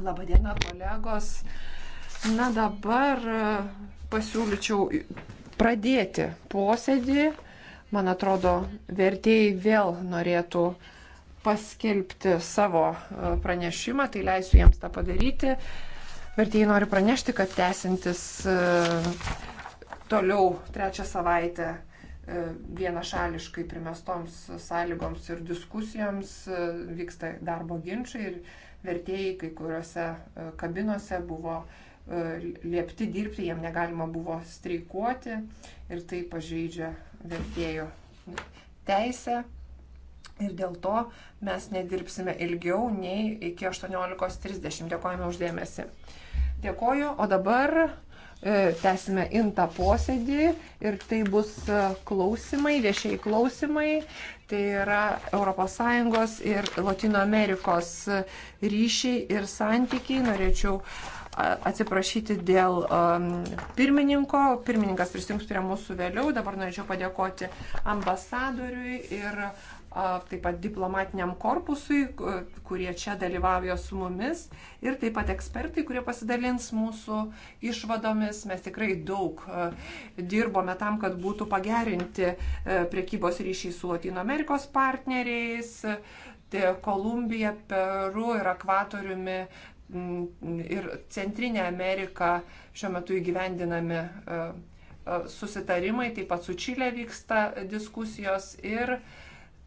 Labadiena, kolegos. Na dabar e, pasiūlyčiau pradėti posėdį. Man atrodo, vertėjai vėl norėtų paskelbti savo e, pranešimą, tai leisiu jiems tą padaryti. Vertėjai nori pranešti, kad tęsintis e, toliau trečią savaitę E, vienašališkai primestoms sąlygoms ir diskusijoms e, vyksta darbo ginčiai ir vertėjai kai kuriuose e, kabinose buvo liepti dirbti, jiem negalima buvo streikuoti ir tai pažeidžia vertėjų teisę. Ir dėl to mes nedirbsime ilgiau nei iki 18.30. Dėkojame uždėmesi. Dėkoju, o dabar E, tęsime intą posėdį ir tai bus e, klausimai, viešiai klausimai. Tai yra ES ir Latino Amerikos e, ryšiai ir santykiai. Norėčiau atsiprašyti dėl um, pirmininko. Pirmininkas prisijungs prie mūsų vėliau. Dabar norėčiau padėkoti ambasadoriui ir taip pat diplomatiniam korpusui, kurie čia dalyvauja su mumis ir taip pat ekspertai, kurie pasidalins mūsų išvadomis. Mes tikrai daug dirbome tam, kad būtų pagerinti e, priekybos ryšiai su Latino Amerikos partneriais, Kolumbija, Peru ir Ekvatoriumi. Ir Centrinė Amerika šiuo metu įgyvendinami e, e, susitarimai, taip pat su Čilė vyksta diskusijos ir uh,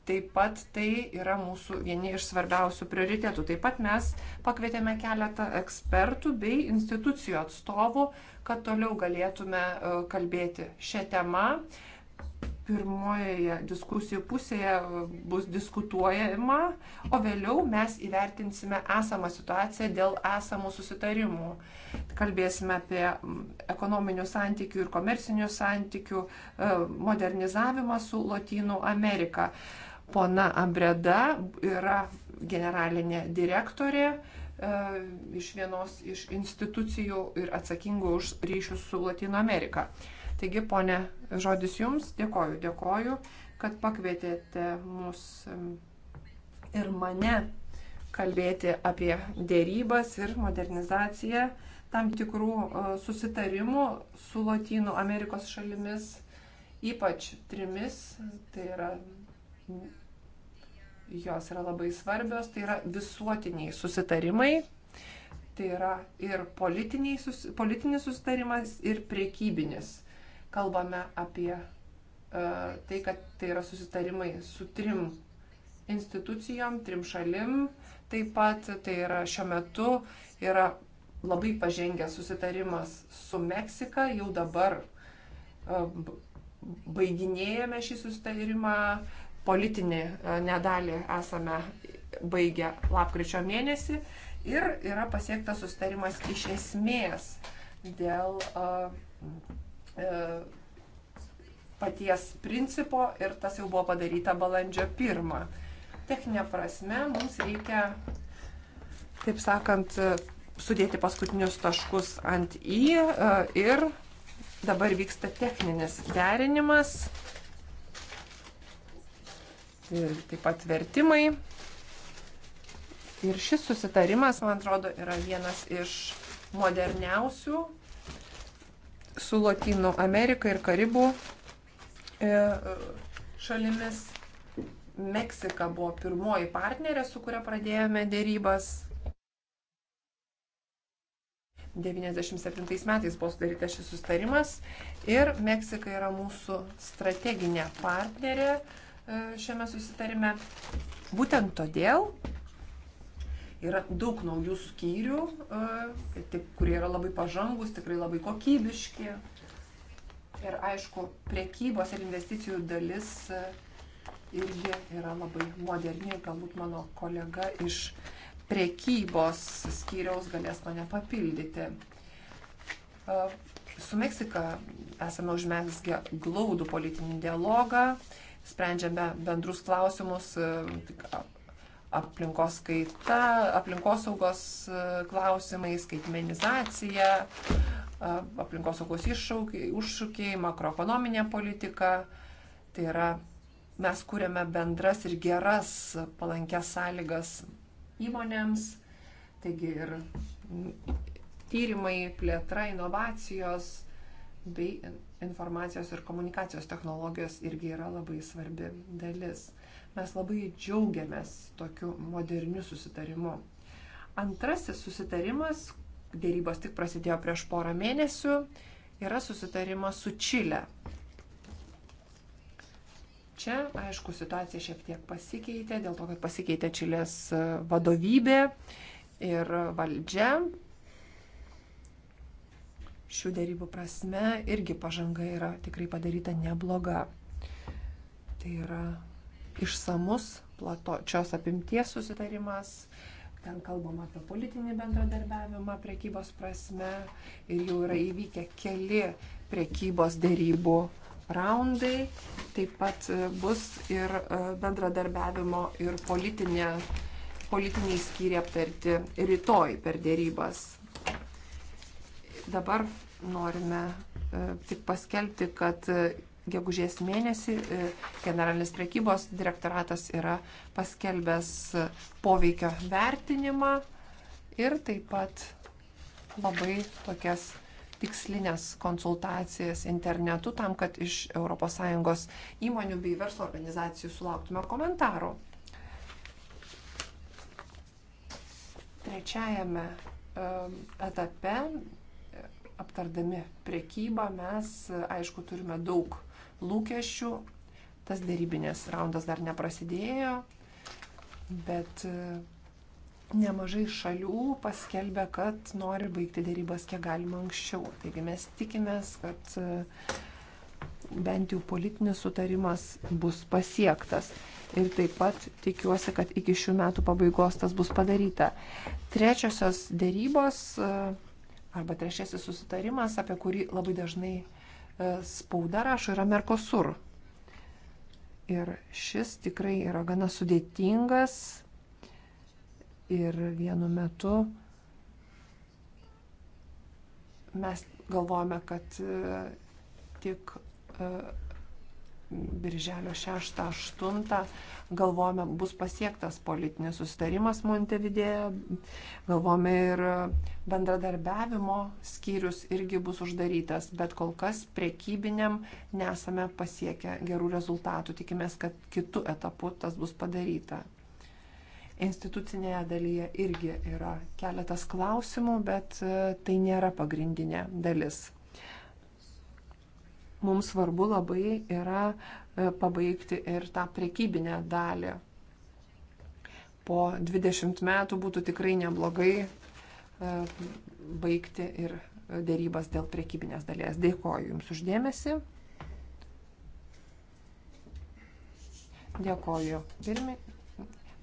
Taip pat tai yra mūsų vieni iš svarbiausių prioritėtų. Taip pat mes pakvietėme keletą ekspertų bei institucijų atstovų, kad toliau galėtume e, kalbėti šią temą. Pirmojoje diskusijų pusėje e, bus diskutuojama, o vėliau mes įvertinsime esamą situaciją dėl esamų susitarimų. Kalbėsime apie ekonominių santykių ir komercinių santykių e, modernizavimą su Latinų Amerika. Pona Ambreda yra generalinė direktorė e, iš vienos iš institucijų ir atsakingų už ryšius su Latino Amerika. Taigi, ponė, žodis jums, dėkoju, dėkoju, kad pakvietėte mus ir mane kalbėti apie dėrybas ir modernizaciją tam tikrų e, susitarimų su Latino Amerikos šalimis, ypač trimis, tai yra jos yra labai svarbios, tai yra visuotiniai susitarimai, tai yra ir sus, politinis susitarimas, ir priekybinis. Kalbame apie uh, tai, kad tai yra susitarimai su trim institucijom, trim šalim, taip pat tai yra šiuo metu yra labai pažengęs susitarimas su Meksika, jau dabar uh, baiginėjame šį susitarimą, uh, politinį e, nedalį esame baigę lapkričio mėnesį ir yra pasiektas sustarimas iš esmės dėl uh, uh, paties principo ir tas jau buvo padaryta balandžio pirmą. Techninė prasme mums reikia, taip sakant, sudėti paskutinius taškus ant į uh, ir dabar vyksta techninis derinimas taip pat vertimai. Ir šis susitarimas, man atrodo, yra vienas iš moderniausių su Latino Amerika ir Karibų e, šalimis. Meksika buvo pirmoji partnerė, su kuria pradėjome dėrybas. 97 metais buvo sudarytas šis sustarimas ir Meksika yra mūsų strateginė partnerė E, šiame susitarime. Būtent todėl yra daug naujų skyrių, e, kurie yra labai pažangus, tikrai labai kokybiški. Ir aišku, priekybos ir investicijų dalis e, irgi yra labai moderni. Galbūt mano kolega iš priekybos skyriaus galės mane papildyti. Su Meksika esame užmesgę glaudų politinį dialogą sprendžiame bendrus klausimus, e, aplinkos kaita, aplinkosaugos e, klausimai, skaitmenizacija, aplinkosaugos iššūkiai, makroekonominė politika. Tai yra, mes kūrėme bendras ir geras palankės sąlygas įmonėms. Taigi ir tyrimai, plėtra, inovacijos bei informacijos ir komunikacijos technologijos irgi yra labai svarbi dalis. Mes labai džiaugiamės tokiu moderniu susitarimu. Antrasis susitarimas, dėrybos tik prasidėjo prieš porą mėnesių, yra susitarimas su Čile. Čia, aišku, situacija šiek tiek pasikeitė, dėl to, kad pasikeitė Čilės e, vadovybė ir valdžia, šių dėrybų prasme irgi pažanga yra tikrai padaryta nebloga. Tai yra išsamus, plačios apimties susitarimas, ten kalbama apie politinį bendradarbiavimą priekybos prasme ir jau yra įvykę keli priekybos dėrybų raundai, taip pat e, bus ir e, bendradarbiavimo ir politinė, politiniai skyri aptarti rytoj per dėrybas. Dabar norime e, tik paskelbti, kad e, gegužės mėnesį e, generalinis prekybos direktoratas yra paskelbęs poveikio vertinimą ir taip pat labai tokias tikslinės konsultacijas internetu tam, kad iš ES įmonių bei verslo organizacijų sulauktume komentarų. Trečiajame etape aptardami prekybą, mes, aišku, turime daug lūkesčių. Tas dėrybinės raundas dar neprasidėjo, bet e, nemažai šalių paskelbė, kad nori baigti dėrybas kiek galima anksčiau. Taigi mes tikimės, kad e, bent jau politinis sutarimas bus pasiektas. Ir taip pat tikiuosi, kad iki šių metų pabaigos tas bus padaryta. Trečiosios dėrybos e, Arba trečiasis susitarimas, apie kurį labai dažnai e, spauda rašo, yra Merkosur. Ir šis tikrai yra gana sudėtingas ir vienu metu mes galvojame, kad e, tik e, Birželio 6-8 galvome bus pasiektas politinis sustarimas Montevidėje, galvome ir bendradarbiavimo skyrius irgi bus uždarytas, bet kol kas prekybiniam nesame pasiekę gerų rezultatų, tikimės, kad kitų etapų tas bus padaryta. Institucinėje dalyje irgi yra keletas klausimų, bet e, tai nėra pagrindinė dalis mums svarbu labai yra e, pabaigti ir tą prekybinę dalį. Po 20 metų būtų tikrai neblogai e, baigti ir dėrybas dėl prekybinės dalies. Dėkoju Jums uždėmesi. Dėkoju. Pirmi,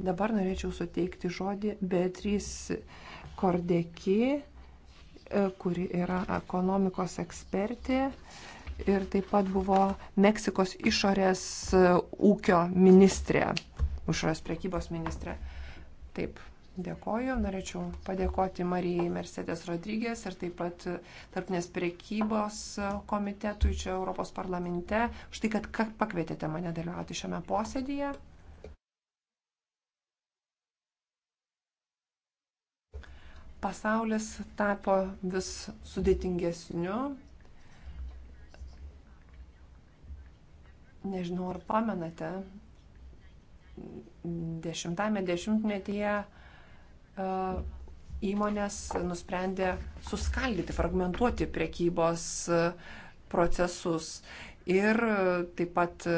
dabar norėčiau suteikti žodį Beatrys Kordeki, e, kuri yra ekonomikos ekspertė ir taip pat buvo Meksikos išorės e, ūkio ministrė, išorės priekybos ministrė. Taip, dėkoju. Norėčiau padėkoti Marijai Mercedes Rodrygės ir taip pat e, tarpnės priekybos e, komitetui čia Europos parlamente už tai, kad pakvietėte mane dalyvauti šiame posėdėje. pasaulis tapo vis sudėtingesniu, Nežinau, ar pamenate, dešimtame dešimtmetyje e, įmonės nusprendė suskaldyti, fragmentuoti prekybos e, procesus ir e, taip pat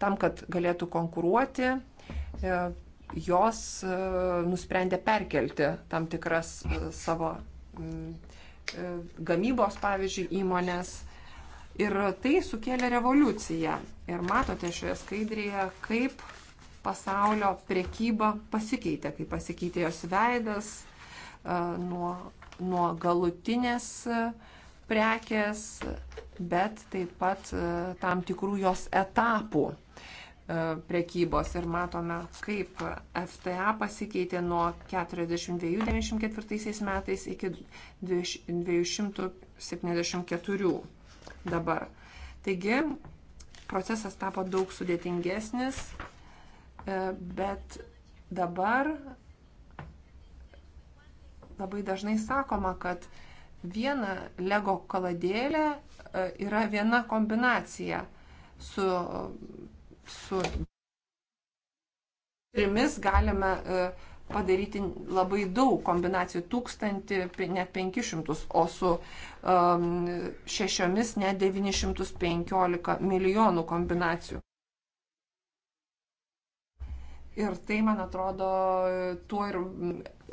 tam, kad galėtų konkuruoti, jos nusprendė perkelti tam tikras savo mm, gamybos, pavyzdžiui, įmonės Ir tai sukėlė revoliuciją. Ir matote šioje skaidrėje, kaip pasaulio priekyba pasikeitė, kaip pasikeitė jos veidas e, nuo, nuo galutinės e, prekės, bet taip pat e, tam tikrų jos etapų prekybos ir matome, kaip FTA pasikeitė nuo 42,94 metais iki 274 dabar. Taigi, procesas tapo daug sudėtingesnis, e, bet dabar labai dažnai sakoma, kad viena Lego kaladėlė e, yra viena kombinacija su, su trimis galime uh, padaryti labai daug kombinacijų tūkstantį, net 500, o su um, šešiomis net 915 milijonų kombinacijų. Ir tai, man atrodo, tuo ir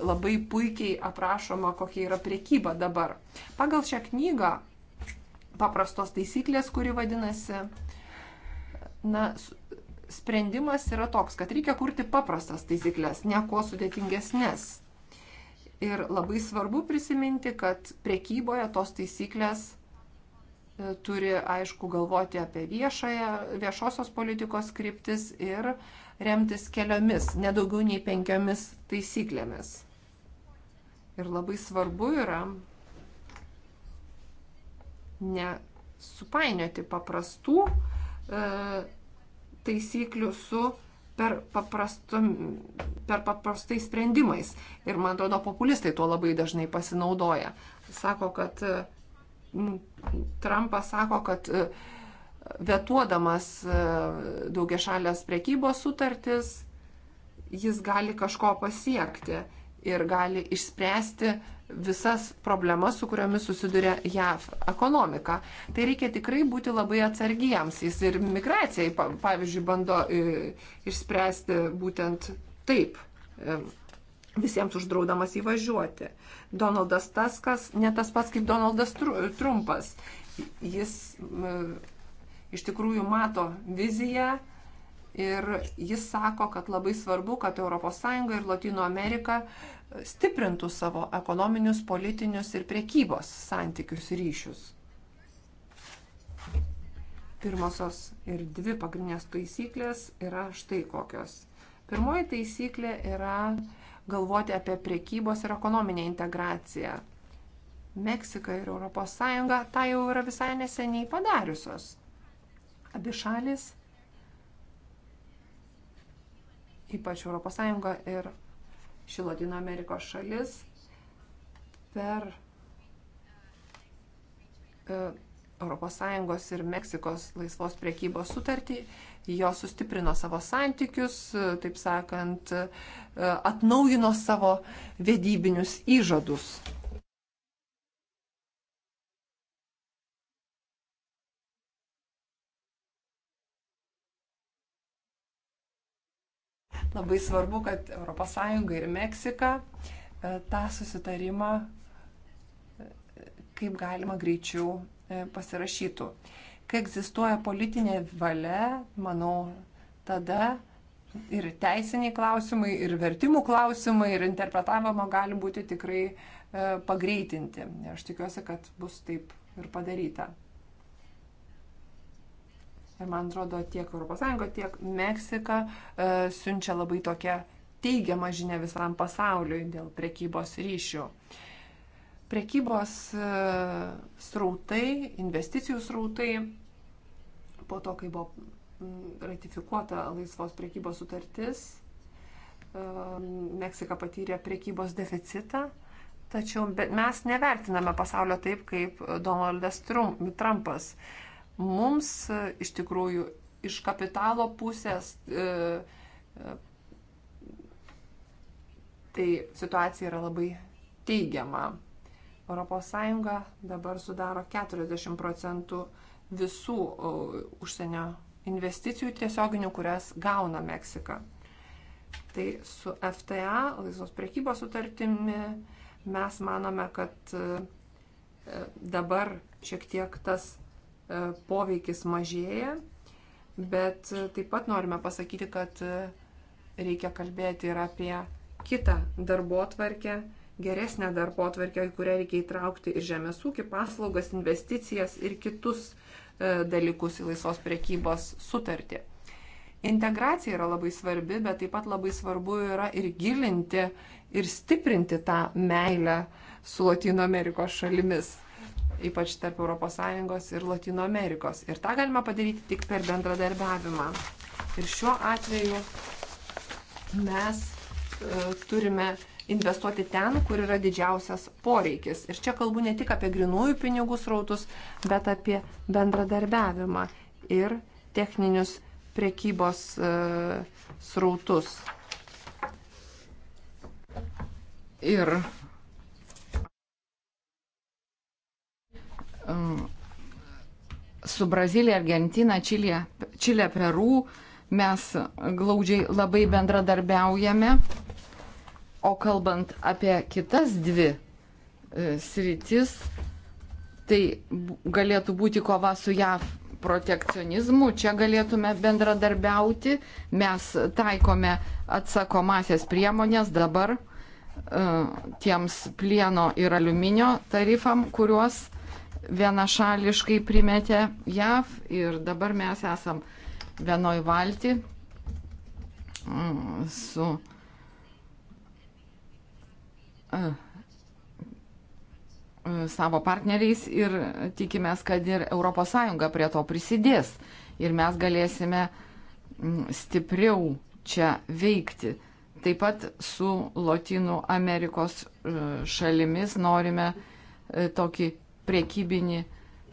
labai puikiai aprašoma, kokia yra priekyba dabar. Pagal šią knygą paprastos taisyklės, kuri vadinasi, na, sprendimas yra toks, kad reikia kurti paprastas taisyklės, nieko sudėtingesnės. Ir labai svarbu prisiminti, kad prekyboje tos taisyklės e, turi, aišku, galvoti apie viešąją, viešosios politikos kryptis ir remtis keliomis, nedaugiau nei penkiomis taisyklėmis. Ir labai svarbu yra nesupainioti paprastų e, taisyklių su per, paprastum, per paprastais sprendimais. Ir man atrodo, populistai tuo labai dažnai pasinaudoja. Sako, kad Trumpas sako, kad e, vetuodamas e, daugia šalės prekybos sutartis, jis gali kažko pasiekti ir gali išspręsti visas problemas, su kuriomis susiduria JAV ekonomika. Tai reikia tikrai būti labai atsargiems. Jis ir migracijai, pavyzdžiui, bando e, išspręsti būtent taip e, visiems uždraudamas įvažiuoti. Donaldas Taskas ne tas pats kaip Donaldas Trumpas. Jis iš tikrųjų mato viziją Ir jis sako, kad labai svarbu, kad ES ir Latino Amerika stiprintų savo ekonominius, politinius ir priekybos santykius ryšius. Pirmosios ir dvi pagrindinės taisyklės yra štai kokios. Pirmoji taisyklė yra galvoti apie priekybos ir ekonominę integraciją. Meksika ir ES tą jau yra visai neseniai padariusios. Abi šalis ypač ES ir ši Latino Amerikos šalis per ES ir Meksikos laisvos priekybos sutartį, jo sustiprino savo santykius, e, taip sakant, e, atnaujino savo vedybinius įžadus. Labai svarbu, kad ES ir Meksika e, tą susitarimą e, kaip galima greičiau e, pasirašytų. Kai egzistuoja politinė valia, manau, tada ir teisiniai klausimai, ir vertimų klausimai, ir interpretavimo gali būti tikrai pagreitinti. Aš tikiuosi, kad bus taip ir padaryta. Ir man atrodo, tiek ES, tiek Meksika e, siunčia labai tokią teigiamą žinę visam pasauliui dėl prekybos ryšių. Prekybos e, srautai, investicijų srautai, po to, kai buvo mm, ratifikuota laisvos prekybos sutartis, e, Meksika patyrė prekybos deficitą. Tačiau mes nevertiname pasaulio taip, kaip Donaldas Trumpas. Trump, Mums e, iš tikrųjų iš kapitalo pusės e, e, tai situacija yra labai teigiama. ES dabar sudaro 40 procentų visų užsienio investicijų tiesioginių, kurias gauna Meksika. Tai su FTA, laisvos priekybos sutartimi, mes manome, kad dabar šiek tiek tas E, poveikis mažėja, bet taip pat norime pasakyti, kad e, reikia kalbėti ir apie kitą darbo tvarkę, geresnę darbo tvarkę, į kurią reikia įtraukti ir žemės ūkį, paslaugas, investicijas ir kitus e, dalykus į laisvos priekybos sutartį. Integracija yra labai svarbi, bet taip pat labai svarbu yra ir gilinti, ir stiprinti tą meilę su Latino Amerikos šalimis ypač tarp ES ir Latino Amerikos. Ir tą galima padaryti tik per bendradarbiavimą. Ir šiuo atveju mes e, turime investuoti ten, kur yra didžiausias poreikis. Ir čia kalbu ne tik apie grinųjų pinigų srautus, bet apie bendradarbiavimą ir techninius prekybos e, srautus. Ir su Brazilija, Argentina, Čilė, Čilė Peru mes glaudžiai labai bendradarbiaujame. O kalbant apie kitas dvi e, sritis, tai galėtų būti kova su JAV protekcionizmu, čia galėtume bendradarbiauti, mes taikome atsakomasias priemonės dabar e, tiems plieno ir aliuminio tarifam, kuriuos vienašališkai primetė JAV ir dabar mes esam vienoj valti mm, su e, e, savo partneriais ir tikimės, kad ir ES prie to prisidės ir mes galėsime mm, stipriau čia veikti. Taip pat su Latinų Amerikos e, šalimis norime tokį priekybinį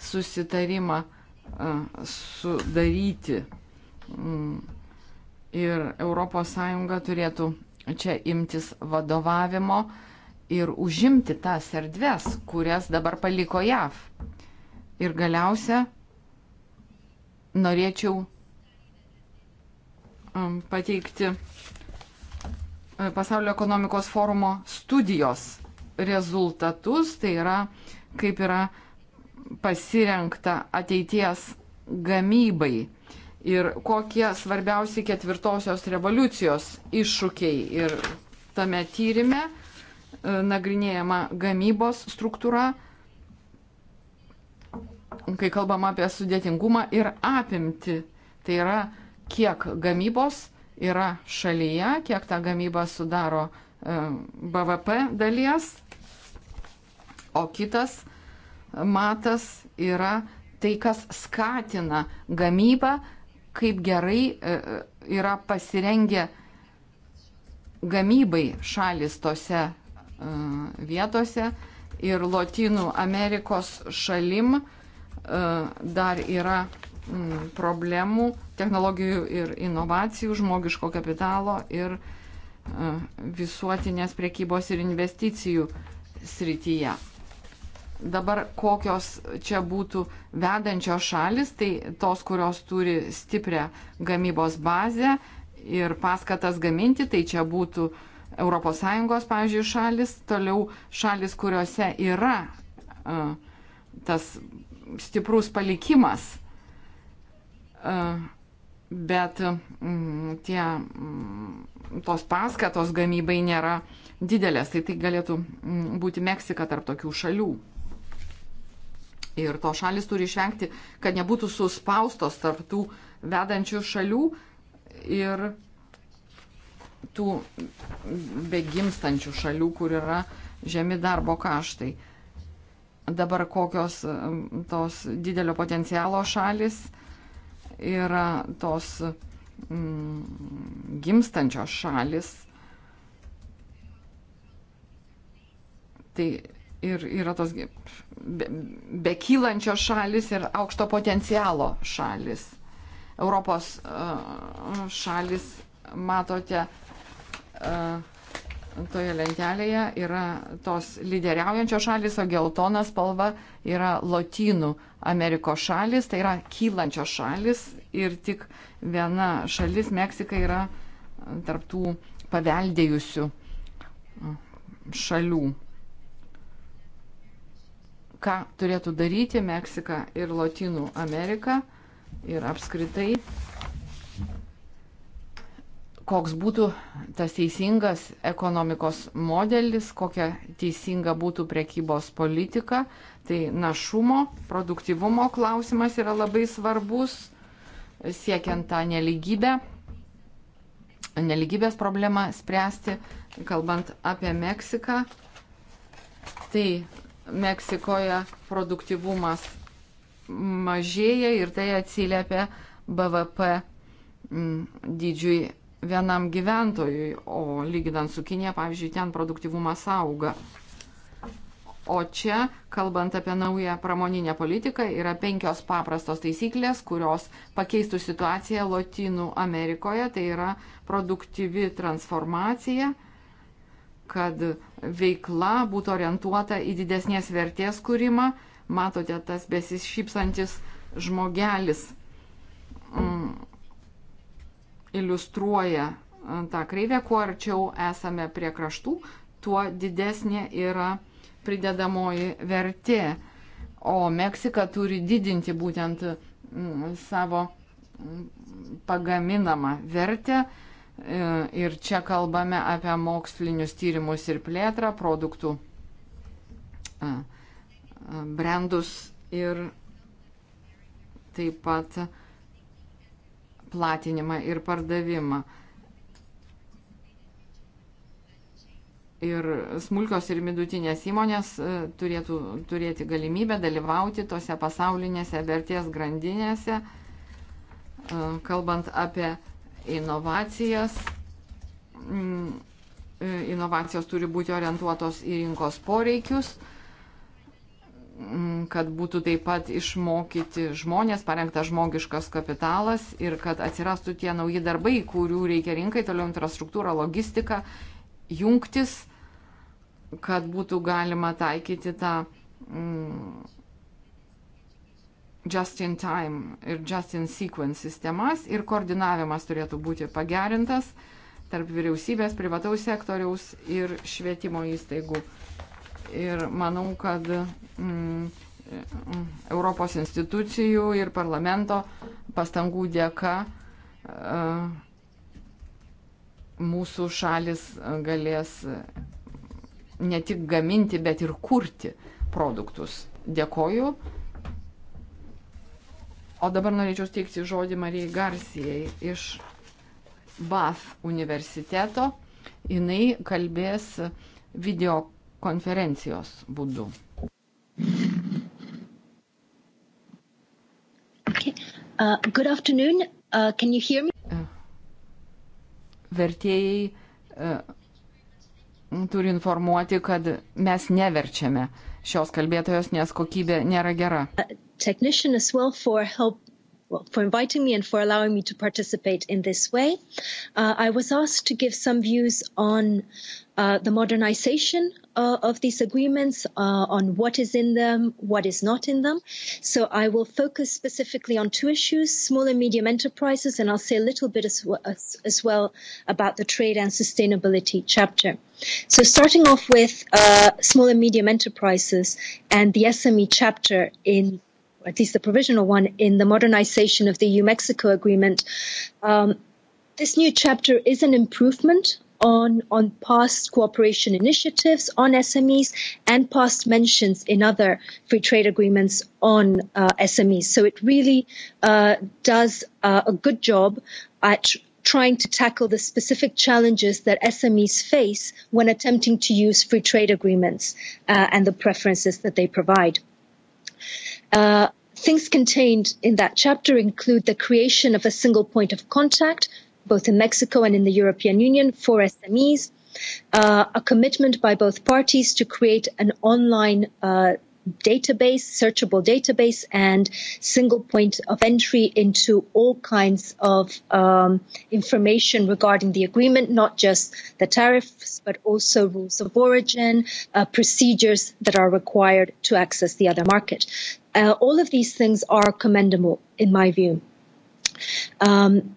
susitarimą sudaryti. Mm. Ir ES turėtų čia imtis vadovavimo ir užimti tas erdves, kurias dabar paliko JAV. Ir galiausia, norėčiau pateikti Pasaulio ekonomikos forumo studijos rezultatus, tai yra uh, kaip yra pasirenkta ateities gamybai ir kokie svarbiausi ketvirtosios revoliucijos iššūkiai. Ir tame tyrimė e, nagrinėjama gamybos struktūra, kai kalbama apie sudėtingumą ir apimti. Tai yra, kiek gamybos yra šalyje, kiek ta gamyba sudaro e, BVP dalies o kitas matas yra tai, kas skatina gamybą, kaip gerai e, e, yra pasirengę gamybai šalis tose e, vietose ir Latinų Amerikos šalim dar yra problemų technologijų ir inovacijų, žmogiško kapitalo ir visuotinės priekybos ir investicijų srityje dabar kokios čia būtų vedančios šalis, tai tos, kurios turi stiprią gamybos bazę ir paskatas gaminti, tai čia būtų ES, pavyzdžiui, šalis, toliau šalis, kuriuose yra uh, tas stiprus palikimas. Uh, bet mm, tie, mm, tos paskatos gamybai nėra didelės, tai tai galėtų mm, būti Meksika tarp tokių šalių. Ir to šalis turi išvengti, kad nebūtų suspaustos tarptų vedančių šalių ir tų begimstančių šalių, kur yra žemi darbo kaštai. Dabar kokios tos didelio potencialo šalis yra tos mm, gimstančios šalis. Tai ir yra tos bekylančios šalis ir aukšto potencialo šalis. Europos uh, šalis, matote, uh, toje lentelėje yra tos lyderiaujančios šalis, o geltona spalva yra Lotynų Amerikos šalis, tai yra kylančios šalis ir tik viena šalis, Meksika, yra tarptų paveldėjusių uh, šalių ką turėtų daryti Meksika ir Latinų Amerika ir apskritai koks būtų tas teisingas ekonomikos modelis, kokia teisinga būtų prekybos politika. Tai našumo, produktivumo klausimas yra labai svarbus, siekiant tą neligybę, neligybės problemą spręsti, kalbant apie Meksiką. Tai Meksikoje produktivumas mažėja ir tai atsiliepia BVP mm, dydžiui vienam gyventojui, o lyginant su Kinė, pavyzdžiui, ten produktivumas auga. O čia, kalbant apie naują pramoninę politiką, yra penkios paprastos taisyklės, kurios pakeistų situaciją Latinų Amerikoje. Tai yra produktyvi transformacija, kad veikla būtų orientuota į didesnės vertės kūrimą. Matote tas besišypsantis žmogelis mm, iliustruoja mm, tą kreivę, kuo arčiau esame prie kraštų, tuo didesnė yra pridedamoji vertė. O Meksika turi didinti būtent mm, savo mm, pagaminamą vertę, E, ir čia kalbame apie mokslinius tyrimus ir plėtrą, produktų e, brandus ir taip pat platinimą ir pardavimą. ir smulkios ir vidutinės įmonės e, turėtų turėti galimybę dalyvauti tose pasaulinėse vertės grandinėse, kalbant apie inovacijas. Mm, e, inovacijos turi būti orientuotos į rinkos poreikius, mm, kad būtų taip pat išmokyti žmonės, parengtas žmogiškas kapitalas ir kad atsirastų tie nauji darbai, kurių reikia rinkai, toliau infrastruktūra, logistika, jungtis, kad būtų galima taikyti tą. Mm, just in time ir just in sequence sistemas ir koordinavimas turėtų būti pagerintas tarp vyriausybės, privataus sektoriaus ir švietimo įstaigų. Ir manau, kad mm, mm Europos institucijų ir parlamento pastangų dėka uh, mūsų šalis e, galės e, ne tik gaminti, bet ir kurti produktus. Dėkoju. O dabar norėčiau steigti žodį Marijai Garsijai iš BAF universiteto. Jis kalbės videokonferencijos būdu. Okay. Uh, good afternoon. Uh, can you hear me? Uh, vertėjai uh, turi informuoti, kad mes neverčiame šios kalbėtojos, nes kokybė nėra gera. Uh, technician as well for help well, for inviting me and for allowing me to participate in this way. Uh, I was asked to give some views on uh, the modernization uh, of these agreements, uh, on what is in them, what is not in them. So I will focus specifically on two issues, small and medium enterprises, and I'll say a little bit as, well, as, as well about the trade and sustainability chapter. So starting off with uh, small and medium enterprises and the SME chapter in at least the provisional one, in the modernization of the EU Mexico agreement. Um, this new chapter is an improvement on, on past cooperation initiatives on SMEs and past mentions in other free trade agreements on uh, SMEs. So it really uh, does uh, a good job at trying to tackle the specific challenges that SMEs face when attempting to use free trade agreements uh, and the preferences that they provide. Uh, things contained in that chapter include the creation of a single point of contact, both in Mexico and in the European Union, for SMEs, uh, a commitment by both parties to create an online uh, database, searchable database, and single point of entry into all kinds of um, information regarding the agreement, not just the tariffs, but also rules of origin, uh, procedures that are required to access the other market. Uh, all of these things are commendable in my view. Um,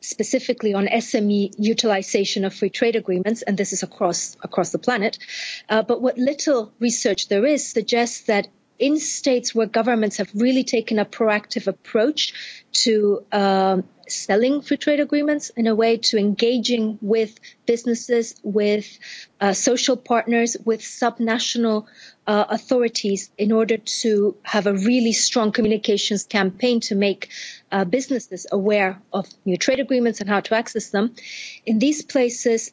specifically on SME utilization of free trade agreements, and this is across across the planet. Uh, but what little research there is suggests that in states where governments have really taken a proactive approach to um, selling free trade agreements in a way to engaging with businesses, with uh, social partners, with subnational uh, authorities in order to have a really strong communications campaign to make uh, businesses aware of new trade agreements and how to access them. In these places,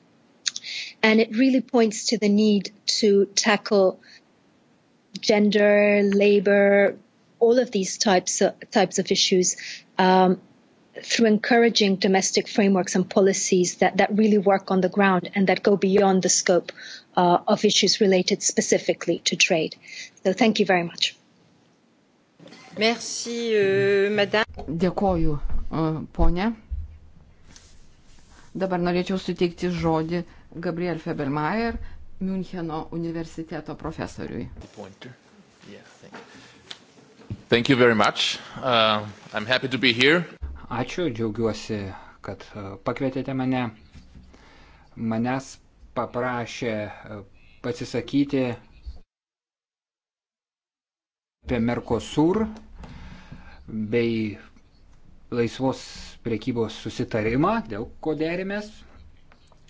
And it really points to the need to tackle gender, labor, all of these types of, types of issues um, through encouraging domestic frameworks and policies that, that really work on the ground and that go beyond the scope uh, of issues related specifically to trade. So thank you very much. Merci, euh, madame. Dėkoju, uh, ponė. Dabar norėčiau suteikti žodį uh, Gabriel Febermajer, Müncheno universiteto profesoriui. Uh, Ačiū, džiaugiuosi, kad uh, pakvietėte mane. Manęs paprašė uh, pasisakyti apie Mercosur bei laisvos priekybos susitarimą, dėl ko derimės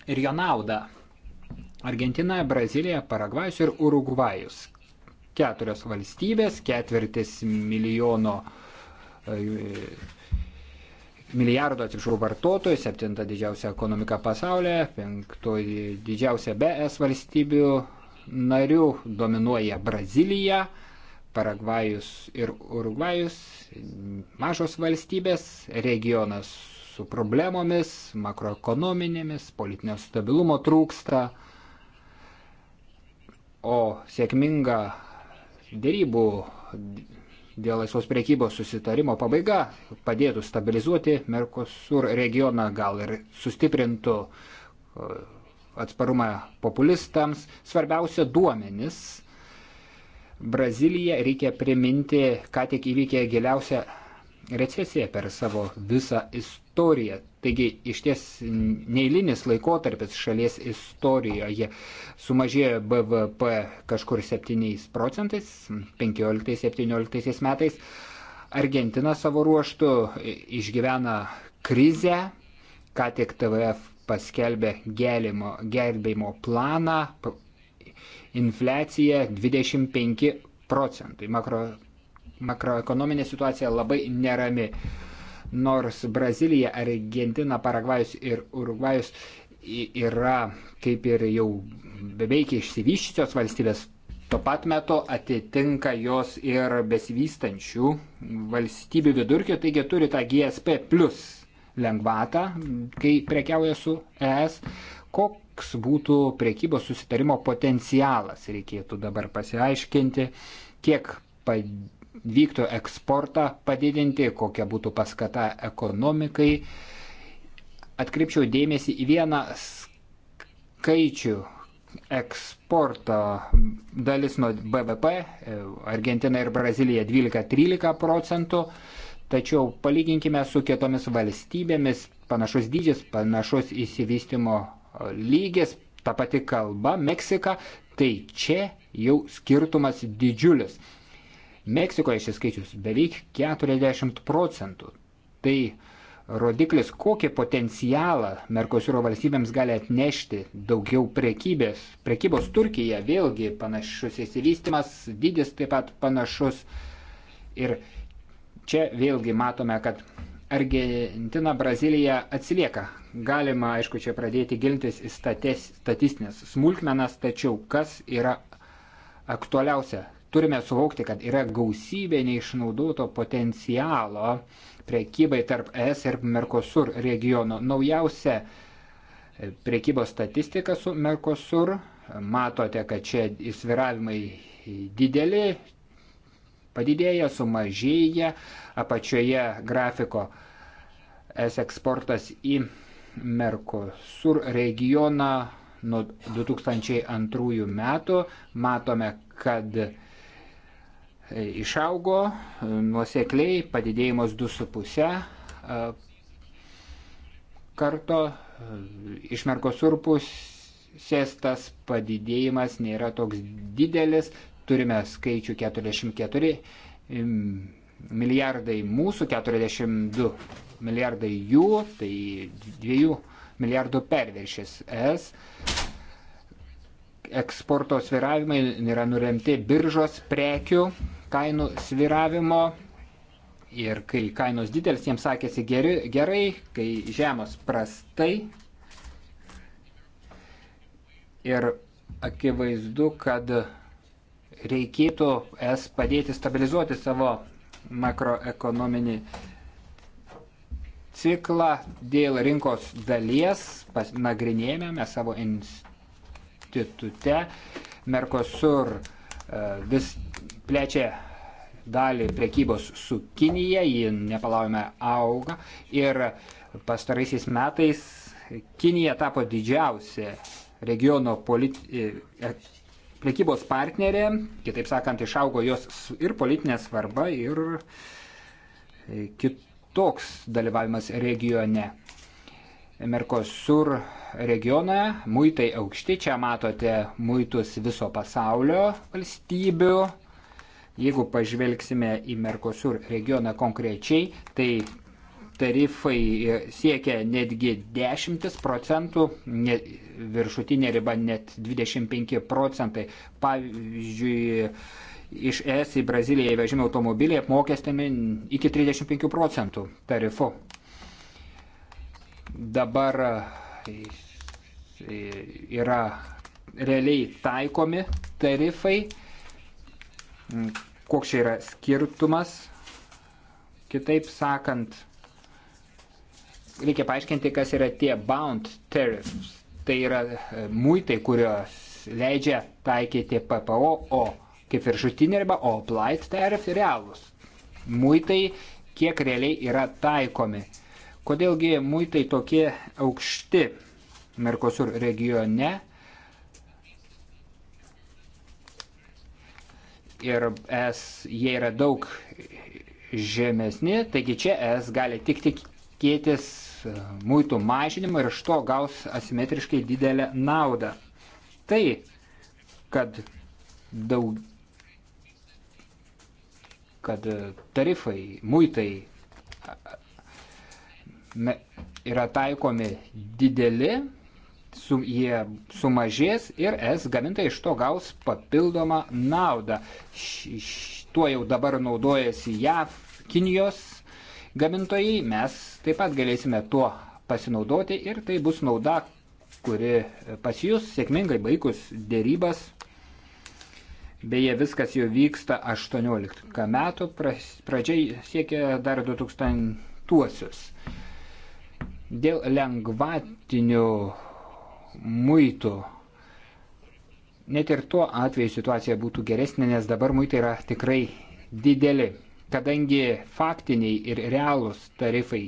ir jo naudą. Argentina, Brazilija, Paragvajus ir Urugvajus. Keturios valstybės, ketvirtis milijono e, milijardo, atsiprašau, vartotojų, septinta didžiausia ekonomika pasaulyje, penktoji didžiausia BS valstybių narių dominuoja Brazilija, Paragvajus ir Urugvajus, mažos valstybės, regionas su problemomis, makroekonominėmis, politinio stabilumo trūksta, o sėkminga dėrybų dėl laisvos priekybos susitarimo pabaiga padėtų stabilizuoti Merkosur regioną, gal ir sustiprintų e, atsparumą populistams. Svarbiausia duomenis. Brazilija, reikia priminti, ką tik įvykė giliausia recesiją per savo visą istoriją. Taigi iš ties neįlinis laikotarpis šalies istorijoje sumažėjo BVP kažkur 7 procentais, 15-17 metais. Argentina savo ruoštų išgyvena krizę, ką tik TVF paskelbė gelimo, gelbėjimo planą, infliacija 25 procentai, makro makroekonominė situacija labai nerami. Nors Brazilija, Argentina, Paragvajus ir Urugvajus yra kaip ir jau beveik išsivyščiusios valstybės, tuo pat metu atitinka jos ir besivystančių valstybių vidurkio, taigi turi tą GSP plus lengvatą, kai prekiauja su ES. Koks būtų priekybos susitarimo potencialas, reikėtų dabar pasiaiškinti, kiek padėtų vyktų eksportą padidinti, kokia būtų paskata ekonomikai. Atkripčiau dėmesį į vieną skaičių eksporto dalis nuo BVP, Argentina ir Brazilija 12-13 procentų, tačiau palyginkime su kitomis valstybėmis, panašus dydis, panašus įsivystimo lygis, ta pati kalba, Meksika, tai čia jau skirtumas didžiulis. Meksikoje šis skaičius beveik 40 procentų. Tai rodiklis, kokį potencialą Merkosūro valstybėms gali atnešti daugiau prekybės. Prekybos Turkija vėlgi panašus įsivystimas, dydis taip pat panašus. Ir čia vėlgi matome, kad Argentina, Brazilija atsilieka. Galima, aišku, čia pradėti gilintis į statės, statistinės smulkmenas, tačiau kas yra aktualiausia turime suvokti, kad yra gausybė neišnaudoto potencialo priekybai tarp ES ir Mercosur regiono. Naujausia e, priekybos statistika su Mercosur, matote, kad čia įsviravimai dideli, padidėja, sumažėja, apačioje grafiko es eksportas į Mercosur regioną nuo 2002 metų matome, kad išaugo e, nuosekliai, padidėjimas 2,5 e, karto e, iš Merkosur pusės tas padidėjimas nėra toks didelis, turime skaičių 44 milijardai mūsų, 42 milijardai jų, tai 2 milijardų perviršis S eksporto sviravimai yra nuremti biržos prekių kainų sviravimo. Ir kai kainos didelis, jiems sakėsi geri, gerai, kai žemos prastai. Ir akivaizdu, kad reikėtų es padėti stabilizuoti savo makroekonominį ciklą dėl rinkos dalies, nagrinėjame savo instituciją institute. Mercosur e, vis plečia dalį prekybos su Kinija, ji nepalaujame auga ir pastaraisiais metais Kinija tapo didžiausia regiono politi... E, e, prekybos partnerė, kitaip sakant, išaugo jos ir politinė svarba, ir kitoks dalyvavimas regione. Mercosur regioną, muitai aukšti, čia matote muitus viso pasaulio valstybių. Jeigu pažvelgsime į Merkosur regioną konkrečiai, tai tarifai siekia netgi 10 procentų, ne, viršutinė riba net 25 procentai. Pavyzdžiui, iš ES į Braziliją įvežimi automobiliai apmokestami iki 35 procentų tarifu. Dabar Tai e, yra realiai taikomi tarifai, mm, koks čia yra skirtumas, kitaip sakant, reikia paaiškinti, kas yra tie bound tariffs. Tai yra e, muitai, kurios leidžia taikyti PPO, o kaip viršutinė riba, o applied tariff realūs. Muitai, kiek realiai yra taikomi. Kodėlgi muitai tokie aukšti Merkosur regione? Ir es, jie yra daug žemesni, taigi čia es gali tik tikėtis muitų mažinimo ir iš to gaus asimetriškai didelę naudą. Tai, kad daug kad tarifai, muitai yra taikomi dideli, su, jie sumažės ir es gamintai iš to gaus papildomą naudą. Tuo jau dabar naudojasi JAV, Kinijos gamintojai, mes taip pat galėsime tuo pasinaudoti ir tai bus nauda, kuri pas jūs sėkmingai baigus dėrybas. Beje, viskas jau vyksta 18 metų, pradžiai siekia dar 2000-uosius. Dėl lengvatinių muitų. Net ir tuo atveju situacija būtų geresnė, nes dabar muitai yra tikrai dideli, kadangi faktiniai ir realūs tarifai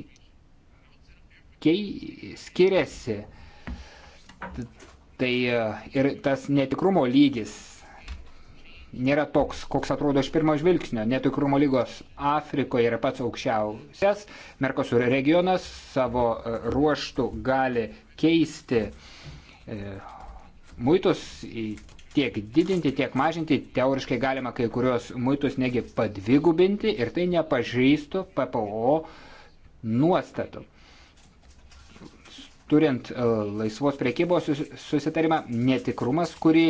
kei, skiriasi. Tai e, ir tas netikrumo lygis nėra toks, koks atrodo iš pirmo žvilgsnio. Netikrumo lygos Afrikoje yra pats aukščiausias. Merkosur regionas savo e, ruoštų gali keisti e, muitus tiek didinti, tiek mažinti. Teoriškai galima kai kurios muitus negi padvigubinti ir tai nepažįstų PPO nuostatų turint e, laisvos priekybos susitarimą, netikrumas, kurį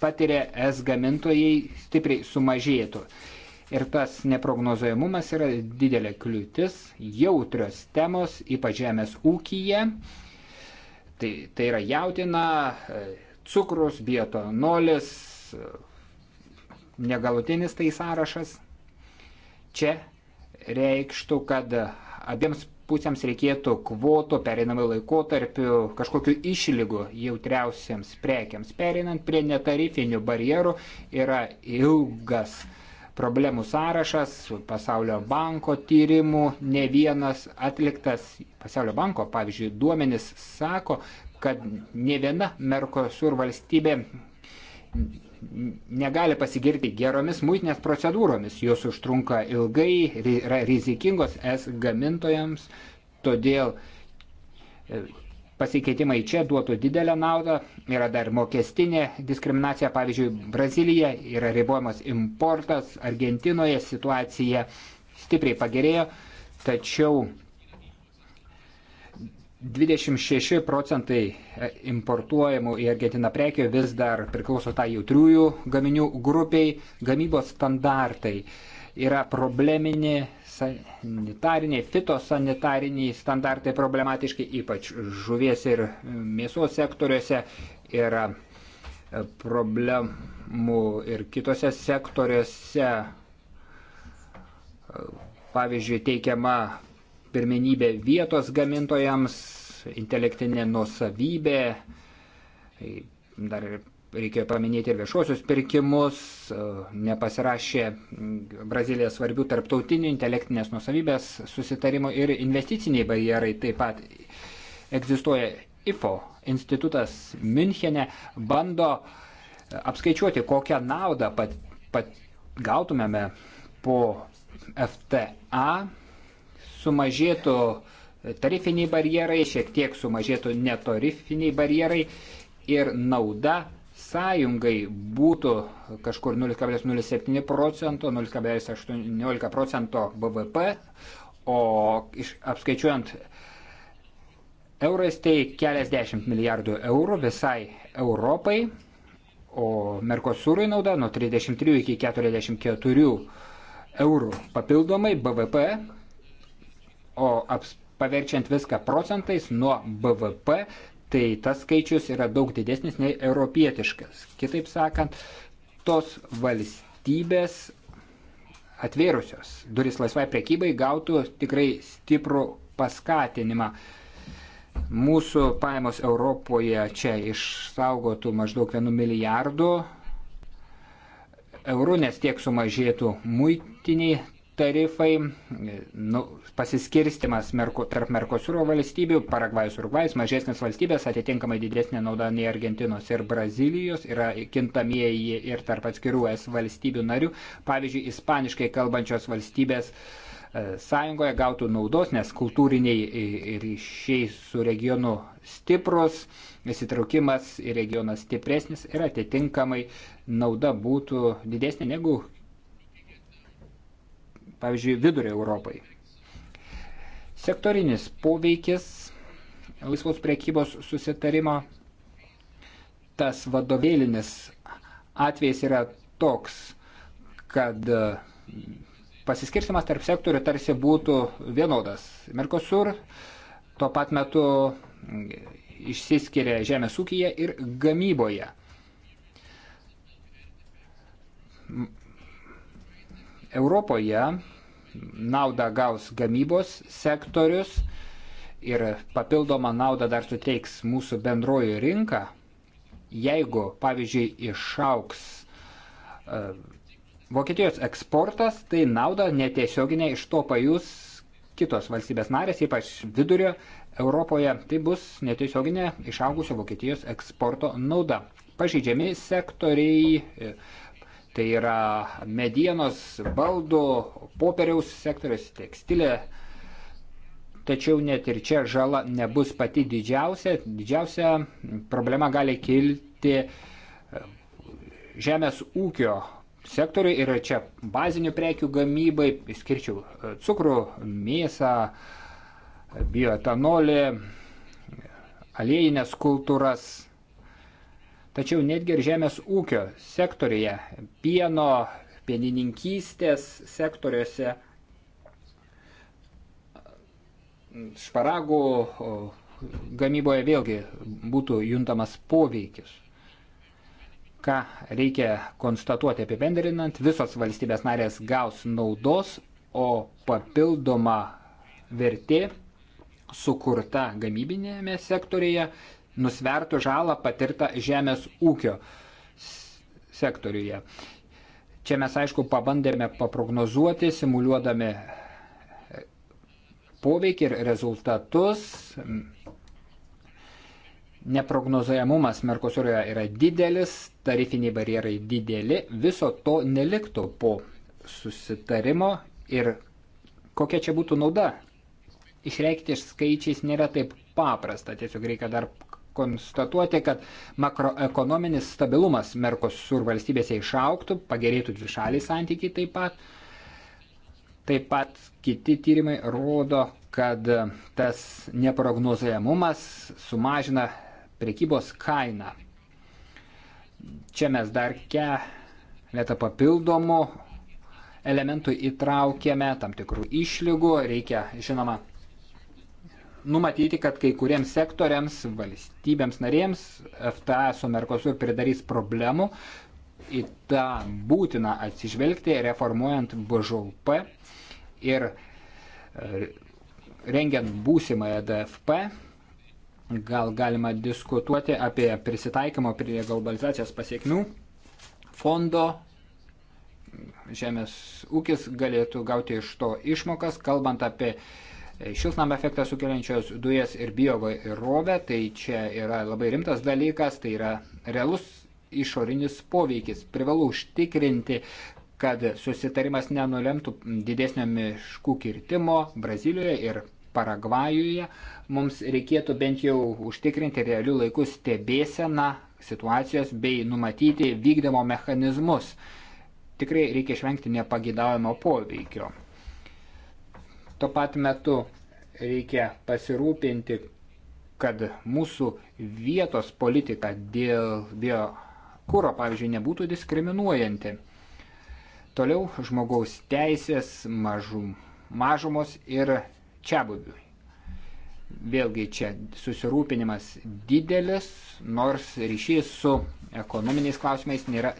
patiria es gamintojai stipriai sumažėtų. Ir tas neprognozuojamumas yra didelė kliūtis, jautrios temos, ypač žemės ūkyje. Tai, tai yra jautina, e, cukrus, bietonolis, e, negalutinis tai sąrašas. Čia reikštų, kad abiems pusėms reikėtų kvotų pereinamai laikotarpiu kažkokiu išlygu jautriausiams prekiams. Pereinant prie netarifinių barjerų yra ilgas problemų sąrašas, pasaulio banko tyrimų ne vienas atliktas, pasaulio banko, pavyzdžiui, duomenis sako, kad ne viena Merkosur valstybė negali pasigirti geromis muitinės procedūromis. Jos užtrunka ilgai, yra rizikingos es gamintojams, todėl e, pasikeitimai čia duotų didelę naudą. Yra dar mokestinė diskriminacija, pavyzdžiui, Brazilija yra ribojamas importas, Argentinoje situacija stipriai pagerėjo, tačiau 26 procentai e, importuojamų į Argentiną prekių vis dar priklauso tai jautriųjų gaminių grupiai. Gamybos standartai yra probleminiai, sanitariniai, fitosanitariniai standartai problematiški, ypač žuvies ir mėsos sektoriuose yra e, problemų ir kitose sektoriuose. E, pavyzdžiui, teikiama pirmenybė vietos gamintojams, intelektinė nusavybė, tai dar reikėjo paminėti ir viešuosius pirkimus, e, nepasirašė Brazilija svarbių tarptautinių intelektinės nusavybės susitarimų ir investiciniai barjerai taip pat egzistuoja. IFO institutas Münchene bando apskaičiuoti, kokią naudą pat, pat gautumėme po FTA sumažėtų tarifiniai barjerai, šiek tiek sumažėtų netarifiniai barjerai ir nauda sąjungai būtų kažkur 0,07 procento, 0,18 procento BVP, o iš, apskaičiuojant eurais tai keliasdešimt milijardų eurų visai Europai, o Merkosūrui nauda nuo 33 iki 44 eurų papildomai BVP o aps, paverčiant viską procentais nuo BVP, tai tas skaičius yra daug didesnis nei europietiškas. Kitaip sakant, tos valstybės atvėrusios duris laisvai prekybai gautų tikrai stiprų paskatinimą. Mūsų pajamos Europoje čia išsaugotų maždaug 1 milijardu eurų, nes tiek sumažėtų muitiniai tarifai, nu, pasiskirstimas merku, tarp Merkosūro valstybių, Paragvajus, Urugvajus, mažesnės valstybės, atitinkamai didesnė nauda nei Argentinos ir Brazilijos, yra kintamieji ir tarp atskirų es valstybių narių. Pavyzdžiui, ispaniškai kalbančios valstybės e, sąjungoje gautų naudos, nes kultūriniai e, ryšiai su regionu stiprus, įsitraukimas į regioną stipresnis ir atitinkamai nauda būtų didesnė negu pavyzdžiui, vidurio Europai. Sektorinis poveikis laisvos priekybos susitarimo. Tas vadovėlinis atvejis yra toks, kad pasiskirstimas tarp sektorių tarsi būtų vienodas. Mercosur tuo pat metu išsiskiria žemės ūkija ir gamyboje Europoje naudą gaus gamybos sektorius ir papildomą naudą dar suteiks mūsų bendroji rinka, jeigu, pavyzdžiui, išauks uh, Vokietijos eksportas, tai naudą netiesioginė iš to pajus kitos valstybės narės, ypač vidurio Europoje. Tai bus netiesioginė išaugusio Vokietijos eksporto nauda. Pažeidžiami sektoriai, uh, Tai yra medienos, baldų, popieriaus sektorius, tekstilė. Tačiau net ir čia žala nebus pati didžiausia. Didžiausia problema gali kilti e, žemės ūkio sektoriui ir čia bazinių prekių gamybai, skirčiau e, cukrų, mėsą, bioetanolį, e, aliejinės kultūras. Tačiau netgi ir žemės ūkio sektorija, pieno, pienininkystės sektoriuose, šparagų gamyboje vėlgi būtų juntamas poveikis. Ką reikia konstatuoti apibendrinant, visos valstybės narės gaus naudos, o papildoma vertė sukurta gamybinėme sektorėje nusvertų žalą patirtą žemės ūkio sektoriuje. Čia mes aišku pabandėme paprognozuoti, simuliuodami e, poveikį ir rezultatus. Neprognozuojamumas Merkosūroje yra didelis, tarifiniai barjerai dideli, viso to neliktų po susitarimo ir kokia čia būtų nauda. Išreikti skaičiais nėra taip paprasta, tiesiog reikia dar konstatuoti, kad makroekonominis stabilumas Merkosur valstybėse išauktų, pagerėtų dvišaliai santykiai taip pat. Taip pat kiti tyrimai rodo, kad tas neprognozuojamumas sumažina prekybos kainą. Čia mes dar keletą papildomų elementų įtraukėme, tam tikrų išlygų, reikia, žinoma, numatyti, kad kai kuriems sektoriams, valstybėms narėms FTA su Merkosur pridarys problemų. Į tą būtina atsižvelgti reformuojant BŽUP ir e, rengiant būsimąją e DFP. Gal galima diskutuoti apie prisitaikymo prie globalizacijos pasiekmių fondo žemės ūkis galėtų gauti iš to išmokas, kalbant apie uh, E, šiltnamą efektą sukeliančios dujas ir biogairovę, tai čia yra labai rimtas dalykas, tai yra realus išorinis poveikis. Privalu užtikrinti, kad susitarimas nenulemtų didesnio miškų kirtimo Brazilijoje ir Paragvajuje. Mums reikėtų bent jau užtikrinti realių laikų stebėseną situacijos bei numatyti vykdymo mechanizmus. Tikrai reikia išvengti nepagidavimo poveikio. Tuo pat metu reikia pasirūpinti, kad mūsų vietos politika dėl bio kūro, pavyzdžiui, nebūtų diskriminuojanti. Toliau žmogaus teisės, mažum, mažumos ir čia buvių. Vėlgi čia susirūpinimas didelis, nors ryšys su ekonominiais klausimais nėra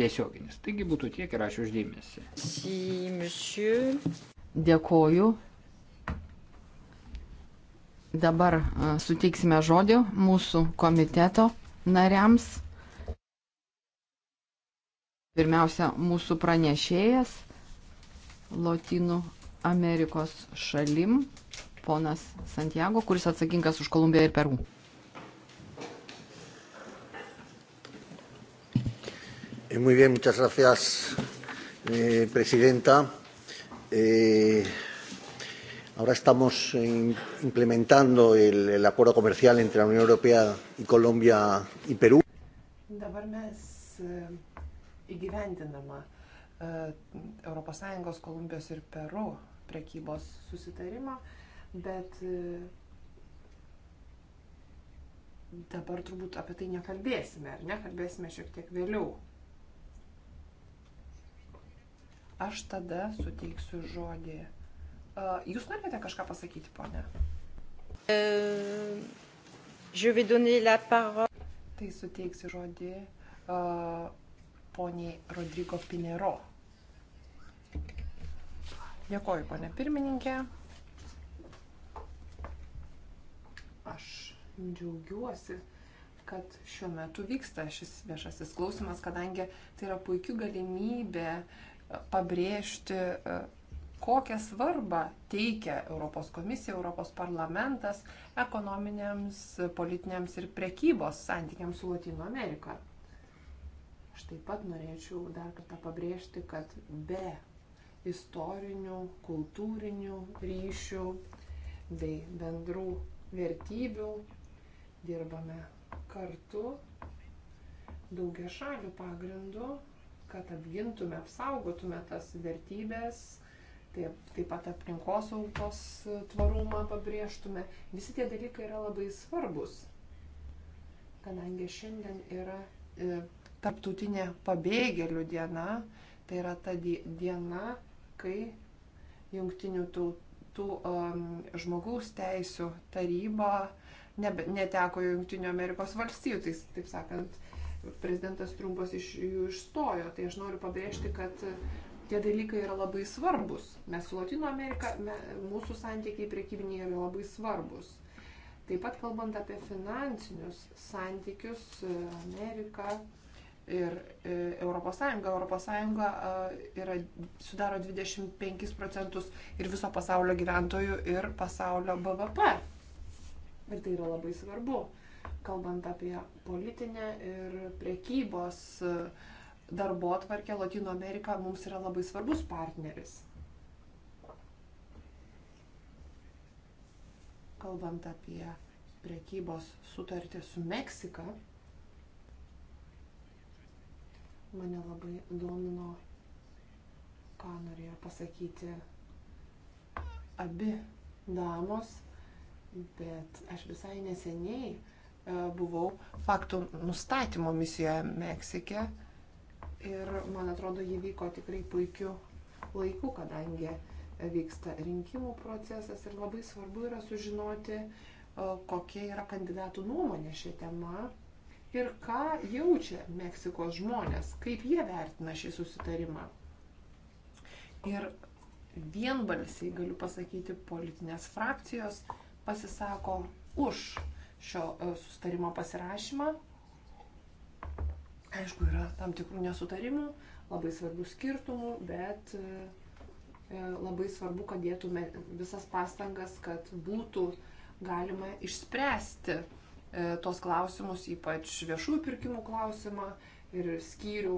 tiesioginis. Taigi būtų tiek ir aš uždėmėsi. Si, Dėkoju. Dabar suteiksime žodį mūsų komiteto nariams. Pirmiausia, mūsų pranešėjas Latinų Amerikos šalim, ponas Santiago, kuris atsakingas už Kolumbiją ir Peru. Eh, muy bien, muchas gracias, eh, presidenta. Eh, ahora estamos in, implementando el, el acuerdo comercial entre la Unión Europea y Colombia y Perú. Dabar mes eh, įgyvendinama ES, eh, Kolumbijos ir Peru prekybos susitarimo, bet eh, dabar turbūt apie tai nekalbėsime, ar ne, kalbėsime šiek tiek vėliau. aš tada suteiksiu žodį. Jūs norite kažką pasakyti, ponė? Uh, tai suteiksiu žodį uh, poniai Rodrygo Pinero. Dėkoju, ponė pirmininkė. Aš džiaugiuosi, kad šiuo metu vyksta šis viešasis klausimas, kadangi tai yra puikia galimybė uh, pabrėžti, e, kokią svarbą teikia Europos komisija, Europos parlamentas ekonominiams, politiniams ir prekybos santykiams su Latino Amerika. Aš taip pat norėčiau dar kartą pabrėžti, kad be istorinių, kultūrinių ryšių bei bendrų vertybių dirbame kartu daugia šalių pagrindu kad apgintume, apsaugotume tas vertybės, taip, taip pat aplinkosaugos tvarumą pabrėžtume. Visi tie dalykai yra labai svarbus, kadangi šiandien yra e, tarptautinė pabėgėlių diena, tai yra ta diena, kai jungtinių tautų um, žmogaus teisų taryba nebe, neteko Junktinių Amerikos valstijų, tai taip sakant, prezidentas Trumpas iš jų išstojo. Tai aš noriu pabrėžti, kad e, tie dalykai yra labai svarbus. Mes su Latino Amerika, me, mūsų santykiai priekybiniai yra labai svarbus. Taip pat kalbant apie finansinius santykius e, Amerika ir ES. ES e, yra, sudaro 25 procentus ir viso pasaulio gyventojų ir pasaulio BVP. Ir tai yra labai svarbu kalbant apie politinę ir priekybos e, darbo atvarkę, Latino Amerika mums yra labai svarbus partneris. Kalbant apie priekybos sutartį su Meksika, mane labai domino, ką norėjo pasakyti abi damos, bet aš visai neseniai E, buvau faktų nustatymo misijoje Meksike ir, man atrodo, jį vyko tikrai puikiu laiku, kadangi vyksta rinkimų procesas ir labai svarbu yra sužinoti, e, kokia yra kandidatų nuomonė šią temą ir ką jaučia Meksikos žmonės, kaip jie vertina šį susitarimą. Ir vienbalsiai, galiu pasakyti, politinės frakcijos pasisako už šio e, sustarimo pasirašymą. Aišku, yra tam tikrų nesutarimų, labai svarbių skirtumų, bet e, e, labai svarbu, kad dėtume visas pastangas, kad būtų galima išspręsti tos klausimus, ypač viešųjų pirkimų klausimą ir skyrių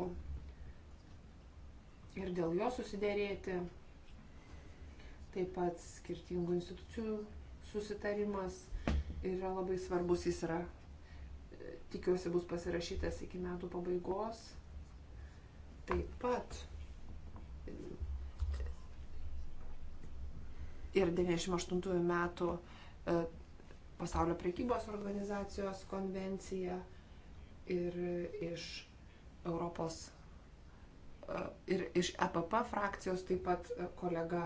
ir dėl jo susidėrėti. Taip pat skirtingų institucijų susitarimas yra labai svarbus, jis yra, e, tikiuosi, bus pasirašytas iki metų pabaigos. Taip pat e, ir 98 metų e, pasaulio prekybos organizacijos konvencija ir iš Europos ir iš EPP frakcijos taip pat kolega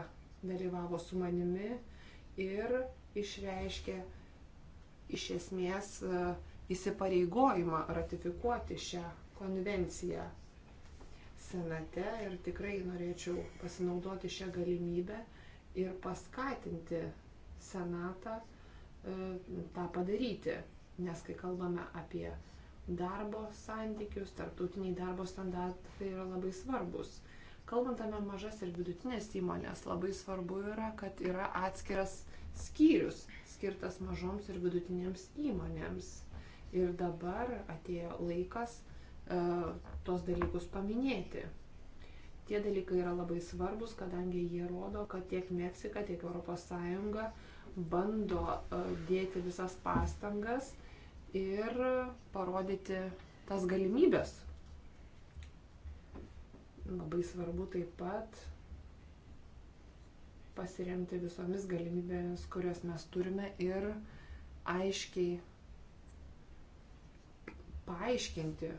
dalyvavo su manimi ir išreiškė iš esmės e, įsipareigojimą ratifikuoti šią konvenciją senate ir tikrai norėčiau pasinaudoti šią galimybę ir paskatinti senatą e, tą padaryti, nes kai kalbame apie darbo santykius, tarptautiniai darbo standartai yra labai svarbus. Kalbant apie mažas ir vidutinės įmonės, labai svarbu yra, kad yra atskiras skyrius skirtas mažoms ir vidutinėms įmonėms. Ir dabar atėjo laikas uh, e, tos dalykus paminėti. Tie dalykai yra labai svarbus, kadangi jie rodo, kad tiek Meksika, tiek ES bando uh, dėti visas pastangas ir parodyti tas galimybės. Labai svarbu taip pat pasiremti visomis galimybėmis, kurias mes turime ir aiškiai paaiškinti,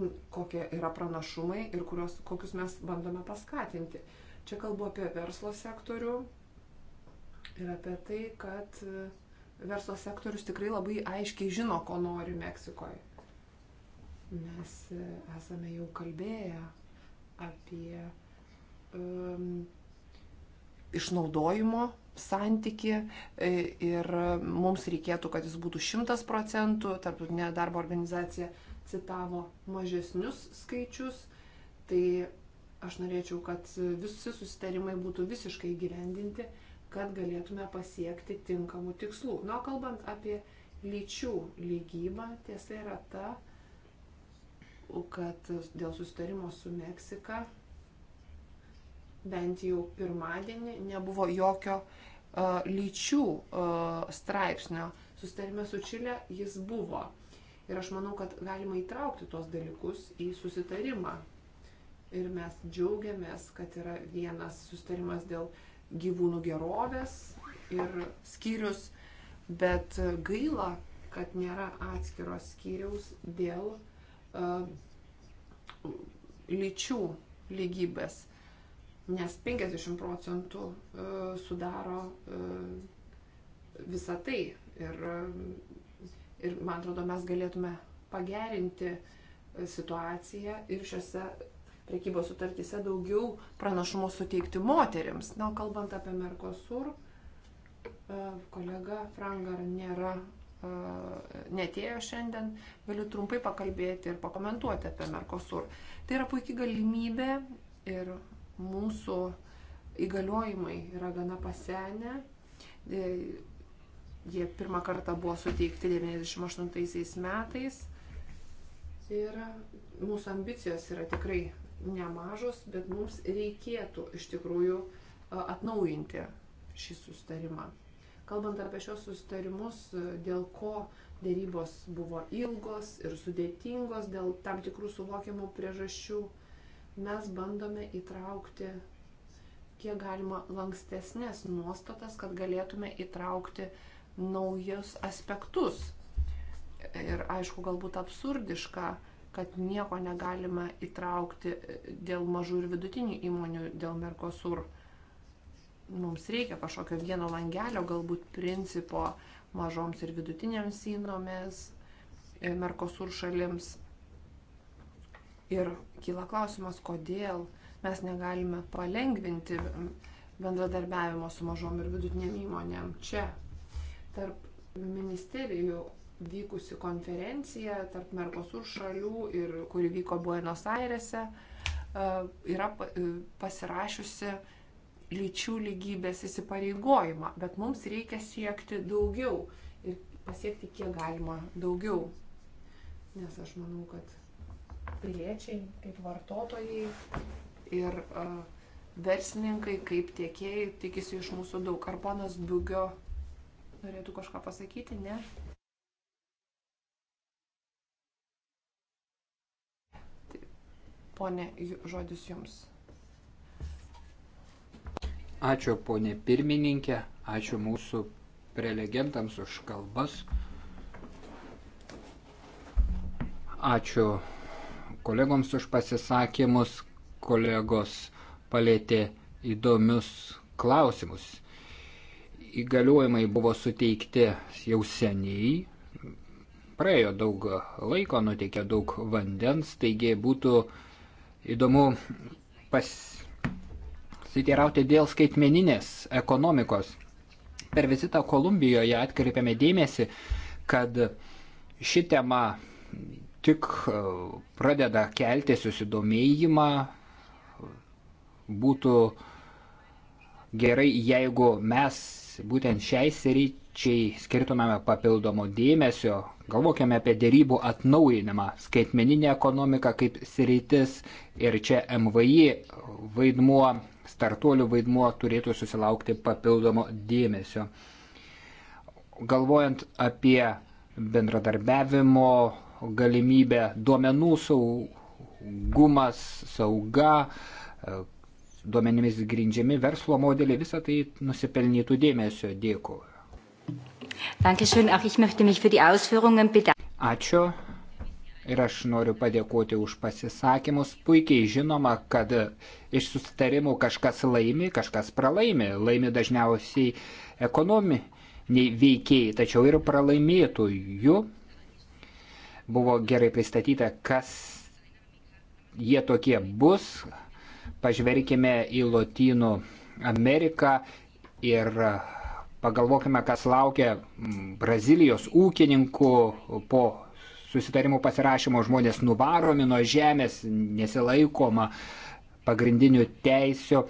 nu, kokie yra pranašumai ir kurios, kokius mes bandome paskatinti. Čia kalbu apie verslo sektorių ir apie tai, kad e, verslo sektorius tikrai labai aiškiai žino, ko nori Meksikoje. Mes e, esame jau kalbėję apie um, išnaudojimo santyki e, ir mums reikėtų, kad jis būtų 100 procentų, tarptautinė darbo organizacija citavo mažesnius skaičius, tai aš norėčiau, kad visi susitarimai būtų visiškai gyvendinti, kad galėtume pasiekti tinkamų tikslų. Na, kalbant apie lyčių lygybą, tiesa yra ta, kad dėl susitarimo su Meksika bent jau pirmadienį nebuvo jokio uh, lyčių uh, straipsnio. Sustarime su Čilė jis buvo. Ir aš manau, kad galima įtraukti tuos dalykus į susitarimą. Ir mes džiaugiamės, kad yra vienas sustarimas dėl gyvūnų gerovės ir skyrius, bet gaila, kad nėra atskiros skyriaus dėl uh, lyčių lygybės nes 50 procentų e, sudaro e, visą tai. Ir, ir man atrodo, mes galėtume pagerinti e, situaciją ir šiuose prekybos sutartyse daugiau pranašumo suteikti moteriams. Na, kalbant apie Mercosur, kolega Frangar nėra, netėjo šiandien, galiu trumpai pakalbėti ir pakomentuoti apie Mercosur. Tai yra puikia galimybė ir mūsų įgaliojimai yra gana pasenę. E, jie pirmą kartą buvo suteikti 98 metais. Ir mūsų ambicijos yra tikrai nemažos, bet mums reikėtų iš tikrųjų e, atnaujinti šį sustarimą. Kalbant apie šios sustarimus, e, dėl ko dėrybos buvo ilgos ir sudėtingos, dėl tam tikrų suvokimų priežasčių, mes bandome įtraukti kiek galima lankstesnės nuostatas, kad galėtume įtraukti naujus aspektus. Ir aišku, galbūt absurdiška, kad nieko negalima įtraukti e, dėl mažų ir vidutinių įmonių, dėl Mercosur. Mums reikia kažkokio vieno langelio, galbūt principo mažoms ir vidutinėms įnomis, e, Mercosur šalims Ir kyla klausimas, kodėl mes negalime palengvinti bendradarbiavimo su mažom ir vidutinėm įmonėm čia. Tarp ministerijų vykusi konferencija tarp Mercosur šalių ir kuri vyko Buenos Airese, e, yra e, pasirašiusi lyčių lygybės įsipareigojimą, bet mums reikia siekti daugiau ir pasiekti kiek galima daugiau. Nes aš manau, kad piliečiai, kaip vartotojai ir uh, verslininkai, kaip tiekėjai tikisi iš mūsų daug. Ar ponas Biugio norėtų kažką pasakyti? Ne? Tai, pone, žodis jums. Ačiū ponė pirmininkė, ačiū mūsų prelegentams už kalbas. Ačiū kolegoms už pasisakymus. Kolegos palėtė įdomius klausimus. Įgaliojimai buvo suteikti jau seniai. Praėjo daug laiko, nuteikė daug vandens, taigi būtų įdomu pasiteirauti dėl skaitmeninės ekonomikos. Per vizitą Kolumbijoje atkreipėme dėmesį, kad ši tema tik e, pradeda kelti susidomėjimą, būtų gerai, jeigu mes būtent šiai sričiai skirtumėme papildomo dėmesio, galvokime apie dėrybų atnaujinimą, skaitmeninę ekonomiką kaip sritis ir čia MVI vaidmuo, startuolių vaidmuo turėtų susilaukti papildomo dėmesio. Galvojant apie bendradarbiavimo galimybę, duomenų saugumas, sauga, e, duomenimis grindžiami verslo modeliai, visą tai nusipelnytų dėmesio. Dėkuoju. Ačiū ir aš noriu padėkoti už pasisakymus. Puikiai žinoma, kad iš susitarimų kažkas laimi, kažkas pralaimi. Laimi dažniausiai ekonominiai veikėjai, tačiau ir pralaimėtojų Buvo gerai pristatyta, kas jie tokie bus. Pažvelkime į Lotynų Ameriką ir pagalvokime, kas laukia Brazilijos ūkininkų po susitarimų pasirašymo žmonės nuvaromi nuo žemės, nesilaikoma pagrindinių teisių,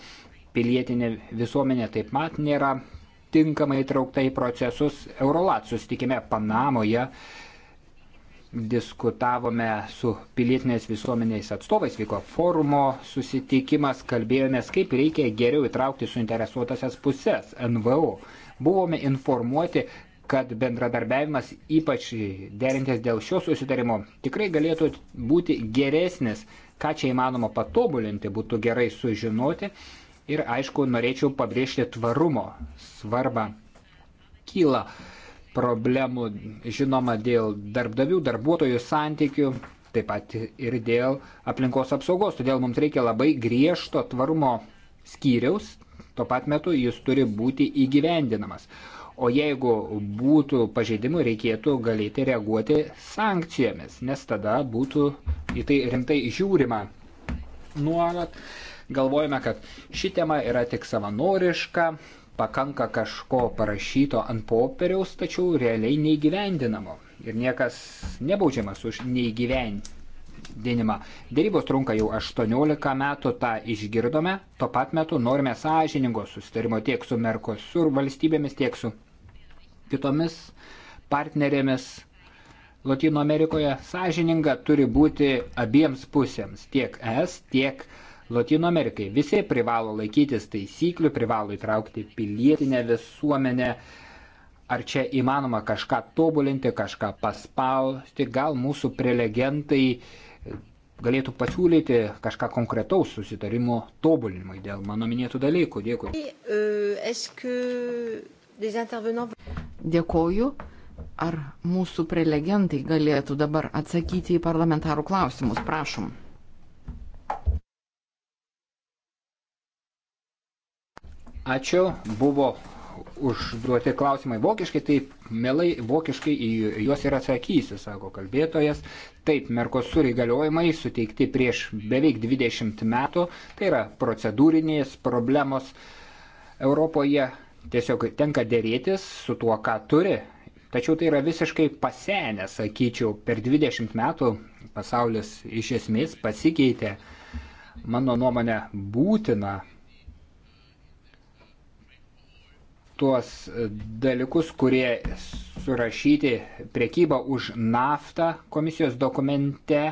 pilietinė visuomenė taip pat nėra tinkamai įtraukta į procesus. Eurolat susitikime Panamoje diskutavome su pilietinės visuomenės atstovais, vyko forumo susitikimas, kalbėjomės, kaip reikia geriau įtraukti suinteresuotasias pusės NVO. Buvome informuoti, kad bendradarbiavimas, ypač derintis dėl šio susitarimo, tikrai galėtų būti geresnis, ką čia įmanoma patobulinti, būtų gerai sužinoti. Ir aišku, norėčiau pabrėžti tvarumo svarbą. Kyla uh, problemų, žinoma, dėl darbdavių, darbuotojų santykių, taip pat ir dėl aplinkos apsaugos. Todėl mums reikia labai griežto tvarumo skyriaus, tuo pat metu jis turi būti įgyvendinamas. O jeigu būtų pažeidimų, reikėtų galėti reaguoti sankcijomis, nes tada būtų į tai rimtai žiūrima. Nuolat galvojame, kad ši tema yra tik savanoriška, pakanka kažko parašyto ant popieriaus, tačiau realiai neįgyvendinamo. Ir niekas nebaudžiamas už neįgyvendinimą. Dėrybos trunka jau 18 metų, tą išgirdome. Tuo pat metu norime sąžiningo sustarimo tiek su Merkosur valstybėmis, tiek su kitomis partnerėmis. Latino Amerikoje sąžininga turi būti abiems pusėms, tiek es, tiek es Latino Amerikai. Visi privalo laikytis taisyklių, privalo įtraukti pilietinę visuomenę. Ar čia įmanoma kažką tobulinti, kažką paspausti, gal mūsų prelegentai galėtų pasiūlyti kažką konkretaus susitarimo tobulinimui dėl mano minėtų dalykų. Dėkui. Euh, Dėkoju. Ar mūsų prelegentai galėtų dabar atsakyti į parlamentarų klausimus? Prašom. Ačiū. Buvo užduoti klausimai vokiškai, taip, mielai vokiškai į juos ir atsakysiu, sako kalbėtojas. Taip, Merkosur įgaliojimai suteikti prieš beveik 20 metų, tai yra procedūrinės problemos Europoje. Tiesiog tenka dėrėtis su tuo, ką turi, tačiau tai yra visiškai pasenę, sakyčiau, per 20 metų pasaulis iš esmės pasikeitė. Mano nuomonė būtina tuos dalykus, kurie surašyti priekybą už naftą komisijos dokumente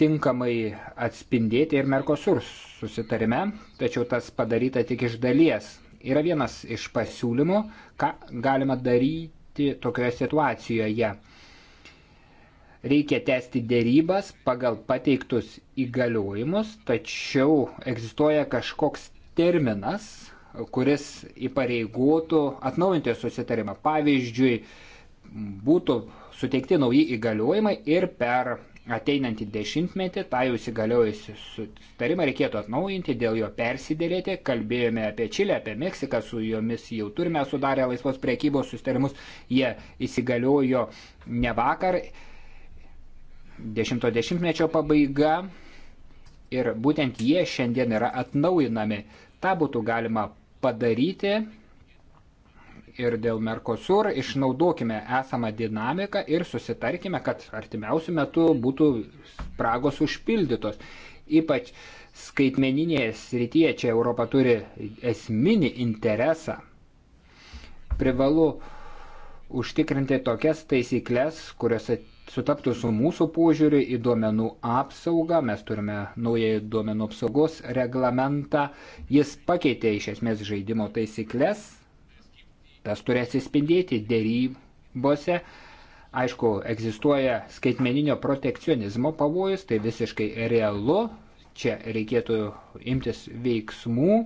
tinkamai atspindėti ir Mercosur susitarime, tačiau tas padaryta tik iš dalies. Yra vienas iš pasiūlymų, ką galima daryti tokioje situacijoje. Reikia tęsti dėrybas pagal pateiktus įgaliojimus, tačiau egzistuoja kažkoks terminas, kuris įpareigotų atnaujinti susitarimą. Pavyzdžiui, būtų suteikti nauji įgaliojimai ir per ateinantį dešimtmetį tą jau įsigaliojusi sutarimą reikėtų atnaujinti, dėl jo persidėlėti. Kalbėjome apie Čilę, apie Meksiką, su jomis jau turime sudarę laisvos priekybos sustarimus, jie įsigaliojo ne vakar, dešimto dešimtmečio pabaiga ir būtent jie šiandien yra atnaujinami. Ta būtų galima padaryti ir dėl Mercosur išnaudokime esamą dinamiką ir susitarkime, kad artimiausių metų būtų spragos užpildytos. Ypač skaitmeninėje srityje čia Europa turi esminį interesą. Privalu užtikrinti tokias taisyklės, kuriuose sutaptų su mūsų požiūriu į duomenų apsaugą. Mes turime naują duomenų apsaugos reglamentą. Jis pakeitė iš esmės žaidimo taisyklės. Tas turi atsispindėti dėrybose. Aišku, egzistuoja skaitmeninio protekcionizmo pavojus, tai visiškai realu. Čia reikėtų imtis veiksmų,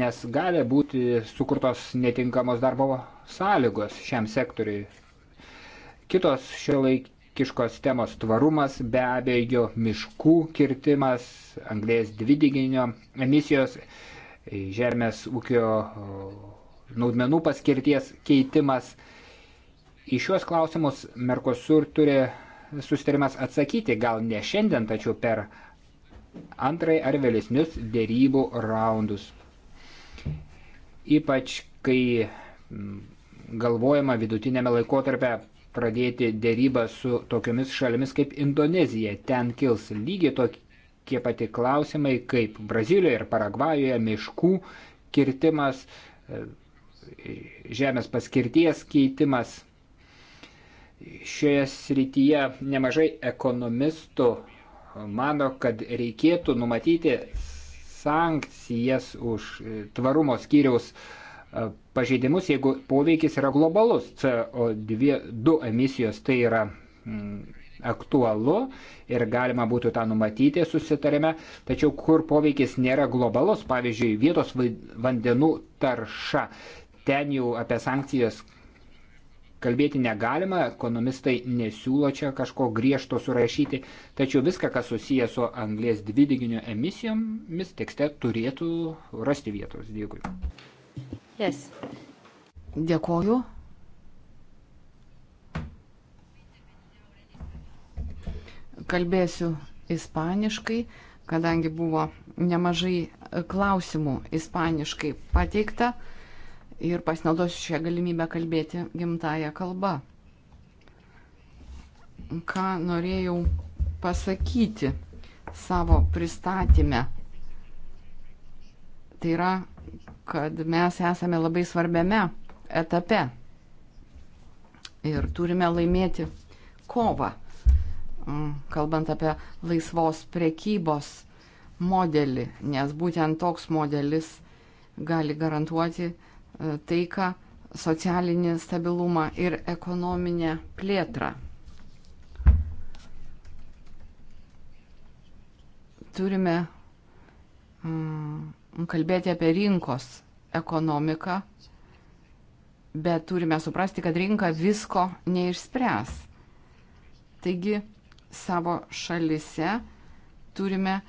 nes gali būti sukurtos netinkamos darbo sąlygos šiam sektoriui Kitos šio laikiškos temos tvarumas, be abejo, miškų kirtimas, anglės dvideginio emisijos, žemės ūkio naudmenų paskirties keitimas. Į šiuos klausimus Merkosur turi sustarimas atsakyti, gal ne šiandien, tačiau per antrai ar vėlesnius dėrybų raundus. Ypač kai galvojama vidutinėme laikotarpe pradėti dėrybą su tokiomis šalimis kaip Indonezija. Ten kils lygiai tokie pati klausimai kaip Brazilijoje ir Paragvajoje miškų kirtimas, žemės paskirties keitimas. Šioje srityje nemažai ekonomistų mano, kad reikėtų numatyti sankcijas už tvarumo skyriaus uh, E, pažeidimus, jeigu poveikis yra globalus. CO2 emisijos tai yra mm, aktualu ir galima būtų tą numatyti susitarime, tačiau kur poveikis nėra globalus, pavyzdžiui, vietos vandenų tarša, ten jau apie sankcijas kalbėti negalima, ekonomistai nesiūlo čia kažko griežto surašyti, tačiau viską, kas susijęs su anglės dvideginio emisijomis, tekste turėtų rasti vietos. Dėkui. Yes. Dėkoju. Kalbėsiu ispaniškai, kadangi buvo nemažai klausimų ispaniškai pateikta ir pasinaudosiu šią galimybę kalbėti gimtają kalbą. Ką norėjau pasakyti savo pristatymę. Tai yra kad mes esame labai svarbiame etape ir turime laimėti kovą, mm, kalbant apie laisvos prekybos modelį, nes būtent toks modelis gali garantuoti e, taiką, socialinį stabilumą ir ekonominę plėtrą. Turime mm, kalbėti apie rinkos ekonomiką, bet turime suprasti, kad rinka visko neišspręs. Taigi savo šalise turime e,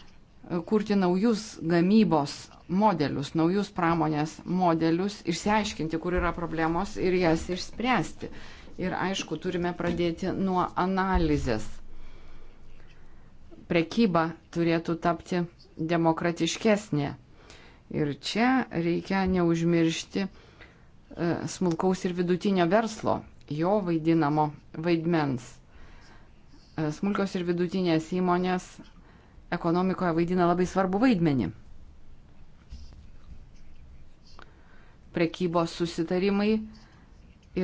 kurti naujus gamybos modelius, naujus pramonės modelius, išsiaiškinti, kur yra problemos ir jas išspręsti. Ir aišku, turime pradėti nuo analizės. Prekyba turėtų tapti demokratiškesnė. Ir čia reikia neužmiršti e, smulkaus ir vidutinio verslo, jo vaidinamo vaidmens. E, smulkios ir vidutinės įmonės ekonomikoje vaidina labai svarbu vaidmenį. Prekybos susitarimai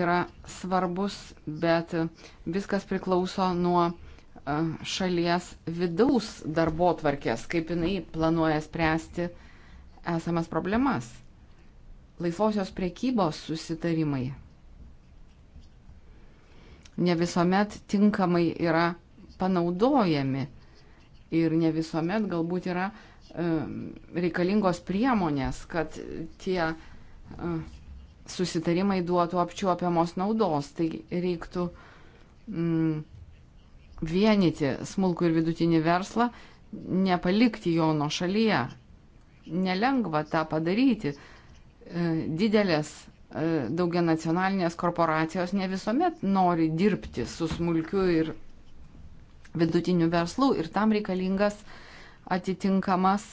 yra svarbus, bet viskas priklauso nuo e, šalies vidaus darbo tvarkės, kaip jinai planuoja spręsti uh, esamas problemas. Laisvosios priekybos susitarimai ne visuomet tinkamai yra panaudojami ir ne visuomet galbūt yra e, reikalingos priemonės, kad tie e, susitarimai duotų apčiuopiamos naudos. Tai reiktų mm, vienyti smulkų ir vidutinį verslą, nepalikti jo nuo šalyje nelengva tą padaryti. E, didelės e, daugia nacionalinės korporacijos ne visuomet nori dirbti su smulkiu ir vidutiniu verslu ir tam reikalingas atitinkamas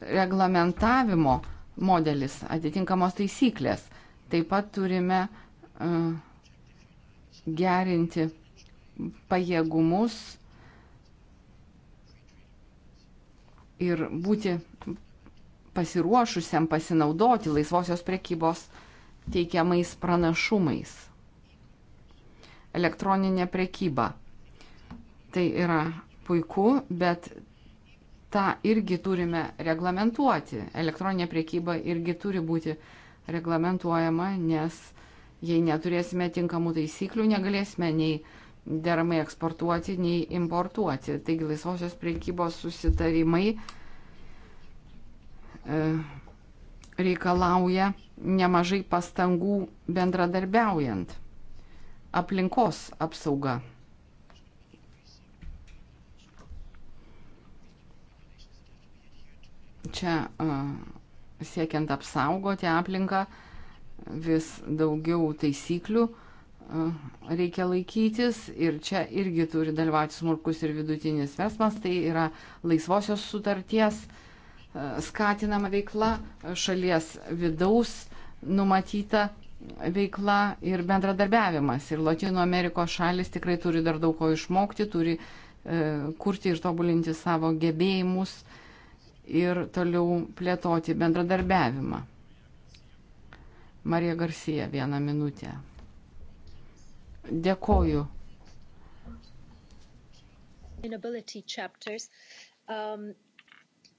reglamentavimo modelis, atitinkamos taisyklės. Taip pat turime uh, gerinti pajėgumus ir būti pasiruošusiam pasinaudoti laisvosios prekybos teikiamais pranašumais. Elektroninė prekyba. Tai yra puiku, bet tą irgi turime reglamentuoti. Elektroninė prekyba irgi turi būti reglamentuojama, nes jei neturėsime tinkamų taisyklių, negalėsime nei deramai eksportuoti, nei importuoti. Taigi laisvosios priekybos susitarimai E, reikalauja nemažai pastangų bendradarbiaujant. Aplinkos apsauga. Čia e, siekiant apsaugoti aplinką vis daugiau taisyklių e, reikia laikytis ir čia irgi turi dalyvauti smulkus ir vidutinis verslas, tai yra laisvosios sutarties uh, skatinama veikla, šalies vidaus numatyta veikla ir bendradarbiavimas. Ir Latino Amerikos šalis tikrai turi dar daug ko išmokti, turi e, kurti ir tobulinti savo gebėjimus ir toliau plėtoti bendradarbiavimą. Marija Garcija, vieną minutę. Dėkoju. Inability chapters. Um,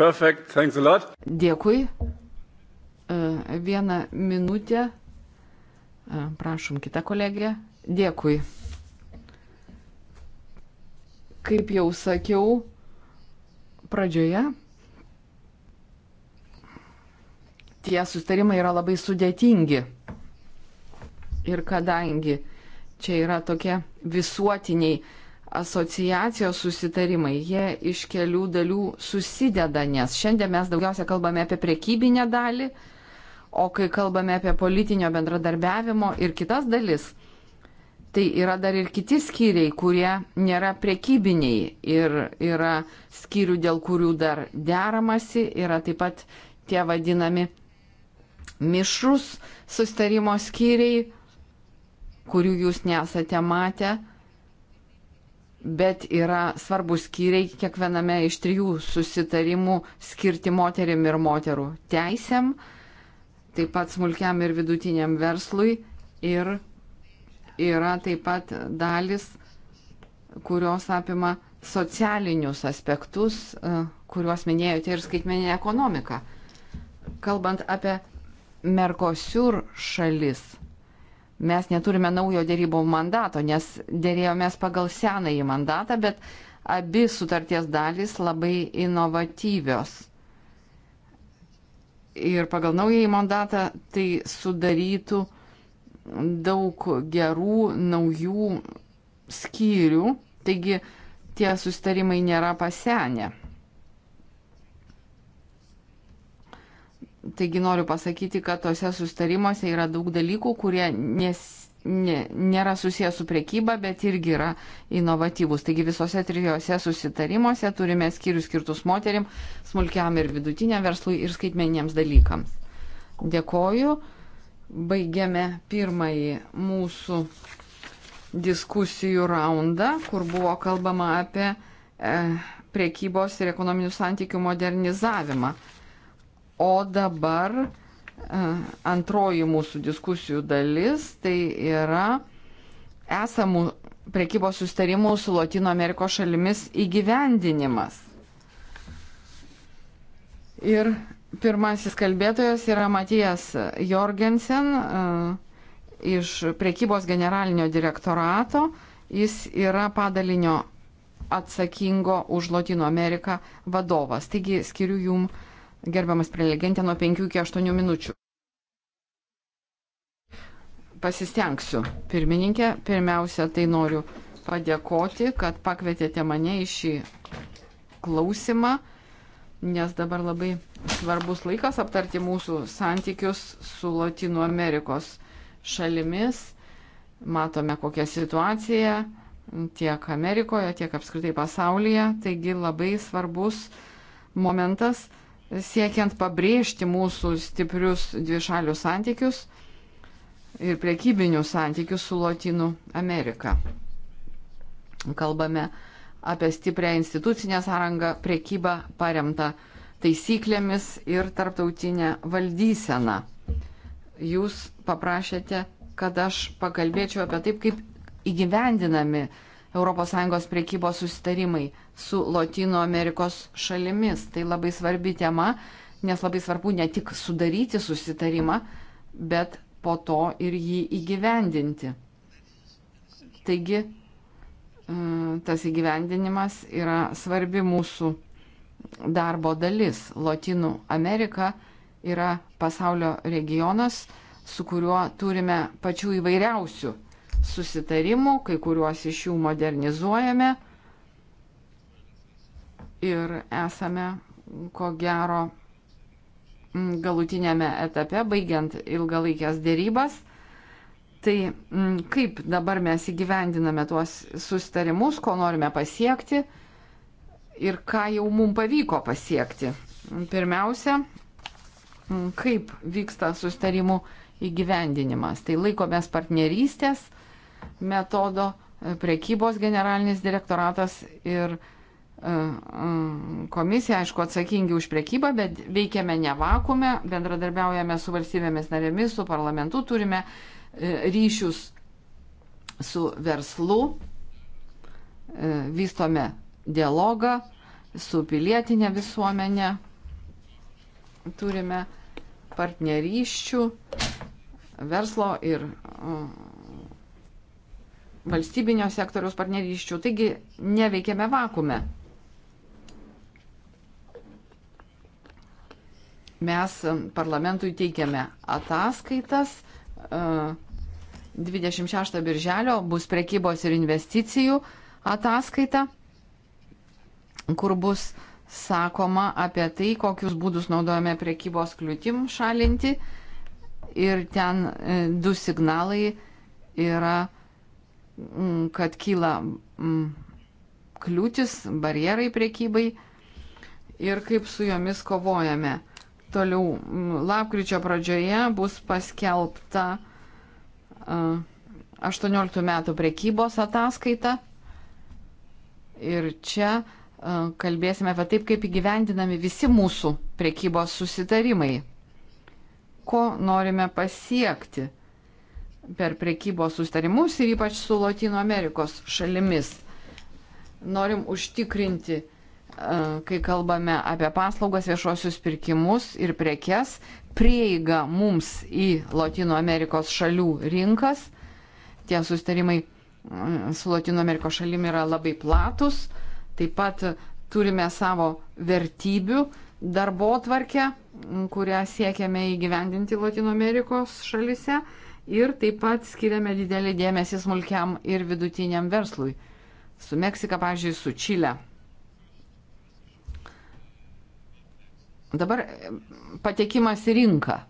Perfect, thanks a lot. Dėkui. E, vieną minutę. E, prašom, kita kolegė. Dėkui. Kaip jau sakiau pradžioje, tie sustarimai yra labai sudėtingi. Ir kadangi čia yra tokie visuotiniai asociacijos susitarimai, jie iš kelių dalių susideda, nes šiandien mes daugiausia kalbame apie prekybinę dalį, o kai kalbame apie politinio bendradarbiavimo ir kitas dalis, tai yra dar ir kiti skyriai, kurie nėra prekybiniai ir yra skyrių, dėl kurių dar deramasi, yra taip pat tie vadinami mišrus sustarimo skyriai, kurių jūs nesate matę bet yra svarbus skyriai kiekviename iš trijų susitarimų skirti moterim ir moterų teisėm, taip pat smulkiam ir vidutiniam verslui ir yra taip pat dalis, kurios apima socialinius aspektus, e, kuriuos minėjote ir skaitmeninę ekonomiką. Kalbant apie Merkosiur šalis, mes neturime naujo dėrybų mandato, nes dėrėjomės pagal senąjį mandatą, bet abi sutarties dalys labai inovatyvios. Ir pagal naująjį mandatą tai sudarytų daug gerų, naujų skyrių, taigi tie sustarimai nėra pasenę. Taigi noriu pasakyti, kad tose sustarimuose yra daug dalykų, kurie nes, ne, nėra susijęs su priekyba, bet irgi yra inovatyvus. Taigi visose trijose susitarimuose turime skyrius skirtus moterim, smulkiam ir vidutiniam verslui ir skaitmeniems dalykams. Dėkoju. Baigiame pirmąjį mūsų diskusijų raundą, kur buvo kalbama apie e, priekybos ir ekonominių santykių modernizavimą. O dabar e, antroji mūsų diskusijų dalis tai yra esamų prekybos sustarimų su Latino Amerikos šalimis įgyvendinimas. Ir pirmasis kalbėtojas yra Matijas Jorgensen e, iš prekybos generalinio direktorato. Jis yra padalinio atsakingo už Latino Ameriką vadovas. Taigi skiriu jums Gerbiamas prelegentė nuo 5 iki 8 minučių. Pasistengsiu. Pirmininkė, pirmiausia, tai noriu padėkoti, kad pakvietėte mane į šį klausimą, nes dabar labai svarbus laikas aptarti mūsų santykius su Latino Amerikos šalimis. Matome, kokia situacija tiek Amerikoje, tiek apskritai pasaulyje. Taigi labai svarbus momentas siekiant pabrėžti mūsų stiprius dvišalius santykius ir priekybinius santykius su Latinų Amerika. Kalbame apie stiprią institucinę sąrangą, priekybą paremtą taisyklėmis ir tarptautinę valdyseną. Jūs paprašėte, kad aš pakalbėčiau apie taip, kaip įgyvendinami ES priekybos susitarimai su Latino Amerikos šalimis. Tai labai svarbi tema, nes labai svarbu ne tik sudaryti susitarimą, bet po to ir jį įgyvendinti. Taigi e, tas įgyvendinimas yra svarbi mūsų darbo dalis. Latinų Amerika yra pasaulio regionas, su kuriuo turime pačių įvairiausių susitarimų, kai kuriuos iš jų modernizuojame ir esame, ko gero, galutinėme etape, baigiant ilgalaikės dėrybas. Tai mm, kaip dabar mes įgyvendiname tuos sustarimus, ko norime pasiekti ir ką jau mums pavyko pasiekti. Pirmiausia, mm, kaip vyksta sustarimų įgyvendinimas. Tai laikomės partnerystės metodo, prekybos generalinis direktoratas ir E, e, komisija, aišku, atsakingi už priekybą, bet veikiame ne vakume, bendradarbiaujame su valstybėmis narėmis, su parlamentu, turime e, ryšius su verslu, vystome dialogą su pilietinė visuomenė, turime partnerysčių verslo ir valstybinio sektoriaus partnerysčių. Taigi neveikėme vakume. mes parlamentui teikiame ataskaitas. 26 e, birželio bus prekybos ir investicijų ataskaita, kur bus sakoma apie tai, kokius būdus naudojame prekybos kliūtim šalinti. Ir ten e, du signalai yra, kad kyla kliūtis, barjerai priekybai ir kaip su jomis kovojame. Toliau lapkričio pradžioje bus paskelbta 18 metų prekybos ataskaita. Ir čia kalbėsime apie taip, kaip įgyvendinami visi mūsų prekybos susitarimai. Ko norime pasiekti per prekybos susitarimus ir ypač su Latino Amerikos šalimis. Norim užtikrinti kai kalbame apie paslaugas, viešuosius pirkimus ir prekes, prieiga mums į Latino Amerikos šalių rinkas. Tie sustarimai mm, su Latino Amerikos šalim yra labai platus. Taip pat turime savo vertybių darbo tvarkę, mm, kurią siekiame įgyvendinti Latino Amerikos šalise. Ir taip pat skiriame didelį dėmesį smulkiam ir vidutiniam verslui. Su Meksika, pažiūrėjau, su Čile Dabar e, patekimas į rinką. E,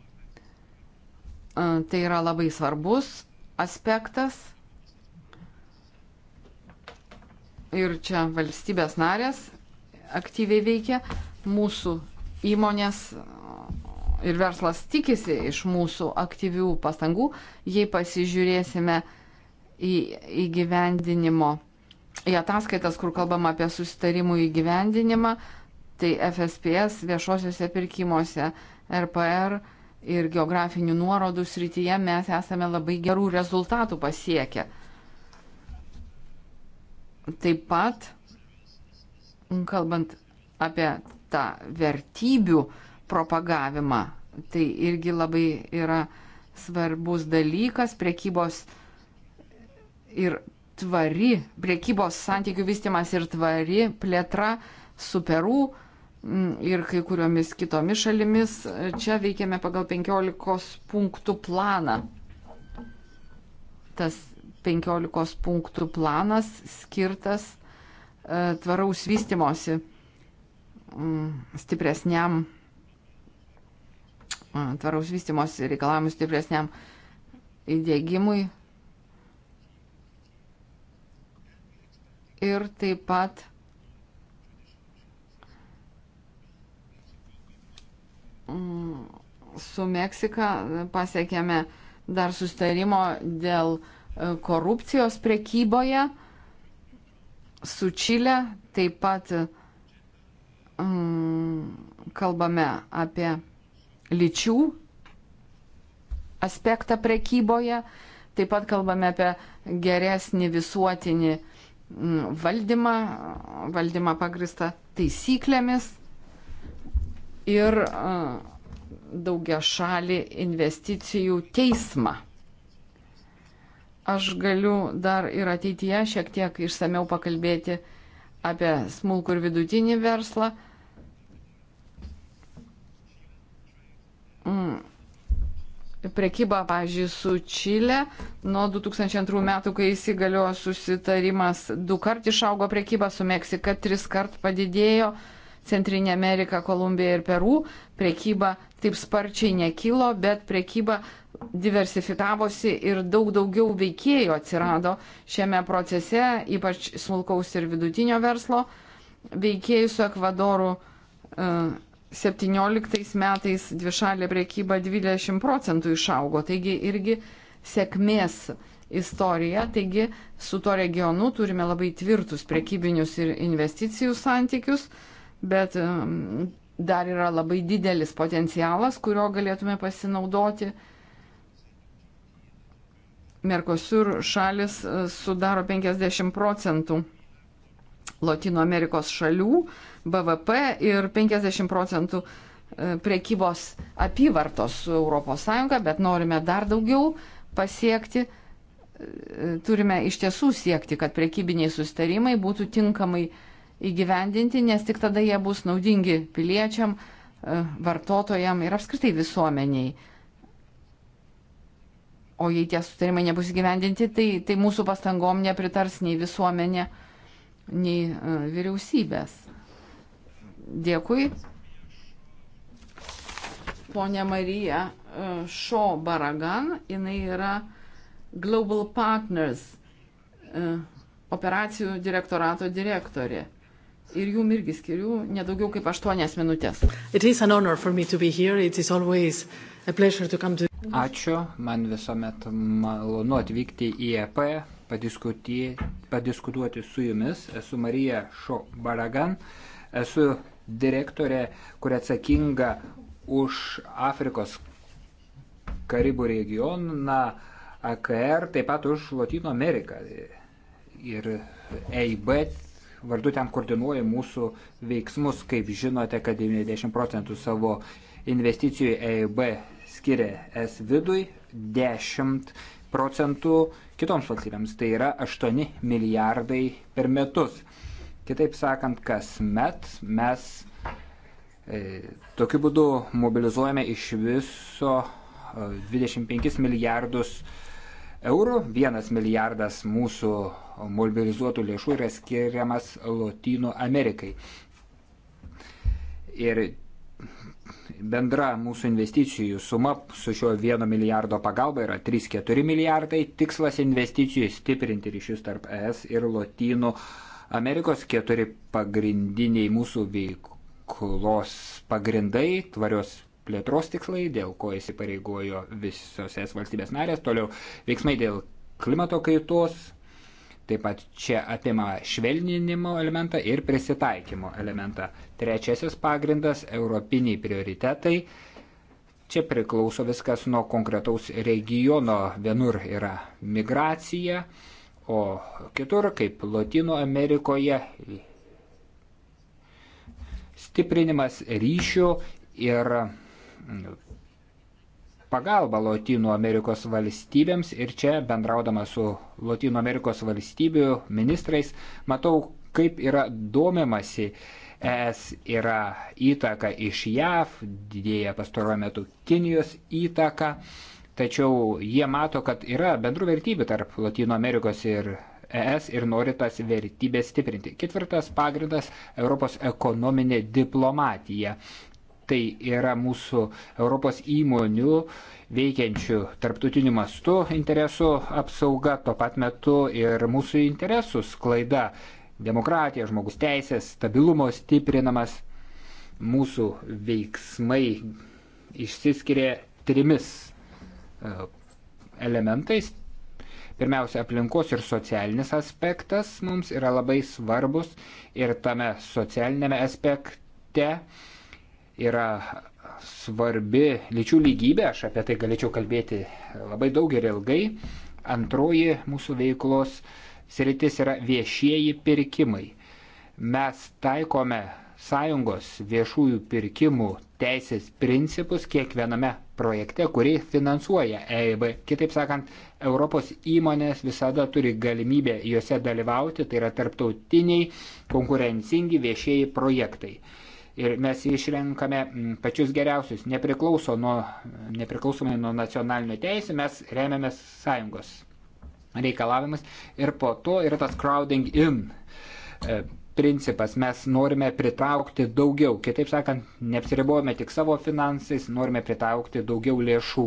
tai yra labai svarbus aspektas. Ir čia valstybės narės aktyviai veikia. Mūsų įmonės e, ir verslas tikisi iš mūsų aktyvių pastangų, jei pasižiūrėsime į įgyvendinimo, į ataskaitas, kur kalbama apie susitarimų įgyvendinimą, uh, tai FSPS viešosiuose pirkimuose, RPR ir geografinių nuorodų srityje mes esame labai gerų rezultatų pasiekę. Taip pat, kalbant apie tą vertybių propagavimą, tai irgi labai yra svarbus dalykas priekybos ir tvari, priekybos santykių vystimas ir tvari plėtra su Peru Mm, ir kai kuriomis kitomis šalimis. Čia veikiame pagal 15 punktų planą. Tas 15 punktų planas skirtas e, tvaraus vystimosi mm, stipresniam, mm, tvaraus vystimosi reikalavimui stipresniam įdėgymui. Ir taip pat Mm, su Meksika pasiekėme dar sustarimo dėl e, korupcijos prekyboje, su Čilė taip pat mm, kalbame apie lyčių aspektą prekyboje, taip pat kalbame apie geresnį visuotinį mm, valdymą, valdymą pagristą taisyklėmis ir daugia šalį investicijų teismą. Aš galiu dar ir ateityje šiek tiek išsameu pakalbėti apie smulkų ir vidutinį verslą. Mm. Prekyba, pažiūrėjau, su Čilė nuo 2002 metų, kai įsigaliojo susitarimas, du kart išaugo prekyba, su Meksika tris kart padidėjo. Uh, Centrinė Amerika, Kolumbija ir Peru. Prekyba taip sparčiai nekilo, bet prekyba diversifikavosi ir daug daugiau veikėjų atsirado šiame procese, ypač smulkaus ir vidutinio verslo veikėjų su Ekvadoru. 17 e, metais dvišalė priekyba 20 procentų išaugo, taigi irgi sėkmės istorija, taigi su to regionu turime labai tvirtus priekybinius ir investicijų santykius bet dar yra labai didelis potencialas, kurio galėtume pasinaudoti. Merkosur šalis e, sudaro 50 procentų Latino Amerikos šalių BVP ir 50 procentų e, priekybos apyvartos su ES, bet norime dar daugiau pasiekti. E, turime iš tiesų siekti, kad priekybiniai sustarimai būtų tinkamai uh, įgyvendinti, nes tik tada jie bus naudingi piliečiam, e, vartotojam ir apskritai visuomeniai. O jei tie sutarimai nebus įgyvendinti, tai, tai mūsų pastangom nepritars nei visuomenė, nei e, vyriausybės. Dėkui. Pone Marija Šo e, Baragan, jinai yra Global Partners operacijų direktorato direktorė ir jum irgi skiriu nedaugiau kaip aštuonias minutės. To... Ačiū, man visuomet malonu atvykti į EP, padiskutuoti su jumis. Esu Marija Šo Baragan, esu direktorė, kuri atsakinga už Afrikos Karibų regioną, AKR, taip pat už Latino Ameriką. Ir EIB vardu ten koordinuoja mūsų veiksmus. Kaip žinote, kad 90 procentų savo investicijų EIB skiria S vidui, 10 procentų kitoms valstybėms. Tai yra 8 milijardai per metus. Kitaip sakant, kas met mes e, tokiu būdu mobilizuojame iš viso 25 e, milijardus eurų, 1 milijardas mūsų mobilizuotų lėšų yra skiriamas Lotynų Amerikai. Ir bendra mūsų investicijų suma su šio 1 milijardo pagalba yra 3-4 milijardai. Tikslas investicijų stiprinti ryšius tarp ES ir Lotynų Amerikos keturi pagrindiniai mūsų veiklos pagrindai - tvarios plėtros tikslai, dėl ko įsipareigojo visos ES valstybės narės, toliau veiksmai dėl klimato kaitos, Taip pat čia apima švelninimo elementą ir prisitaikymo elementą. Trečiasis pagrindas - europiniai prioritetai. Čia priklauso viskas nuo konkretaus regiono. Vienur yra migracija, o kitur, kaip Latino Amerikoje, stiprinimas ryšių ir pagalbą Lotynų Amerikos valstybėms ir čia bendraudama su Lotynų Amerikos valstybių ministrais matau, kaip yra domimasi es yra įtaka iš JAV, didėja pastaruoju metu Kinijos įtaka, tačiau jie mato, kad yra bendrų vertybių tarp Latino Amerikos ir ES ir nori tas vertybės stiprinti. Ketvirtas pagrindas - Europos ekonominė diplomatija tai yra mūsų Europos įmonių veikiančių tarptautiniu mastu interesų apsauga, tuo pat metu ir mūsų interesų sklaida, demokratija, žmogus teisės, stabilumo stiprinamas. Mūsų veiksmai išsiskiria trimis e, elementais. Pirmiausia, aplinkos ir socialinis aspektas mums yra labai svarbus ir tame socialinėme aspekte yra svarbi lyčių lygybė, aš apie tai galėčiau kalbėti labai daug ir ilgai. Antroji mūsų veiklos sritis yra viešieji pirkimai. Mes taikome sąjungos viešųjų pirkimų teisės principus kiekviename projekte, kurį finansuoja EIB. Kitaip sakant, Europos įmonės visada turi galimybę juose dalyvauti, tai yra tarptautiniai konkurencingi viešieji projektai ir mes išrenkame mm, pačius geriausius, nepriklauso nuo, nepriklausomai nuo nacionalinio teisė, mes remiamės sąjungos reikalavimus ir po to yra tas crowding in e, principas, mes norime pritraukti daugiau, kitaip sakant, neapsiribuojame tik savo finansais, norime pritraukti daugiau lėšų.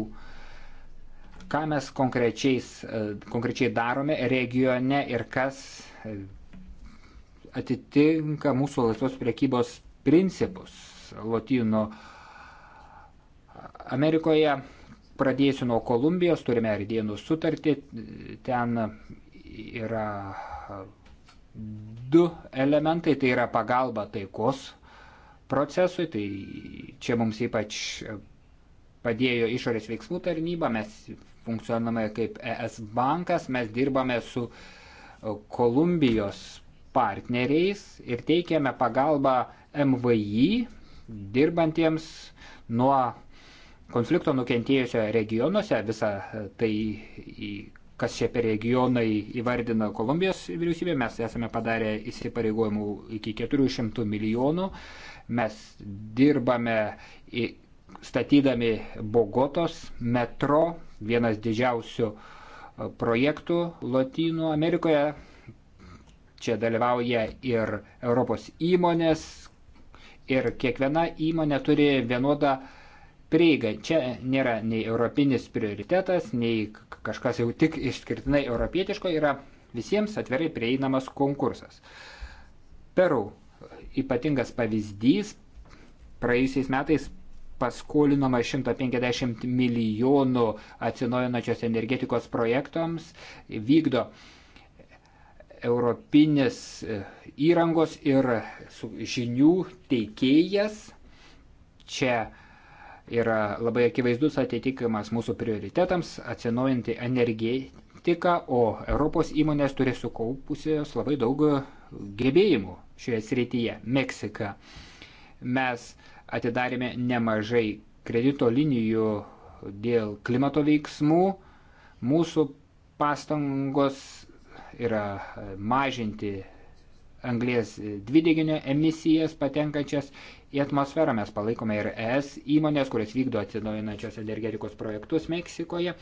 Ką mes e, konkrečiai darome regione ir kas e, atitinka mūsų laisvos priekybos principus Lotynų Amerikoje. Pradėsiu nuo Kolumbijos, turime Ardienų sutartį, ten yra du elementai, tai yra pagalba taikos procesui, tai čia mums ypač padėjo išorės veiksmų tarnyba, mes funkcioname kaip ES bankas, mes dirbame su Kolumbijos partneriais ir teikiame pagalbą MVI dirbantiems nuo konflikto nukentėjusio regionuose, visą tai, kas čia per regionai įvardina Kolumbijos vyriausybė, mes esame padarę įsipareigojimų iki 400 milijonų, mes dirbame statydami Bogotos metro, vienas didžiausių e, projektų Latino Amerikoje. Čia dalyvauja ir Europos įmonės, ir kiekviena įmonė turi vienodą prieigą. Čia nėra nei europinis prioritetas, nei kažkas jau tik išskirtinai europietiško, yra visiems atvirai prieinamas konkursas. Peru ypatingas pavyzdys, praėjusiais metais paskolinama 150 milijonų atsinaujinančios energetikos projektams, vykdo uh, europinis e, įrangos ir e, žinių teikėjas. Čia yra labai akivaizdus atitikimas mūsų prioritetams - atsinaujinti energetiką, o Europos įmonės turi sukaupusios labai daug e, gebėjimų šioje srityje - Meksika. Mes atidarėme nemažai kredito linijų dėl klimato veiksmų. Mūsų pastangos yra e, mažinti anglės dvideginio emisijas patenkančias į atmosferą. Mes palaikome ir ES įmonės, kurios vykdo atsinaujinančios energetikos projektus Meksikoje.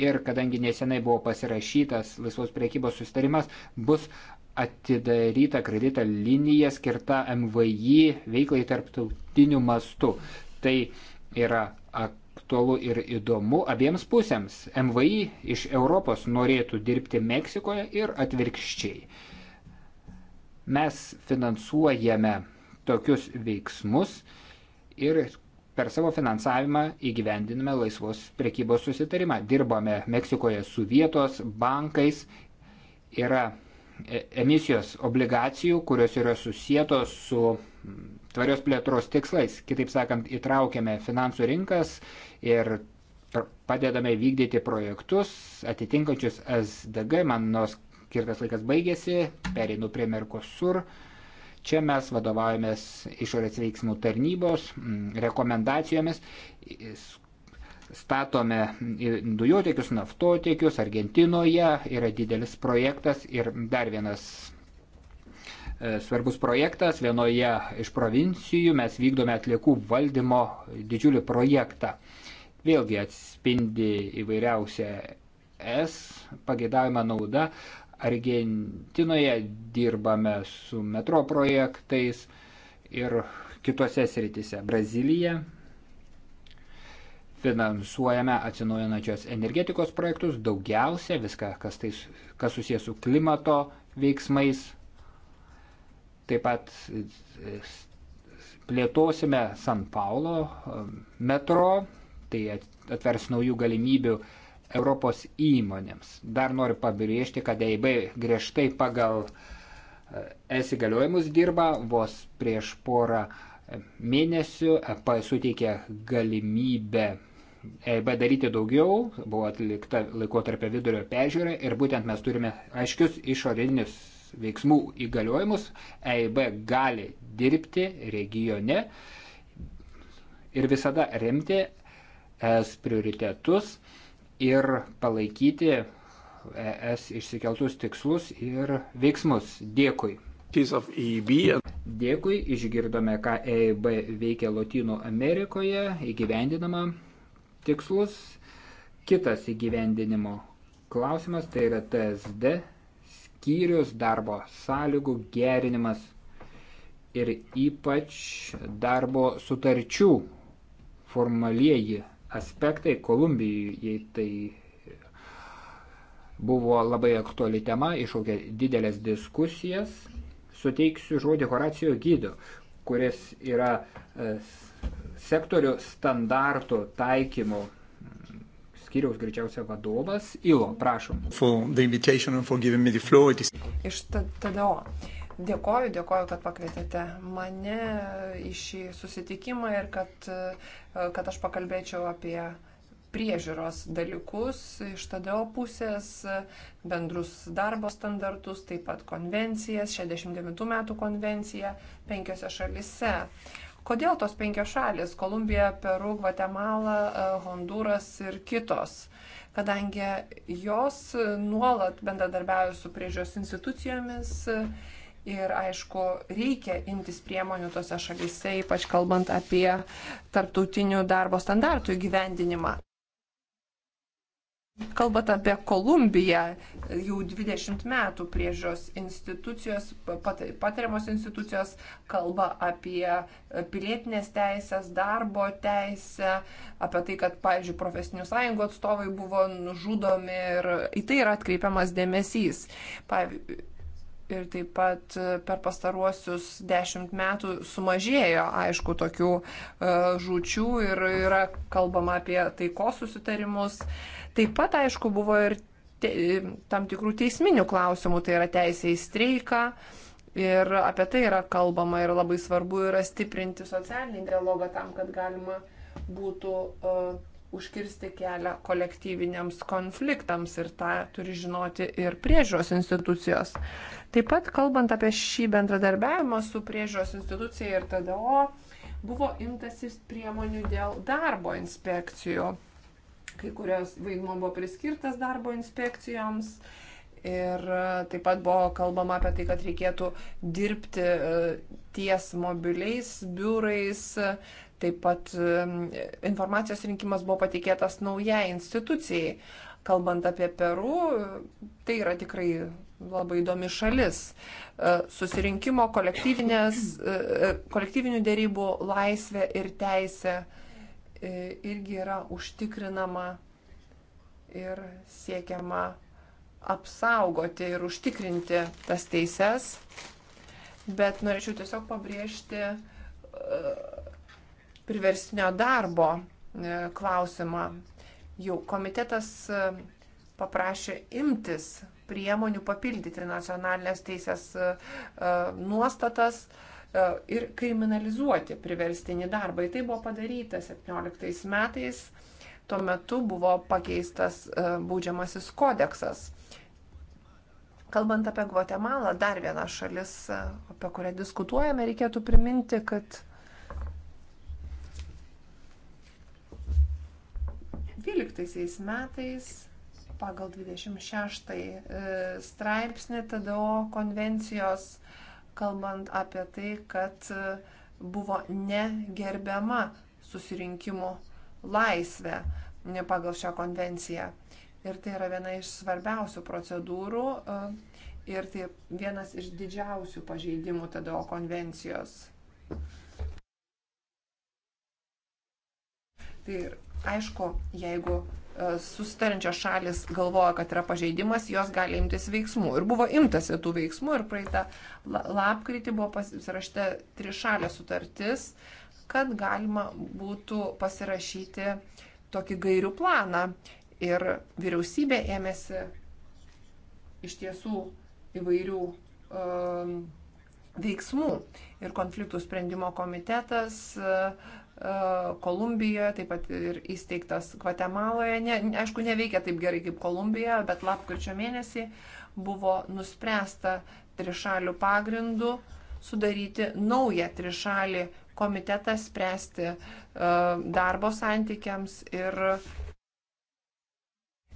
Ir kadangi nesenai buvo pasirašytas laisvos priekybos sustarimas, bus atidaryta kredito linija skirta MVI veiklai tarptautiniu mastu. Tai yra ak aktualu ir įdomu abiems pusėms. MVI iš Europos norėtų dirbti Meksikoje ir atvirkščiai. Mes finansuojame tokius veiksmus ir per savo finansavimą įgyvendiname laisvos prekybos susitarimą. Dirbame Meksikoje su vietos bankais, yra e- emisijos obligacijų, kurios yra susijėtos su tvarios plėtros tikslais. Kitaip sakant, įtraukiame finansų rinkas ir padedame vykdyti projektus atitinkančius SDG. Mano skirtas laikas baigėsi, pereinu prie Merkosur. Čia mes vadovaujamės išorės veiksmų tarnybos mm, rekomendacijomis, statome dujotiekius, naftotiekius, Argentinoje yra didelis projektas ir dar vienas E, svarbus projektas. Vienoje iš provincijų mes vykdome atliekų valdymo didžiulį projektą. Vėlgi atspindi įvairiausią S pagėdavimą naudą. Argentinoje dirbame su metro projektais ir kitose sritise. Brazilyje finansuojame atsinaujinančios energetikos projektus, daugiausia viską, kas, tai, kas susijęs su klimato veiksmais Taip pat e, plėtosime San Paulo e, metro, tai atvers naujų galimybių Europos įmonėms. Dar noriu pabrėžti, kad EIB griežtai pagal esigaliojimus dirba, vos prieš porą e, mėnesių EP suteikė galimybę EIB daryti daugiau, buvo atlikta laikotarpio vidurio peržiūra ir būtent mes turime aiškius išorinius veiksmų įgaliojimus, EIB gali dirbti regione ir visada remti ES prioritetus ir palaikyti ES išsikeltus tikslus ir veiksmus. Dėkui. E Dėkui, išgirdome, ką EIB veikia Latino Amerikoje, įgyvendinama tikslus. Kitas įgyvendinimo klausimas tai yra TSD skyrius darbo sąlygų gerinimas ir ypač darbo sutarčių formalieji aspektai. Kolumbijai tai buvo labai aktuali tema, išaukė didelės diskusijas. Suteiksiu žodį Horacijo gydo, kuris yra e, sektorių standartų taikymų skyriaus greičiausia vadovas. Ilo, prašom. Iš TDO. Dėkoju, dėkoju, kad pakvietėte mane į šį susitikimą ir kad, kad aš pakalbėčiau apie priežiūros dalykus iš TDO pusės, bendrus darbo standartus, taip pat konvencijas, 69 metų konvenciją penkiose šalise. Uh, Kodėl tos penkios šalis - Kolumbija, Peru, Gvatemala, e, Honduras ir kitos? Kadangi jos nuolat bendradarbiauja su priežios institucijomis e, ir, aišku, reikia imtis priemonių tose šalise, ypač kalbant apie tarptautinių darbo standartų įgyvendinimą. Kalbant apie Kolumbiją, jau 20 metų priežios institucijos, patariamos institucijos kalba apie pilietinės teisės, darbo teisę, apie tai, kad, pavyzdžiui, profesinių sąjungų atstovai buvo nužudomi ir į tai yra atkreipiamas dėmesys. Pavyzdžiui, ir taip pat per pastaruosius dešimt metų sumažėjo, aišku, tokių e, žučių ir yra kalbama apie taikos susitarimus. Uh, Taip pat, aišku, buvo ir te, tam tikrų teisminių klausimų, tai yra teisė į streiką. Ir apie tai yra kalbama ir labai svarbu yra stiprinti socialinį dialogą tam, kad galima būtų uh, užkirsti kelią kolektyviniams konfliktams ir tą turi žinoti ir priežiūros institucijos. Taip pat kalbant apie šį bendradarbiavimą su priežiūros institucija ir TDO, buvo imtasis priemonių dėl darbo inspekcijų kai kurios vaidmo buvo priskirtas darbo inspekcijoms. Ir e, taip pat buvo kalbama apie tai, kad reikėtų dirbti e, ties mobiliais biurais. Taip pat informacijos rinkimas buvo patikėtas naujai institucijai. Kalbant apie Peru, tai yra tikrai labai įdomi šalis. E, susirinkimo kolektyvinių dėrybų laisvė ir teisė E, irgi yra užtikrinama ir siekiama apsaugoti ir užtikrinti tas teises. Bet norėčiau tiesiog pabrėžti e, priverstinio darbo e, klausimą. Jau komitetas paprašė imtis priemonių papildyti nacionalinės teisės nuostatas, uh, E, ir kriminalizuoti priverstinį darbą. Ir tai buvo padaryta 17 metais. Tuo metu buvo pakeistas e, baudžiamasis kodeksas. Kalbant apie Gvatemalą, dar viena šalis, e, apie kurią diskutuojame, reikėtų priminti, kad dvyliktaisiais metais pagal 26 straipsnį TDO konvencijos uh, kalbant apie tai, kad e, buvo negerbiama susirinkimų laisvė pagal šią konvenciją. Ir tai yra viena iš svarbiausių procedūrų e, ir tai vienas iš didžiausių pažeidimų TDO konvencijos. Tai aišku, jeigu E, sustarančios šalis galvoja, kad yra pažeidimas, jos gali imtis veiksmų. Ir buvo imtasi tų veiksmų ir praeitą lapkritį buvo pasirašyta trišalė sutartis, kad galima būtų pasirašyti tokį gairių planą. Ir vyriausybė ėmėsi iš tiesų įvairių um, veiksmų. Ir konfliktų sprendimo komitetas uh, E, Kolumbijoje, taip pat ir įsteigtas Gvatemaloje. Ne, aišku, neveikia taip gerai kaip Kolumbijoje, bet lapkričio mėnesį buvo nuspręsta trišalių pagrindų sudaryti naują trišalį komitetą spręsti e, darbo santykiams ir,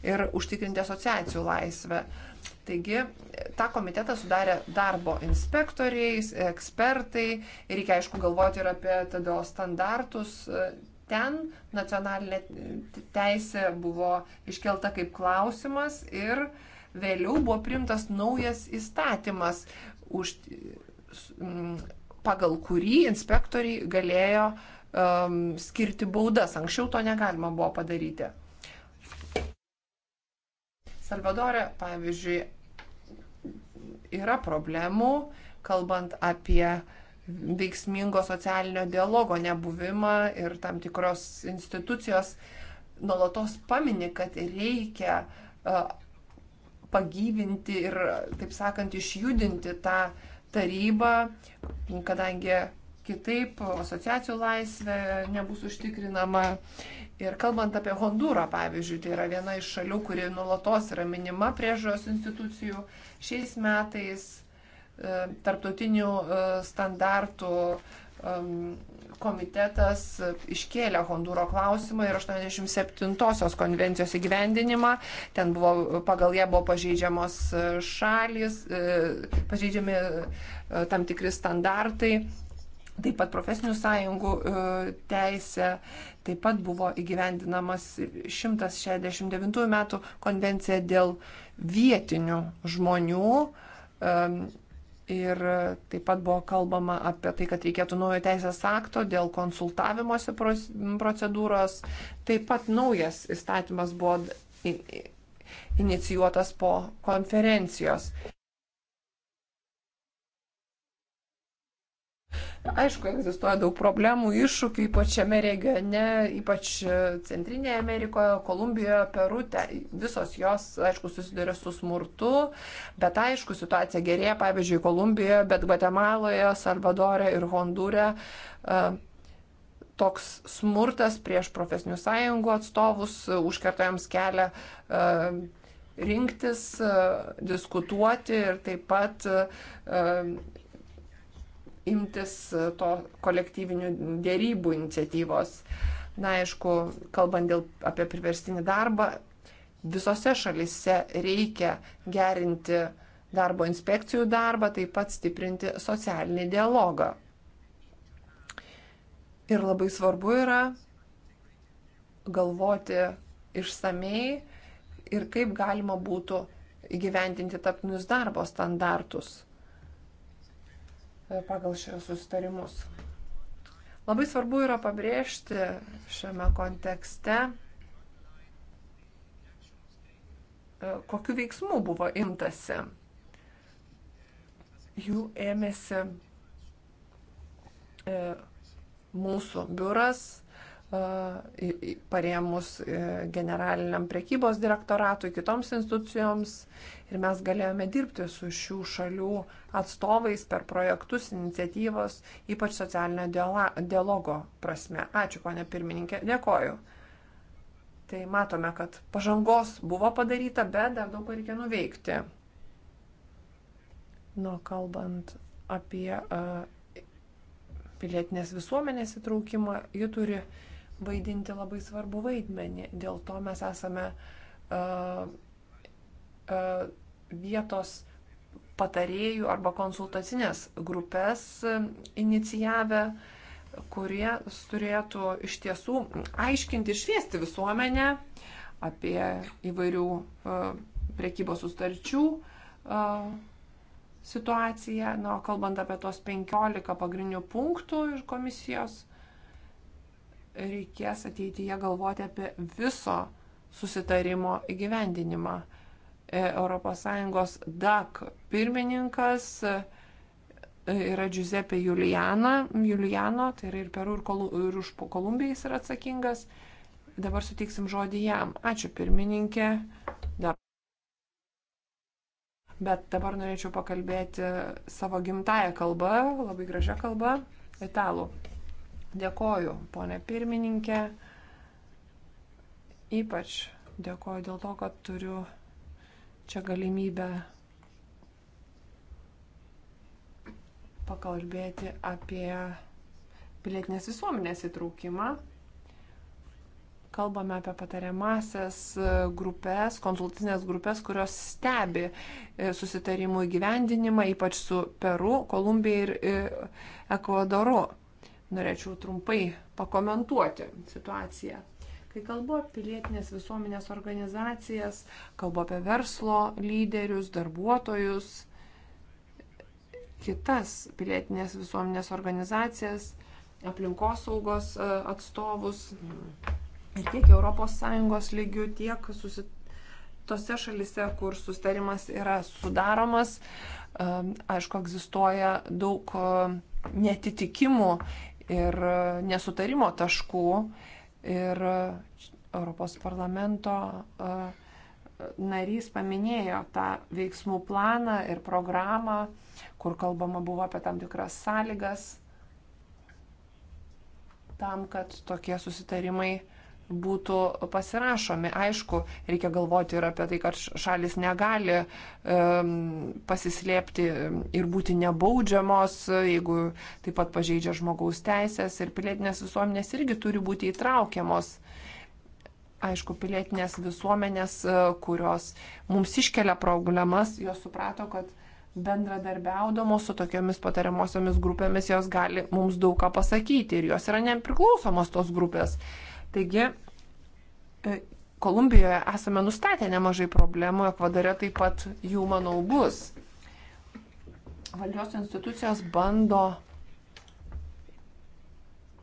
ir užtikrinti asociacijų laisvę. Taigi tą komitetą sudarė darbo inspektoriai, ekspertai, reikia aišku galvoti ir apie TDO standartus. Ten nacionalinė teisė buvo iškelta kaip klausimas ir vėliau buvo primtas naujas įstatymas, už, pagal kurį inspektoriai galėjo um, skirti baudas. Anksčiau to negalima buvo padaryti. Salvadorė, pavyzdžiui, yra problemų, kalbant apie veiksmingo socialinio dialogo nebuvimą ir tam tikros institucijos nuolatos pamini, kad reikia pagyvinti ir, taip sakant, išjudinti tą tarybą, kadangi kitaip asociacijų laisvė nebus užtikrinama Ir kalbant apie Hondūrą, pavyzdžiui, tai yra viena iš šalių, kuri nulatos yra minima priežiūros institucijų. Šiais metais e, tarptautinių e, standartų komitetas iškėlė Hondūro klausimą ir 87-osios konvencijos įgyvendinimą. Ten buvo, pagal ją buvo pažeidžiamos šalis, e, pažeidžiami tam tikri standartai. Taip pat profesinių sąjungų e, teisė, taip pat buvo įgyvendinamas 169 metų konvencija dėl vietinių žmonių. E, ir taip pat buvo kalbama apie tai, kad reikėtų naujo teisės akto dėl konsultavimosi procedūros. Taip pat naujas įstatymas buvo inicijuotas po konferencijos. Aišku, egzistuoja daug problemų, iššūkių, ypač šiame regione, ypač e, Centrinėje Amerikoje, Kolumbijoje, Peru, te, visos jos, aišku, susiduria su smurtu, bet aišku, situacija gerėja, pavyzdžiui, Kolumbijoje, bet Gvatemaloje, Salvadorė ir Hondūre. E, toks smurtas prieš profesinių sąjungų atstovus e, užkertojams kelią rinktis, diskutuoti ir taip pat imtis e, to kolektyvinių dėrybų iniciatyvos. Na, aišku, kalbant dėl, apie priverstinį darbą, visose šalise reikia gerinti darbo inspekcijų darbą, taip pat stiprinti socialinį dialogą. Ir labai svarbu yra galvoti išsamei ir kaip galima būtų įgyvendinti tapnius darbo standartus. E, pagal šios sustarimus. Labai svarbu yra pabrėžti šiame kontekste, e, kokiu veiksmu buvo imtasi. Jų ėmėsi e, mūsų biuras, E, paremus e, generaliniam prekybos direktoratui, kitoms institucijoms. Ir mes galėjome dirbti su šių šalių atstovais per projektus, iniciatyvos, ypač socialinio dialogo prasme. Ačiū, ponė pirmininkė, dėkoju. Tai matome, kad pažangos buvo padaryta, bet dar daug ką reikia nuveikti. Nu, kalbant apie uh, pilietinės visuomenės įtraukimą, ji turi uh, vaidinti labai svarbu vaidmenį. Dėl to mes esame uh, uh, vietos patarėjų arba konsultacinės grupės inicijavę, kurie turėtų iš tiesų aiškinti ir šviesti visuomenę apie įvairių uh, e, priekybos sustarčių uh, situaciją. Na, kalbant apie tos 15 pagrindinių punktų iš komisijos reikės ateityje galvoti apie viso susitarimo įgyvendinimą. ES DAC pirmininkas e, yra Giuseppe Juliana, Juliano, tai yra ir Peru, ir, Kolu, ir už Kolumbiją jis yra atsakingas. Dabar sutiksim žodį jam. Ačiū pirmininkė. Dar. Bet dabar norėčiau pakalbėti savo gimtają kalbą, labai gražią kalbą, italų. Dėkoju, ponė pirmininkė. Ypač dėkoju dėl to, kad turiu čia galimybę pakalbėti apie pilietinės visuomenės įtraukimą. Kalbame apie patariamasias grupės, konsultinės grupės, kurios stebi e, susitarimų įgyvendinimą, ypač su Peru, Kolumbija ir e, Ekvadoru norėčiau trumpai pakomentuoti situaciją. Kai kalbu apie pilietinės visuomenės organizacijas, kalbu apie verslo lyderius, darbuotojus, kitas pilietinės visuomenės organizacijas, aplinkosaugos e, atstovus ir tiek ES lygių, tiek susit... tose šalise, kur sustarimas yra sudaromas, e, aišku, egzistuoja daug e, netitikimų ir e, nesutarimo taškų. Ir e, Europos parlamento e, narys paminėjo tą veiksmų planą ir programą, kur kalbama buvo apie tam tikras sąlygas tam, kad tokie susitarimai būtų pasirašomi. Aišku, reikia galvoti ir apie tai, kad šalis negali um, pasislėpti ir būti nebaudžiamos, jeigu taip pat pažeidžia žmogaus teisės ir pilietinės visuomenės irgi turi būti įtraukiamos. Aišku, pilietinės visuomenės, e, kurios mums iškelia problemas, jos suprato, kad bendradarbiaudamos su tokiamis patariamosiomis grupėmis jos gali mums daug ką pasakyti ir jos yra nepriklausomos tos grupės. Uh, Taigi, e, Kolumbijoje esame nustatę nemažai problemų, Ekvadore taip pat jų, manau, bus. Valdžios institucijos bando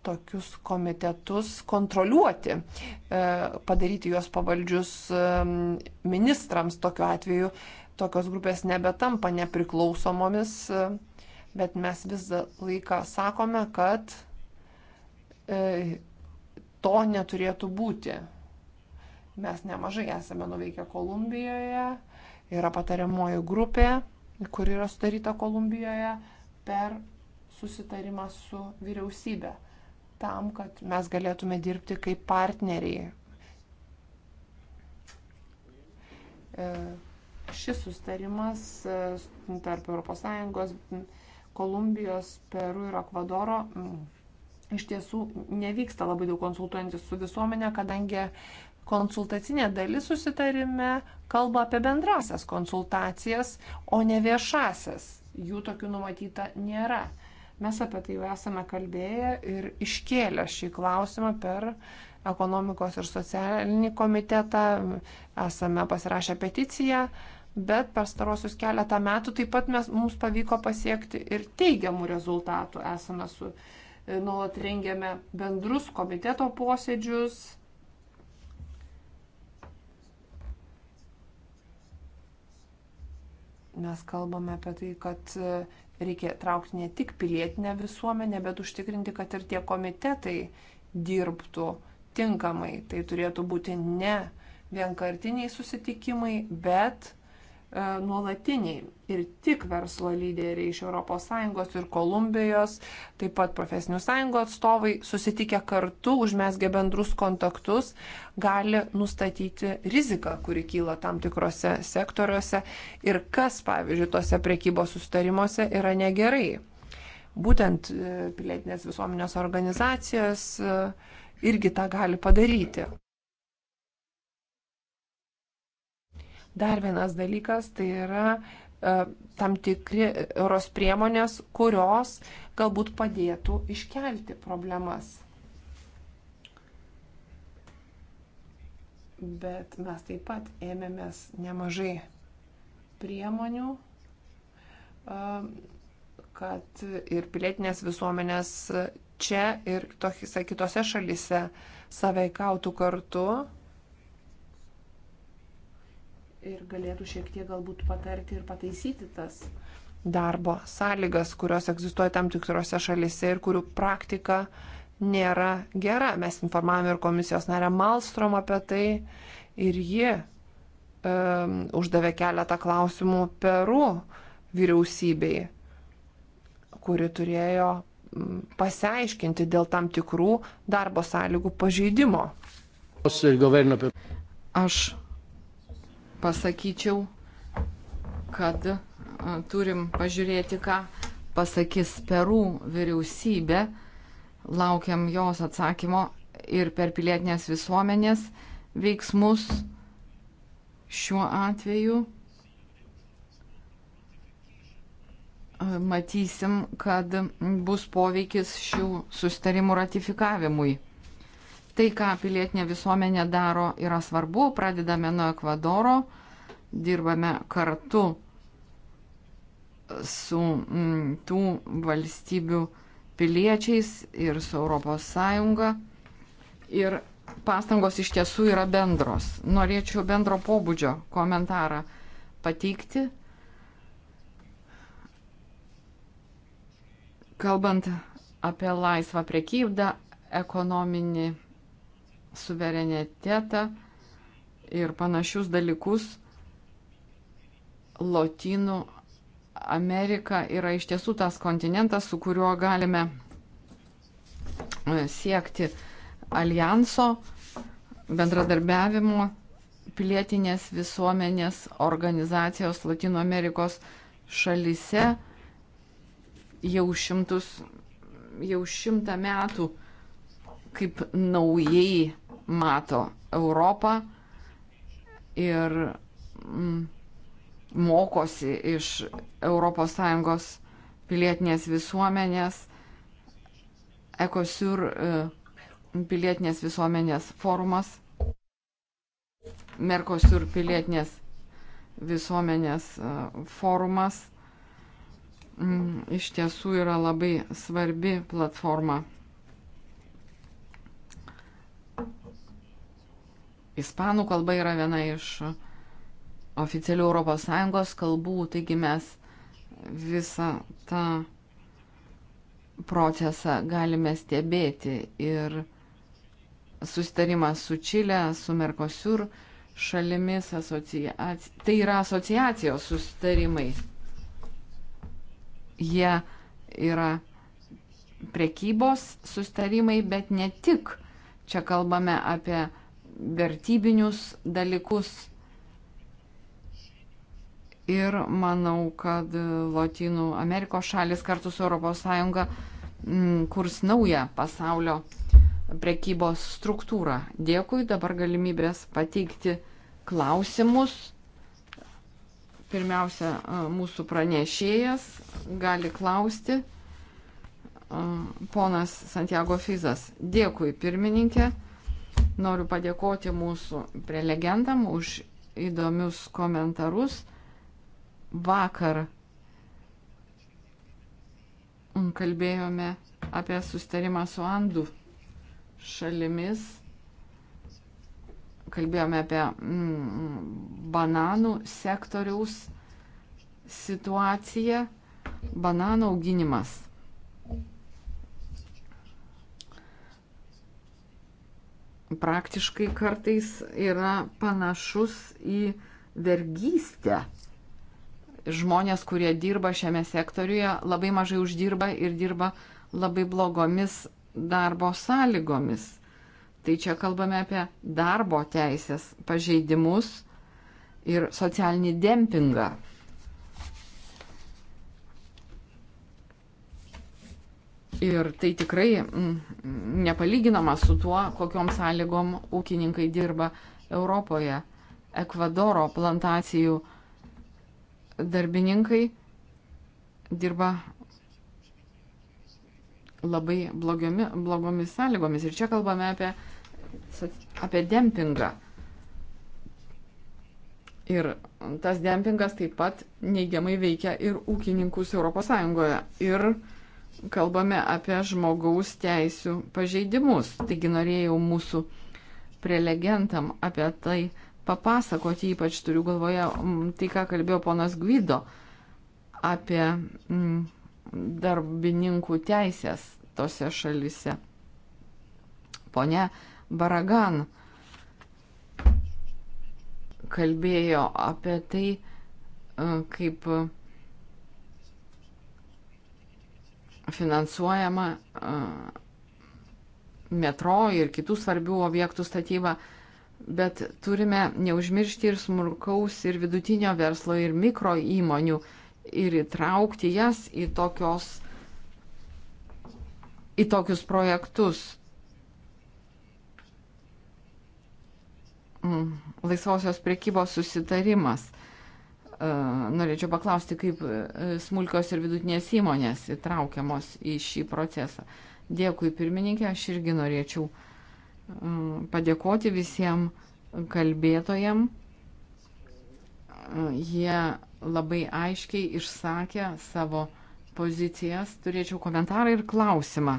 tokius komitetus kontroliuoti, e, padaryti juos pavaldžius ministrams. Tokiu atveju tokios grupės nebetampa nepriklausomomis, e, bet mes visą laiką sakome, kad to neturėtų būti. Mes nemažai esame nuveikę Kolumbijoje, yra patariamoji grupė, kur yra sudaryta Kolumbijoje per susitarimą su vyriausybė, tam, kad mes galėtume dirbti kaip partneriai. E, šis sustarimas e, tarp ES, Kolumbijos, Peru ir Ekvadoro iš tiesų nevyksta labai daug konsultuojantis su visuomenė, kadangi konsultacinė dalis susitarime kalba apie bendrasias konsultacijas, o ne viešasias. Jų tokių numatyta nėra. Mes apie tai jau esame kalbėję ir iškėlę šį klausimą per ekonomikos ir socialinį komitetą, esame pasirašę peticiją, bet per starosius keletą metų taip pat mes, mums pavyko pasiekti ir teigiamų rezultatų. Esame su, uh, E, nuolat rengiame bendrus komiteto posėdžius. Mes kalbame apie tai, kad e, reikia traukti ne tik pilietinę visuomenę, bet užtikrinti, kad ir tie komitetai dirbtų tinkamai. Tai turėtų būti ne vienkartiniai susitikimai, bet E, nuolatiniai ir tik verslo lyderiai iš ES ir Kolumbijos, taip pat profesinių sąjungų atstovai susitikę kartu, užmesgę bendrus kontaktus, gali nustatyti riziką, kuri kyla tam tikrose sektoriuose ir kas, pavyzdžiui, tose priekybos sustarimuose yra negerai. Būtent e, pilietinės visuomenės organizacijos e, irgi tą gali padaryti. Dar vienas dalykas tai yra e, tam tikri euros priemonės, kurios galbūt padėtų iškelti problemas. Bet mes taip pat ėmėmės nemažai priemonių, e, kad ir pilietinės visuomenės čia ir kitose šalise saveikautų kartu ir galėtų šiek tiek galbūt patarti ir pataisyti tas darbo sąlygas, kurios egzistuoja tam tikrose šalise ir kurių praktika nėra gera. Mes informavome ir komisijos narę Malstrom apie tai ir ji e, uždavė keletą klausimų Peru vyriausybei, kuri turėjo pasiaiškinti dėl tam tikrų darbo sąlygų pažeidimo. Aš pasakyčiau, kad turim pažiūrėti, ką pasakys Perų vyriausybė. Laukiam jos atsakymo ir per pilietinės visuomenės veiksmus šiuo atveju. Matysim, kad bus poveikis šių sustarimų ratifikavimui. Tai, ką pilietinė visuomenė daro, yra svarbu. Pradedame nuo Ekvadoro, dirbame kartu su m, mm, tų valstybių piliečiais ir su ES. Ir pastangos iš tiesų yra bendros. Norėčiau bendro pobūdžio komentarą pateikti. Kalbant apie laisvą priekybą, ekonominį suverenitetą ir panašius dalykus Lotynų Amerika yra iš tiesų tas kontinentas, su kuriuo galime e, siekti alijanso, bendradarbiavimo, pilietinės visuomenės organizacijos Latino Amerikos šalise jau, šimtus, jau šimtą metų kaip naujai mato Europą ir mm, mokosi iš ES pilietinės visuomenės, ekosiur e, pilietinės visuomenės forumas, Merkosur pilietinės visuomenės e, forumas mm, iš tiesų yra labai svarbi platforma Ispanų kalba yra viena iš oficialių ES kalbų, taigi mes visą tą procesą galime stebėti ir sustarimas su Čilė, su Merkosur šalimis, asociac... tai yra asociacijos sustarimai. Jie yra prekybos sustarimai, bet ne tik. Čia kalbame apie vertybinius dalykus. Ir manau, kad Latinų Amerikos šalis kartu su ES mm, kurs naują pasaulio prekybos struktūrą. Dėkui, dabar galimybės pateikti klausimus. Pirmiausia, e, mūsų pranešėjas gali klausti. E, ponas Santiago Fizas. Dėkui, pirmininkė. Noriu padėkoti mūsų prelegentam už įdomius komentarus. Vakar kalbėjome apie sustarimą su Andų šalimis, kalbėjome apie mm, bananų sektoriaus situaciją, bananų auginimas praktiškai kartais yra panašus į vergystę. Žmonės, kurie dirba šiame sektoriuje, labai mažai uždirba ir dirba labai blogomis darbo sąlygomis. Tai čia kalbame apie darbo teisės pažeidimus ir socialinį dempingą. Ir tai tikrai mm, nepalyginama su tuo, kokiom sąlygom ūkininkai dirba Europoje. Ekvadoro plantacijų darbininkai dirba labai blogiomi, blogomis sąlygomis. Ir čia kalbame apie, apie dempingą. Ir tas dempingas taip pat neigiamai veikia ir ūkininkus ES. Ir kalbame apie žmogaus teisų pažeidimus. Taigi norėjau mūsų prelegentam apie tai papasakoti, ypač turiu galvoje mm, tai, ką kalbėjo ponas Gvido apie mm, darbininkų teisės tose šalise. Pone Baragan kalbėjo apie tai, mm, kaip finansuojama metro ir kitų svarbių objektų statybą, bet turime neužmiršti ir smulkaus ir vidutinio verslo ir mikro įmonių ir įtraukti jas į, tokios, į tokius projektus. Mm, laisvosios priekybos susitarimas – norėčiau paklausti, kaip e, smulkios ir vidutinės įmonės įtraukiamos į šį procesą. Dėkui pirmininkė, aš irgi norėčiau padėkoti visiems kalbėtojam. Jie labai aiškiai išsakė savo pozicijas. Turėčiau komentarą ir klausimą.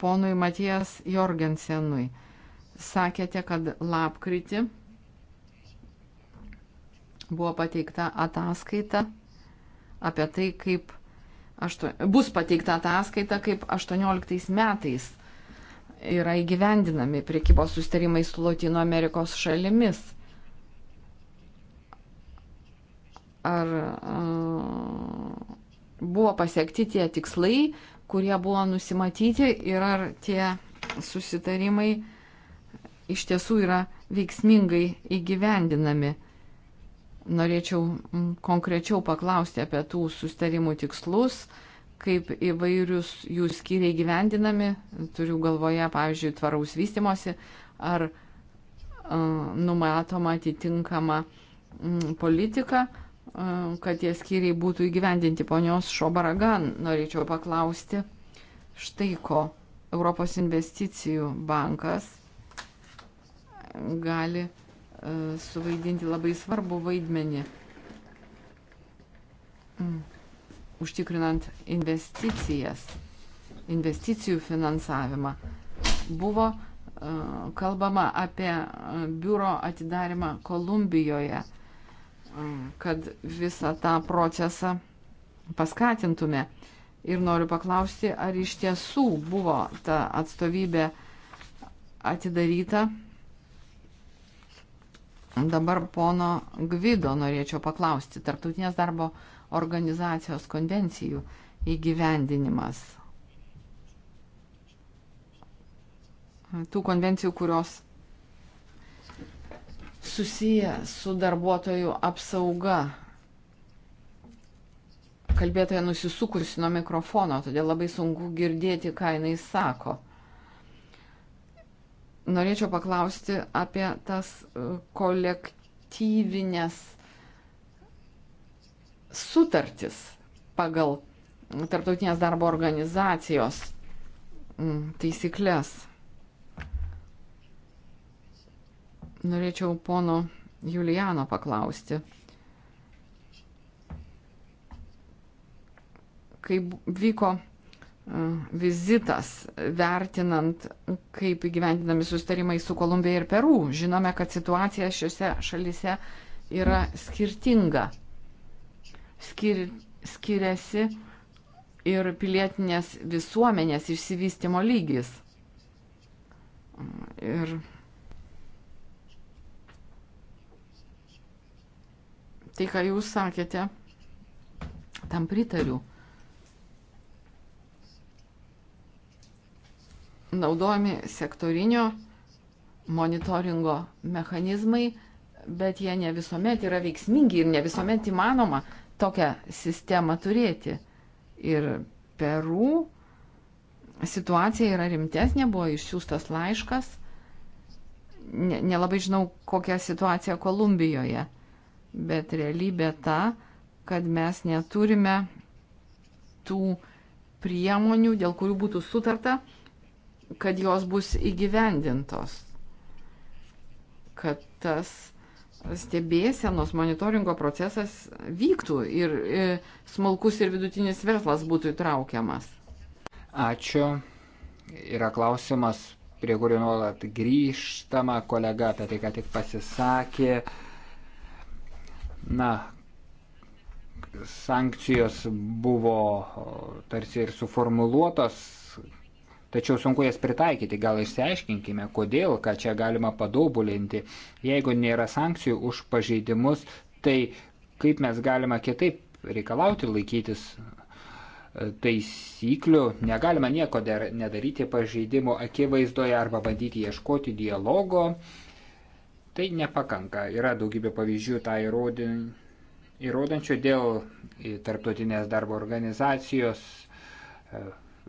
Ponui Matijas Jorgensenui sakėte, kad lapkritį buvo pateikta ataskaita apie tai, kaip aštu, bus pateikta ataskaita, kaip 18 metais yra įgyvendinami priekybos sustarimai su Latino Amerikos šalimis. Ar uh, buvo pasiekti tie tikslai, kurie buvo nusimatyti ir ar tie susitarimai iš tiesų yra veiksmingai įgyvendinami. Uh, Norėčiau mm, konkrečiau paklausti apie tų sustarimų tikslus, kaip įvairius jų skyriai gyvendinami, turiu galvoje, pavyzdžiui, tvaraus vystimosi, ar numatoma atitinkama mm, politika, kad tie skyriai būtų įgyvendinti. Ponios Šobaragan norėčiau paklausti štai ko. Europos investicijų bankas gali E, suvaidinti labai svarbu vaidmenį, mm. užtikrinant investicijas, investicijų finansavimą. Buvo e, kalbama apie e, biuro atidarimą Kolumbijoje, kad visą tą procesą paskatintume. Ir noriu paklausti, ar iš tiesų buvo ta atstovybė atidaryta Dabar pono Gvido norėčiau paklausti. Tarptautinės darbo organizacijos konvencijų įgyvendinimas. Tų konvencijų, kurios susiję su darbuotojų apsauga. Kalbėtoja nusisukusi nuo mikrofono, todėl labai sunku girdėti, ką jinai sako norėčiau paklausti apie tas e, kolektyvinės sutartis pagal Tartautinės darbo organizacijos taisyklės. Norėčiau pono Juliano paklausti. Kaip vyko vizitas, vertinant, kaip įgyvendinami sustarimai su Kolumbija ir Peru. Žinome, kad situacija šiuose šalise yra skirtinga. Skir, skiriasi ir pilietinės visuomenės išsivystimo lygis. Ir tai, ką jūs sakėte, tam pritariu. naudojami sektorinio monitoringo mechanizmai, bet jie ne visuomet yra veiksmingi ir ne visuomet įmanoma tokią sistemą turėti. Ir Peru situacija yra rimtesnė, buvo išsiųstas laiškas. Nelabai ne žinau, kokia situacija Kolumbijoje, bet realybė ta, kad mes neturime tų priemonių, dėl kurių būtų sutarta kad jos bus įgyvendintos, kad tas stebėsenos monitoringo procesas vyktų ir, ir e, smulkus ir vidutinis verslas būtų įtraukiamas. Ačiū. Yra klausimas, prie kurio nuolat grįžtama, kolega apie tai, ką tik pasisakė. Na, sankcijos buvo tarsi ir suformuluotos tačiau sunku jas pritaikyti. Gal išsiaiškinkime, kodėl, ką čia galima padobulinti. Jeigu nėra sankcijų už pažeidimus, tai kaip mes galime kitaip reikalauti laikytis e, taisyklių, negalima nieko dar nedaryti pažeidimo akivaizdoje arba bandyti ieškoti dialogo. Tai nepakanka. Yra daugybė pavyzdžių tą įrodančių dėl tarptautinės darbo organizacijos e,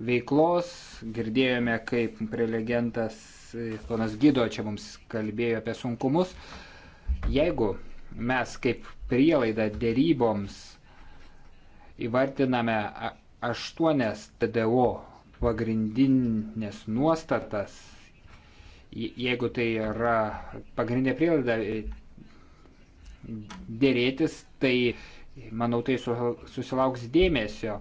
veiklos. Girdėjome, kaip prelegentas e, ponas Gido čia mums kalbėjo apie sunkumus. Jeigu mes kaip prielaidą dėryboms įvartiname aštuonias TDO pagrindinės nuostatas, jeigu tai yra pagrindinė prielaida e, dėrėtis, tai manau tai susilauks dėmesio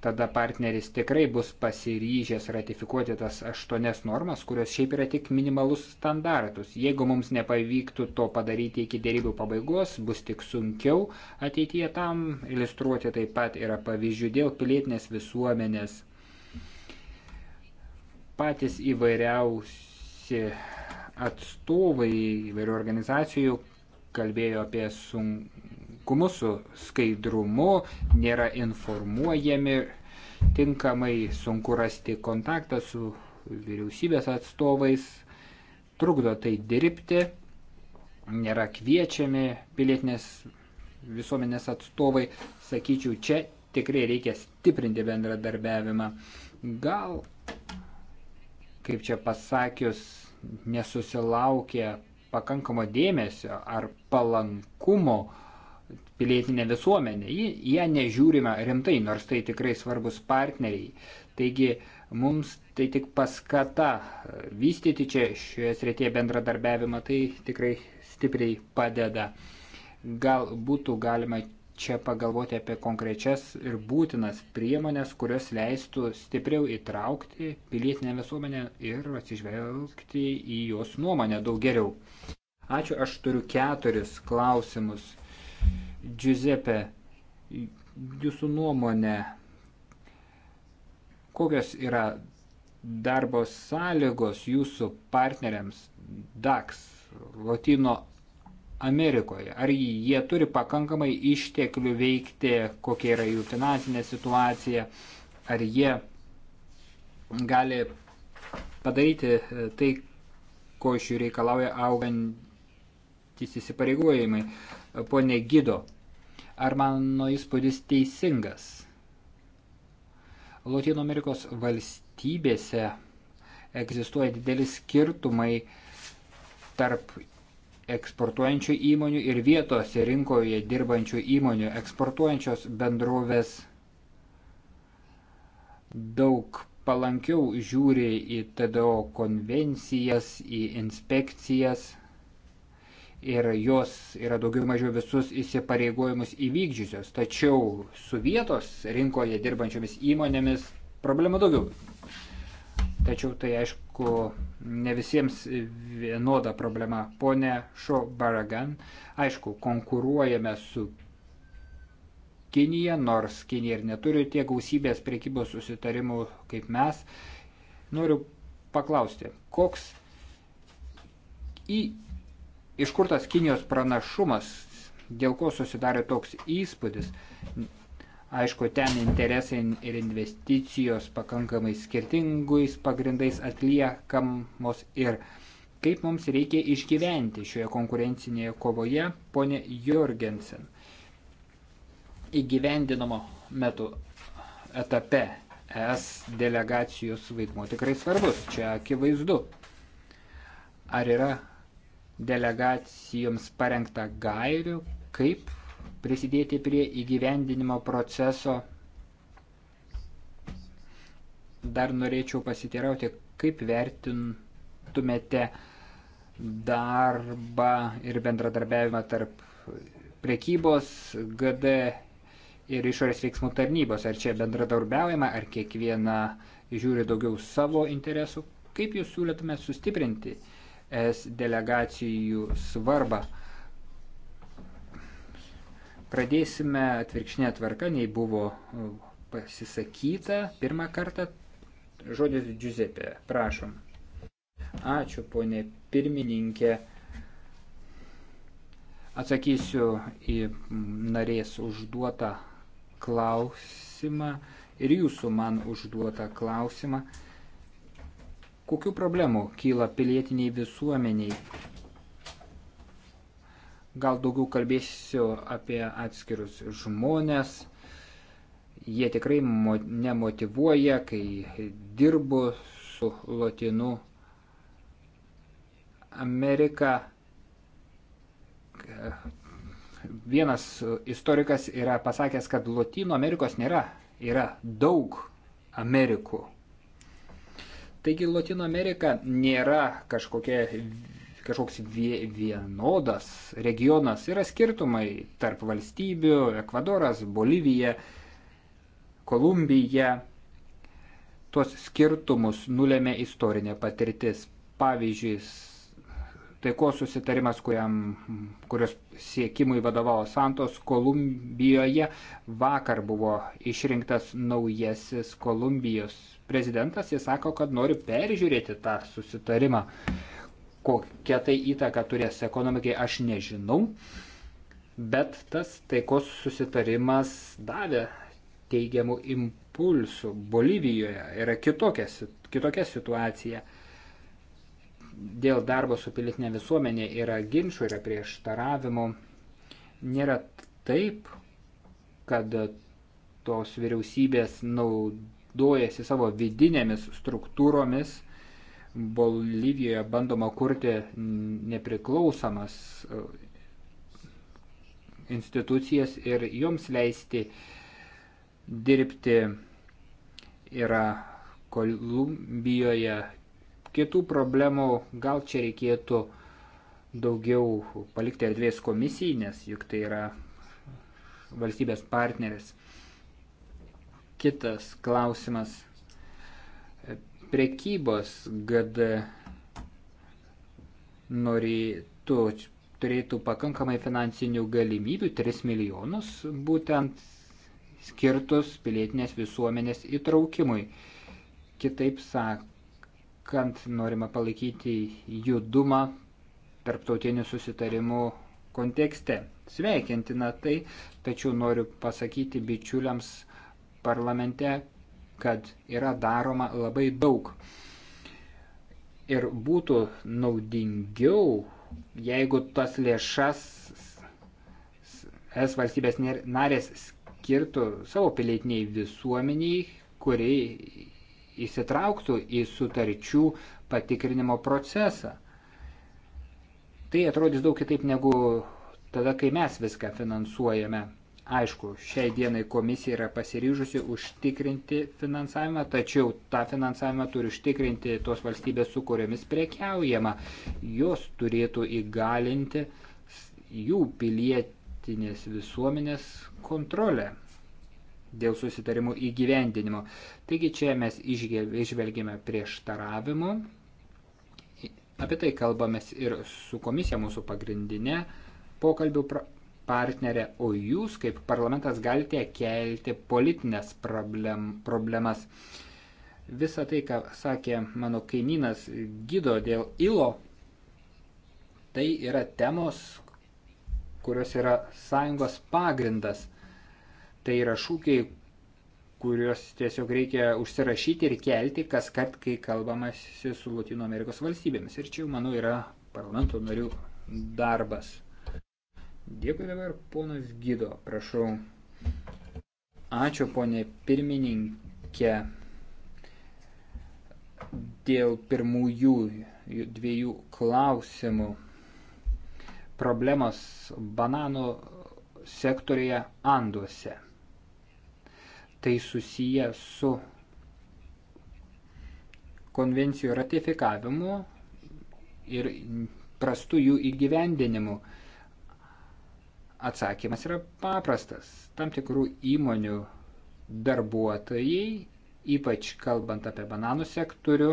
tada partneris tikrai bus pasiryžęs ratifikuoti tas aštuonias normas, kurios šiaip yra tik minimalus standartus. Jeigu mums nepavyktų to padaryti iki dėrybių pabaigos, bus tik sunkiau ateityje tam iliustruoti taip pat yra pavyzdžių dėl pilietinės visuomenės. Patys įvairiausi atstovai įvairių organizacijų kalbėjo apie sun teisingumu, su skaidrumu, nėra informuojami tinkamai, sunku rasti kontaktą su vyriausybės atstovais, trukdo tai dirbti, nėra kviečiami pilietinės visuomenės atstovai, sakyčiau, čia tikrai reikia stiprinti bendradarbiavimą. Gal, kaip čia pasakius, nesusilaukė pakankamo dėmesio ar palankumo uh, pilietinė visuomenė. Į ją nežiūrime rimtai, nors tai tikrai svarbus partneriai. Taigi mums tai tik paskata vystyti čia šioje srityje bendradarbiavimą, tai tikrai stipriai padeda. Gal būtų galima čia pagalvoti apie konkrečias ir būtinas priemonės, kurios leistų stipriau įtraukti pilietinę visuomenę ir atsižvelgti į jos nuomonę daug geriau. Ačiū, aš turiu keturis klausimus. Giuseppe, jūsų nuomonė, kokios yra darbo sąlygos jūsų partneriams DAX Latino Amerikoje? Ar jie turi pakankamai išteklių veikti, kokia yra jų finansinė situacija, ar jie gali padaryti e, tai, ko iš jų reikalauja augantys įsipareigojimai. Pone Gido, ar mano įspūdis teisingas? Latino Amerikos valstybėse egzistuoja didelis skirtumai tarp eksportuojančių įmonių ir vietos rinkoje dirbančių įmonių. Eksportuojančios bendrovės daug palankiau žiūri į TDO konvencijas, į inspekcijas – ir jos yra daugiau mažiau visus įsipareigojimus įvykdžiusios, tačiau su vietos rinkoje dirbančiomis įmonėmis problema daugiau. Tačiau tai aišku ne visiems vienoda problema. Pone Šo Baragan, aišku, konkuruojame su Kinija, nors Kinija ir neturi tiek gausybės priekybos susitarimų kaip mes. Noriu paklausti, koks į iš kur tas Kinijos pranašumas, dėl ko susidarė toks įspūdis. Aišku, ten interesai ir investicijos pakankamai skirtingais pagrindais atliekamos ir kaip mums reikia išgyventi šioje konkurencinėje kovoje, ponė Jorgensen. Įgyvendinamo metu etape es delegacijos vaidmo tikrai svarbus, čia akivaizdu. Ar yra delegacijoms parengtą gairių, kaip prisidėti prie įgyvendinimo proceso. Dar norėčiau pasiteirauti, kaip vertintumėte darbą ir bendradarbiavimą tarp prekybos GD ir išorės veiksmų tarnybos. Ar čia bendradarbiaujama, ar kiekviena žiūri daugiau savo interesų. Kaip jūs siūlytumėte sustiprinti uh, es delegacijų svarbą. Pradėsime atvirkšnė tvarka, nei buvo uh, pasisakyta pirmą kartą. Žodis Giuseppe, prašom. Ačiū, ponė pirmininkė. Atsakysiu į narės užduotą klausimą ir jūsų man užduotą klausimą. Kokių problemų kyla pilietiniai visuomeniai? Gal daugiau kalbėsiu apie atskirus žmonės. Jie tikrai mo nemotivuoja, kai dirbu su Lotinu Amerika. Vienas istorikas yra pasakęs, kad Lotino Amerikos nėra, yra daug Amerikų. Taigi Latino Amerika nėra kažkokia, kažkoks vienodas regionas, yra skirtumai tarp valstybių, Ekvadoras, Bolivija, Kolumbija. Tuos skirtumus nulėmė istorinė patirtis. Pavyzdžiui, taikos susitarimas, kuriam, kurios siekimui vadovavo Santos Kolumbijoje, vakar buvo išrinktas naujasis Kolumbijos prezidentas, jis sako, kad nori peržiūrėti tą susitarimą. Kokia tai įtaka turės ekonomikai, aš nežinau, bet tas taikos susitarimas davė teigiamų impulsų. Bolivijoje yra kitokia, kitokia situacija. Dėl darbo su pilietinė visuomenė yra ginčių, yra prieštaravimų. Nėra taip, kad tos vyriausybės naud naudojasi savo vidinėmis struktūromis. Bolivijoje bandoma kurti nepriklausomas e, institucijas ir joms leisti dirbti yra Kolumbijoje. Kitų problemų gal čia reikėtų daugiau palikti erdvės komisijai, nes juk tai yra valstybės partneris. Kitas klausimas. Prekybos GD norėtų, turėtų pakankamai finansinių galimybių, 3 milijonus būtent skirtus pilietinės visuomenės įtraukimui. Kitaip sakant, norima palaikyti judumą tarptautinių susitarimų kontekste. Sveikintina tai, tačiau noriu pasakyti bičiuliams, parlamente, kad yra daroma labai daug. Ir būtų naudingiau, jeigu tas lėšas es valstybės narės skirtų savo pilietiniai visuomeniai, kuri įsitrauktų į sutarčių patikrinimo procesą. Tai atrodys daug kitaip negu tada, kai mes viską finansuojame. Aišku, šiai dienai komisija yra pasiryžusi užtikrinti finansavimą, tačiau tą finansavimą turi užtikrinti tos valstybės, su kuriomis prekiaujama. Jos turėtų įgalinti jų pilietinės visuomenės kontrolę dėl susitarimų įgyvendinimo. Taigi čia mes išvelgėme prieštaravimu. Apie tai kalbamės ir su komisija mūsų pagrindinė pokalbių pra partnerė, o jūs kaip parlamentas galite kelti politinės problem, problemas. Visą tai, ką sakė mano kaimynas Gido dėl ILO, tai yra temos, kurios yra sąjungos pagrindas. Tai yra šūkiai, kuriuos tiesiog reikia užsirašyti ir kelti kas kart, kai kalbamasi su Latino Amerikos valstybėmis. Ir čia jau, manau, yra parlamento narių darbas. Dėkui dabar, ponas Gido, prašau. Ačiū, ponė pirmininkė. Dėl pirmųjų dviejų klausimų problemas bananų sektorėje Anduose. Tai susiję su konvencijų ratifikavimu ir prastų jų įgyvendinimu. Atsakymas yra paprastas. Tam tikrų įmonių darbuotojai, ypač kalbant apie bananų sektorių,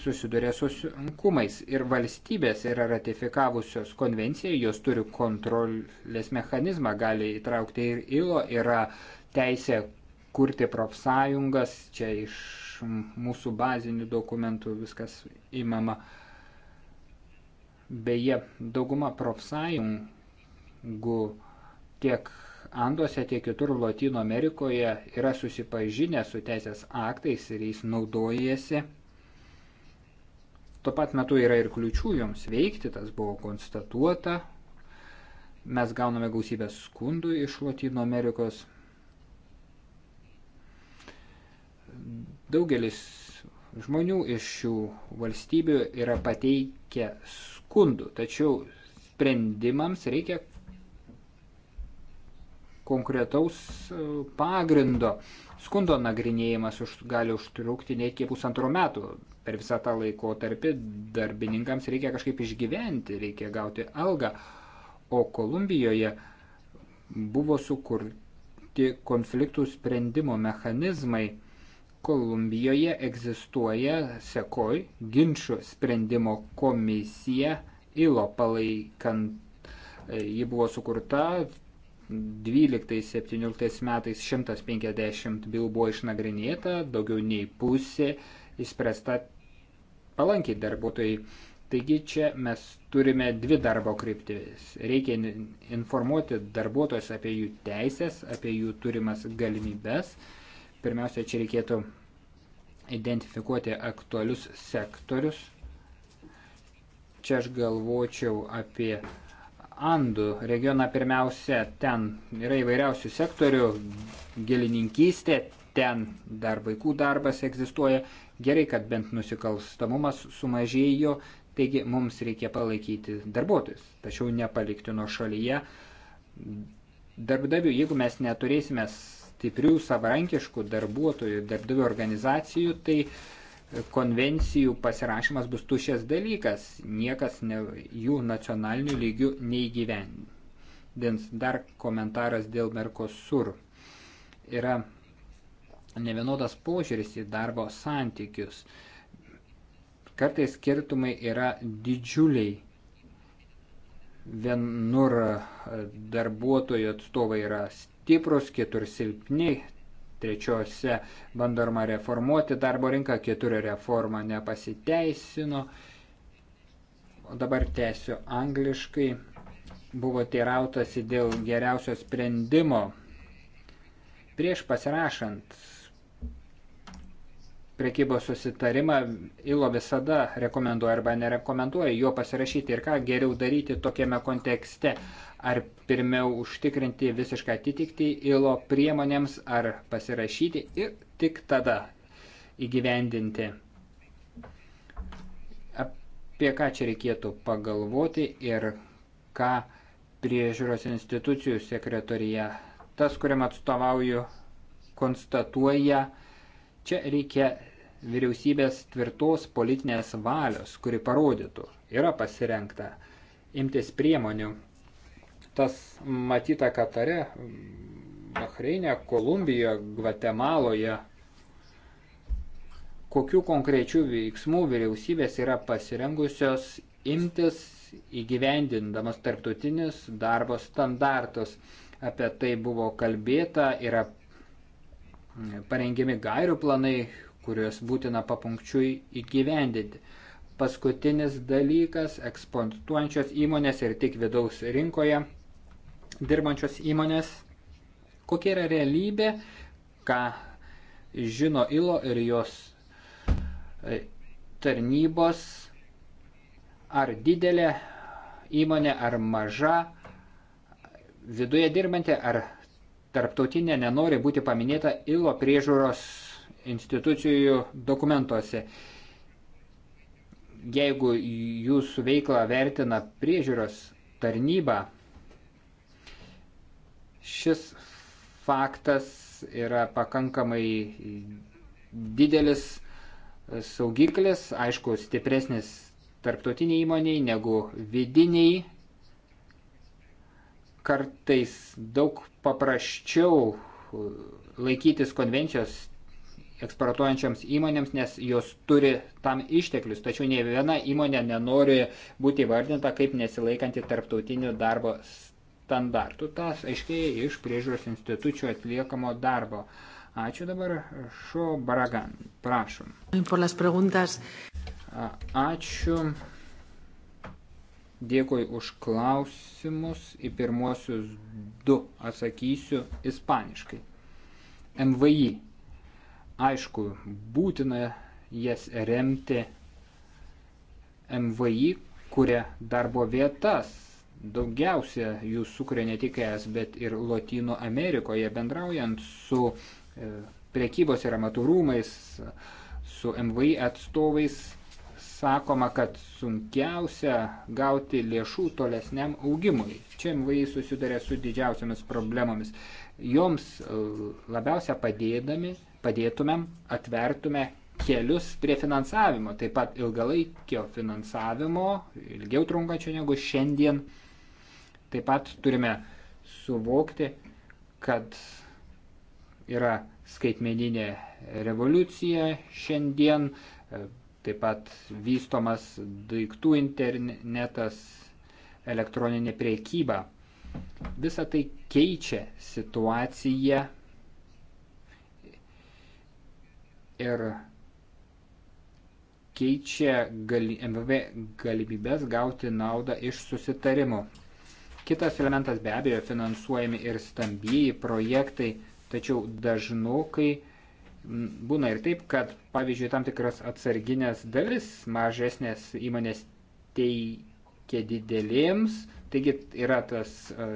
susiduria su sunkumais ir valstybės yra ratifikavusios konvenciją, jos turi kontrolės mechanizmą, gali įtraukti ir ILO, yra teisė kurti profsąjungas, čia iš mūsų bazinių dokumentų viskas įmama. Uh, Beje, dauguma profsąjungų tiek Anduose, tiek kitur Latino Amerikoje yra susipažinę su teisės aktais ir jais naudojasi. Tuo pat metu yra ir kliučių joms veikti, tas buvo konstatuota. Mes gauname gausybę skundų iš Latino Amerikos. Daugelis žmonių iš šių valstybių yra pateikę skundų skundų, tačiau sprendimams reikia konkretaus e, pagrindo. Skundo nagrinėjimas už, gali užtrukti net iki pusantrų metų. Per visą tą laikotarpį darbininkams reikia kažkaip išgyventi, reikia gauti algą. O Kolumbijoje buvo sukurti konfliktų sprendimo mechanizmai. Kolumbijoje egzistuoja sekoj ginčių sprendimo komisija ILO palaikant. E, ji buvo sukurta 12-17 metais 150 bylų buvo išnagrinėta, daugiau nei pusė išspręsta palankiai darbuotojai. Taigi čia mes turime dvi darbo kryptis. Reikia informuoti darbuotojus apie jų teisės, apie jų turimas galimybes Pirmiausia, čia reikėtų identifikuoti aktualius sektorius. Čia aš galvočiau apie Andų regioną pirmiausia, ten yra įvairiausių sektorių, gėlininkystė, ten dar vaikų darbas egzistuoja. Gerai, kad bent nusikalstamumas sumažėjo, taigi mums reikia palaikyti darbuotojus, tačiau nepalikti nuo šalyje darbdavių. Jeigu mes neturėsime stiprių savarankiškų darbuotojų, darbdavių organizacijų, tai konvencijų pasirašymas bus tušės dalykas, niekas ne, jų nacionalinių lygių neįgyvendins. Dar komentaras dėl Mercosur. Yra nevienodas požiūris į darbo santykius. Kartais skirtumai yra didžiuliai vienur darbuotojų atstovai yra stiprus, kitur silpni. Trečiose bandoma reformuoti darbo rinką, kitur reforma nepasiteisino. O dabar tęsiu angliškai. Buvo teirautasi dėl geriausio sprendimo. Prieš pasirašant prekybos susitarimą ILO visada rekomenduoja arba nerekomenduoja jo pasirašyti ir ką geriau daryti tokiame kontekste. Ar pirmiau užtikrinti visišką atitikti ILO priemonėms, ar pasirašyti ir tik tada įgyvendinti. Apie ką čia reikėtų pagalvoti ir ką priežiūros institucijų sekretorija, tas, kuriam atstovauju, konstatuoja, Čia reikia vyriausybės tvirtos politinės valios, kuri parodytų, yra pasirengta imtis priemonių. Tas matyta Katare, Bahreinė, Kolumbijoje, Gvatemaloje, kokių konkrečių veiksmų vyriausybės yra pasirengusios imtis įgyvendindamas tarptautinius darbo standartus. Apie tai buvo kalbėta ir apie parengiami gairių planai, kuriuos būtina papunkčiui įgyvendinti. Paskutinis dalykas - eksportuojančios įmonės ir tik vidaus rinkoje dirbančios įmonės. Kokia yra realybė, ką žino ILO ir jos e, tarnybos, ar didelė įmonė, ar maža, viduje dirbanti, ar tarptautinė nenori būti paminėta ILO priežiūros institucijų dokumentuose. Jeigu jūsų veiklą vertina priežiūros tarnyba, šis faktas yra pakankamai didelis saugiklis, aišku, stipresnis tarptautiniai įmoniai negu vidiniai kartais daug paprasčiau uh, laikytis konvencijos eksportuojančioms įmonėms, nes jos turi tam išteklius, tačiau ne viena įmonė nenori būti įvardinta kaip nesilaikanti tarptautinių darbo standartų. Tas aiškiai iš priežiūros institucijų atliekamo darbo. Ačiū dabar, Šo Baragan, prašom. Ačiū Dėkui už klausimus. Į pirmuosius du atsakysiu ispaniškai. MVI. Aišku, būtina jas remti. MVI kuria darbo vietas. Daugiausia jų sukuria ne tik ES, bet ir Lotynų Amerikoje, bendraujant su e, prekybos ir amatų rūmais, su MVI atstovais sakoma, kad sunkiausia gauti lėšų tolesniam augimui. Čia MVI susiduria su didžiausiamis problemomis. Joms e, labiausia padėdami, padėtumėm, atvertume kelius prie finansavimo, taip pat ilgalaikio finansavimo, ilgiau trunkančio negu šiandien. Taip pat turime suvokti, kad yra skaitmeninė revoliucija šiandien, e, Taip pat vystomas daiktų internetas, elektroninė priekyba. Visa tai keičia situaciją ir keičia gali, MVV galimybės gauti naudą iš susitarimų. Kitas elementas be abejo finansuojami ir stambieji projektai, tačiau dažnokai kai būna ir taip, kad pavyzdžiui tam tikras atsarginės dalis mažesnės įmonės teikia didelėms, taigi yra tas e,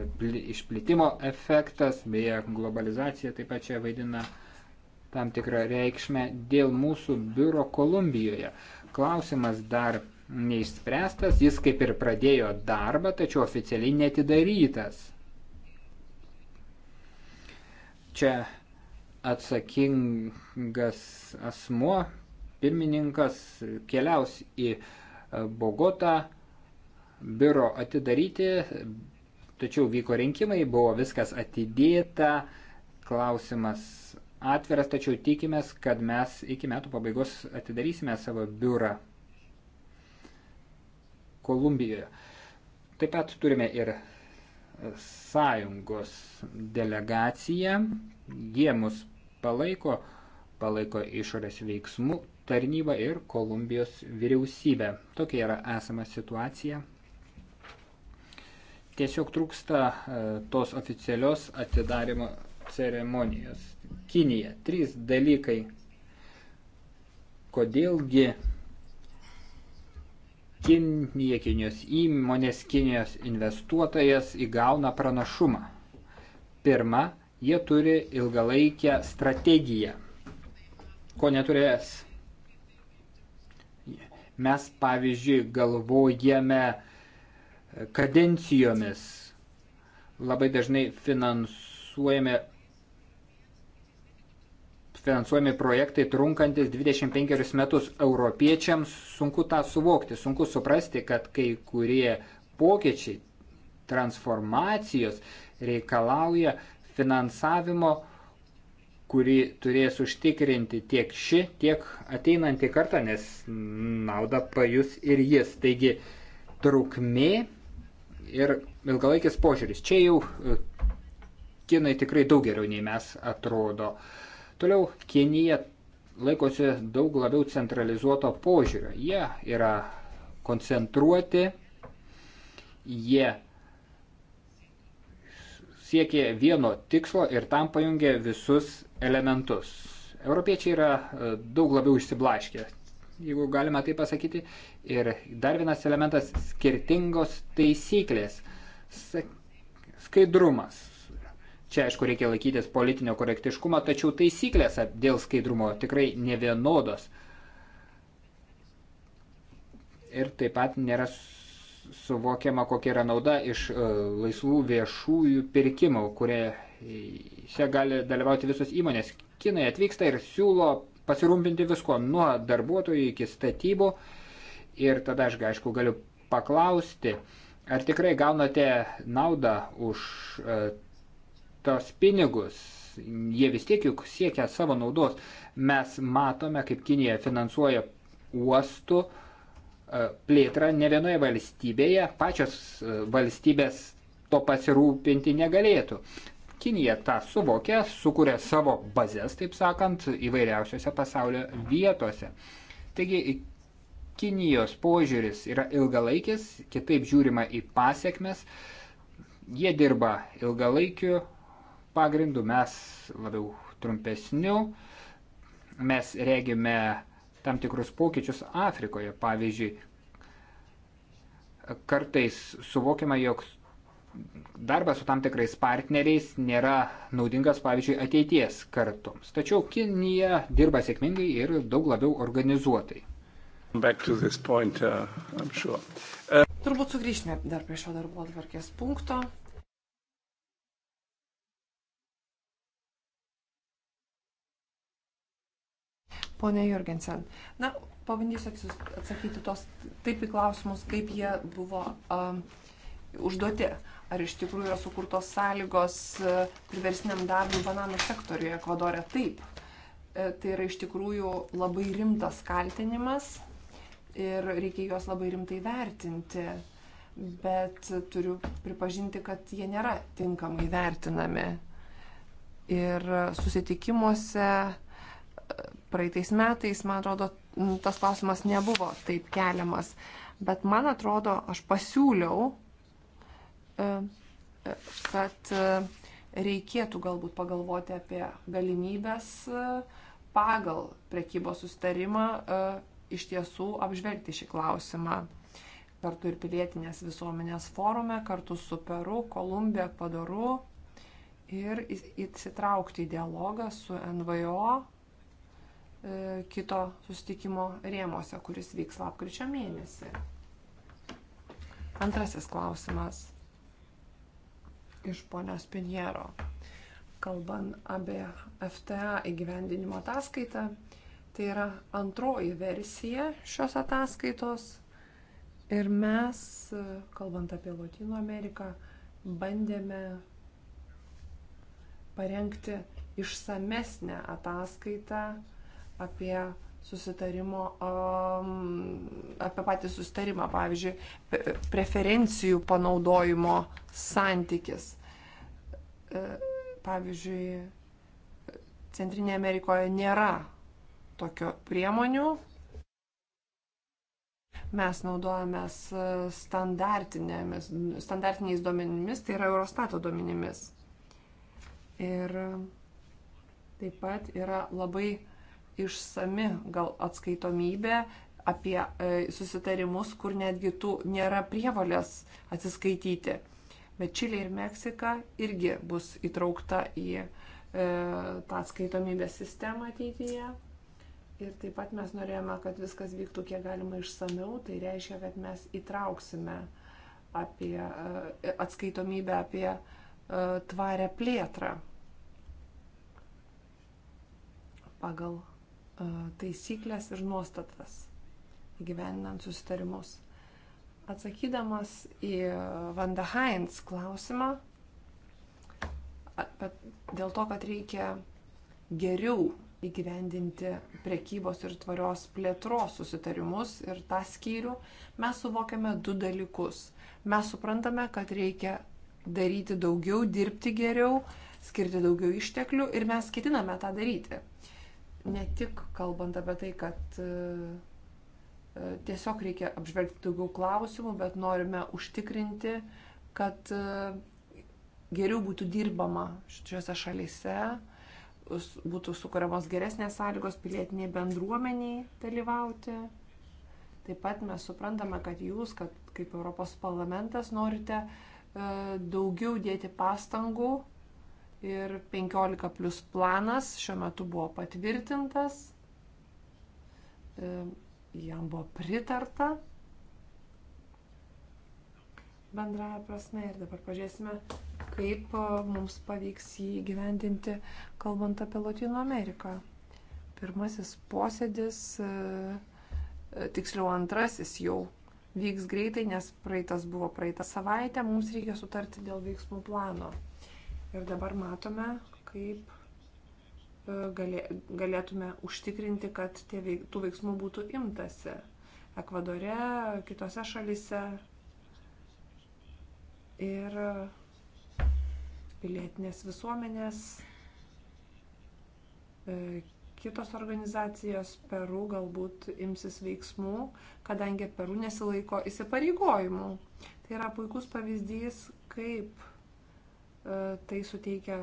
išplitimo efektas, beje, globalizacija taip pat čia vaidina tam tikrą reikšmę dėl mūsų biuro Kolumbijoje. Klausimas dar neišspręstas, jis kaip ir pradėjo darbą, tačiau oficialiai netidarytas. Čia atsakingas asmuo, pirmininkas, keliaus į e, Bogotą biuro atidaryti, tačiau vyko rinkimai, buvo viskas atidėta, klausimas atviras, tačiau tikimės, kad mes iki metų pabaigos atidarysime savo biurą Kolumbijoje. Taip pat turime ir sąjungos delegacija. Jie mus palaiko, palaiko išorės veiksmų tarnybą ir Kolumbijos vyriausybę. Tokia yra esama situacija. Tiesiog trūksta e, tos oficialios atidarimo ceremonijos. Kinija. Trys dalykai. Kodėlgi Kinija, Kinijos įmonės, Kinijos investuotojas įgauna pranašumą. Pirma, jie turi ilgalaikę strategiją, ko neturės. Mes, pavyzdžiui, galvojame kadencijomis, labai dažnai finansuojame finansuojami projektai trunkantis 25 metus. Europiečiams sunku tą suvokti, sunku suprasti, kad kai kurie pokyčiai, transformacijos reikalauja finansavimo, kurį turės užtikrinti tiek ši, tiek ateinanti kartą, nes naudą pajus ir jis. Taigi trukmė ir ilgalaikis požiūris. Čia jau e, kinai tikrai daug geriau nei mes atrodo. Uh, Toliau Kinija laikosi daug labiau centralizuoto požiūrio. Jie yra koncentruoti, jie siekia vieno tikslo ir tam pajungia visus elementus. Europiečiai yra e, daug labiau išsiblaškę, jeigu galima tai pasakyti. Ir dar vienas elementas - skirtingos taisyklės. Skaidrumas. Čia, aišku, reikia laikytis politinio korektiškumo, tačiau taisyklės dėl skaidrumo tikrai nevienodos. Ir taip pat nėra suvokiama, kokia yra nauda iš e, laisvų viešųjų pirkimų, kurie e, čia gali dalyvauti visos įmonės. Kinai atvyksta ir siūlo pasirūpinti visko, nuo darbuotojų iki statybų. Ir tada aš, aišku, galiu paklausti, ar tikrai gaunate naudą už e, tos pinigus, jie vis tiek juk siekia savo naudos. Mes matome, kaip Kinija finansuoja uostų e, plėtrą ne vienoje valstybėje, pačios e, valstybės to pasirūpinti negalėtų. Kinija tą suvokia, sukuria savo bazės, taip sakant, įvairiausiose pasaulio vietose. Taigi Kinijos požiūris yra ilgalaikis, kitaip žiūrima į pasiekmes, jie dirba ilgalaikiu pagrindu, mes labiau trumpesniu, mes regime tam tikrus pokyčius Afrikoje. Pavyzdžiui, kartais suvokiama, jog darbas su tam tikrais partneriais nėra naudingas, pavyzdžiui, ateities kartoms. Tačiau Kinija dirba sėkmingai ir daug labiau organizuotai. Point, uh, sure. uh... Turbūt sugrįžtume dar prie šio darbo atvarkės punkto. Pone Jurgensen, na, pabandysiu atsakyti tos taip į klausimus, kaip jie buvo um, užduoti. Ar iš tikrųjų yra sukurtos sąlygos e, priversiniam darbui bananų sektoriuje Ekvadorė? Taip. E, tai yra iš tikrųjų labai rimtas kaltinimas ir reikia juos labai rimtai vertinti. Bet turiu pripažinti, kad jie nėra tinkamai vertinami. Ir susitikimuose Praeitais metais, man atrodo, tas klausimas nebuvo taip keliamas. Bet man atrodo, aš pasiūliau, e, e, kad e, reikėtų galbūt pagalvoti apie galimybės pagal prekybos sustarimą iš tiesų apžvelgti šį klausimą. Kartu ir pilietinės visuomenės forume, kartu su Peru, Kolumbija, Padaru ir įsitraukti į dialogą su NVO E, kito sustikimo rėmose, kuris vyks lapkričio mėnesį. Antrasis klausimas iš ponios Pinjero. Kalbant apie FTA įgyvendinimo ataskaitą, tai yra antroji versija šios ataskaitos ir mes, kalbant apie Latino Ameriką, bandėme parengti išsamesnę ataskaitą apie susitarimo, apie patį susitarimą, pavyzdžiui, preferencijų panaudojimo santykis. E, pavyzdžiui, Centrinėje Amerikoje nėra tokio priemonių. Mes naudojamės standartiniais duomenimis, tai yra Eurostato duomenimis. Ir taip pat yra labai išsami gal atskaitomybė apie e, susitarimus, kur netgi tų nėra prievalės atsiskaityti. Bet Čilė ir Meksika irgi bus įtraukta į e, tą atskaitomybės sistemą ateityje. Ir taip pat mes norėjome, kad viskas vyktų kiek galima išsamiau, tai reiškia, kad mes įtrauksime apie, e, atskaitomybę apie e, tvarę plėtrą pagal taisyklės ir nuostatas gyveninant susitarimus. Atsakydamas į Vanda Heinz klausimą, dėl to, kad reikia geriau įgyvendinti prekybos ir tvarios plėtros susitarimus ir tą skyrių, mes suvokiame du dalykus. Mes suprantame, kad reikia daryti daugiau, dirbti geriau, skirti daugiau išteklių ir mes ketiname tą daryti ne tik kalbant apie tai, kad e, e, tiesiog reikia apžvelgti daugiau klausimų, bet norime užtikrinti, kad e, geriau būtų dirbama šiuose šalyse, būtų sukūriamos geresnės sąlygos pilietiniai bendruomeniai dalyvauti. Taip pat mes suprantame, kad jūs, kad kaip Europos parlamentas, norite daugiau dėti pastangų ir 15 plus planas šiuo metu buvo patvirtintas, e, jam buvo pritarta bendraja prasme ir dabar pažiūrėsime, kaip e, mums pavyks jį gyvendinti, kalbant apie Latino Ameriką. Pirmasis posėdis, e, tiksliau antrasis jau vyks greitai, nes praeitas buvo praeitą savaitę, mums reikia sutarti dėl veiksmų plano. Ir dabar matome, kaip e, galėtume užtikrinti, kad veik, tų veiksmų būtų imtasi Ekvadore, kitose šalise. Ir pilietinės visuomenės, e, kitos organizacijos Peru galbūt imsis veiksmų, kadangi Peru nesilaiko įsipareigojimų. Tai yra puikus pavyzdys, kaip E, tai suteikia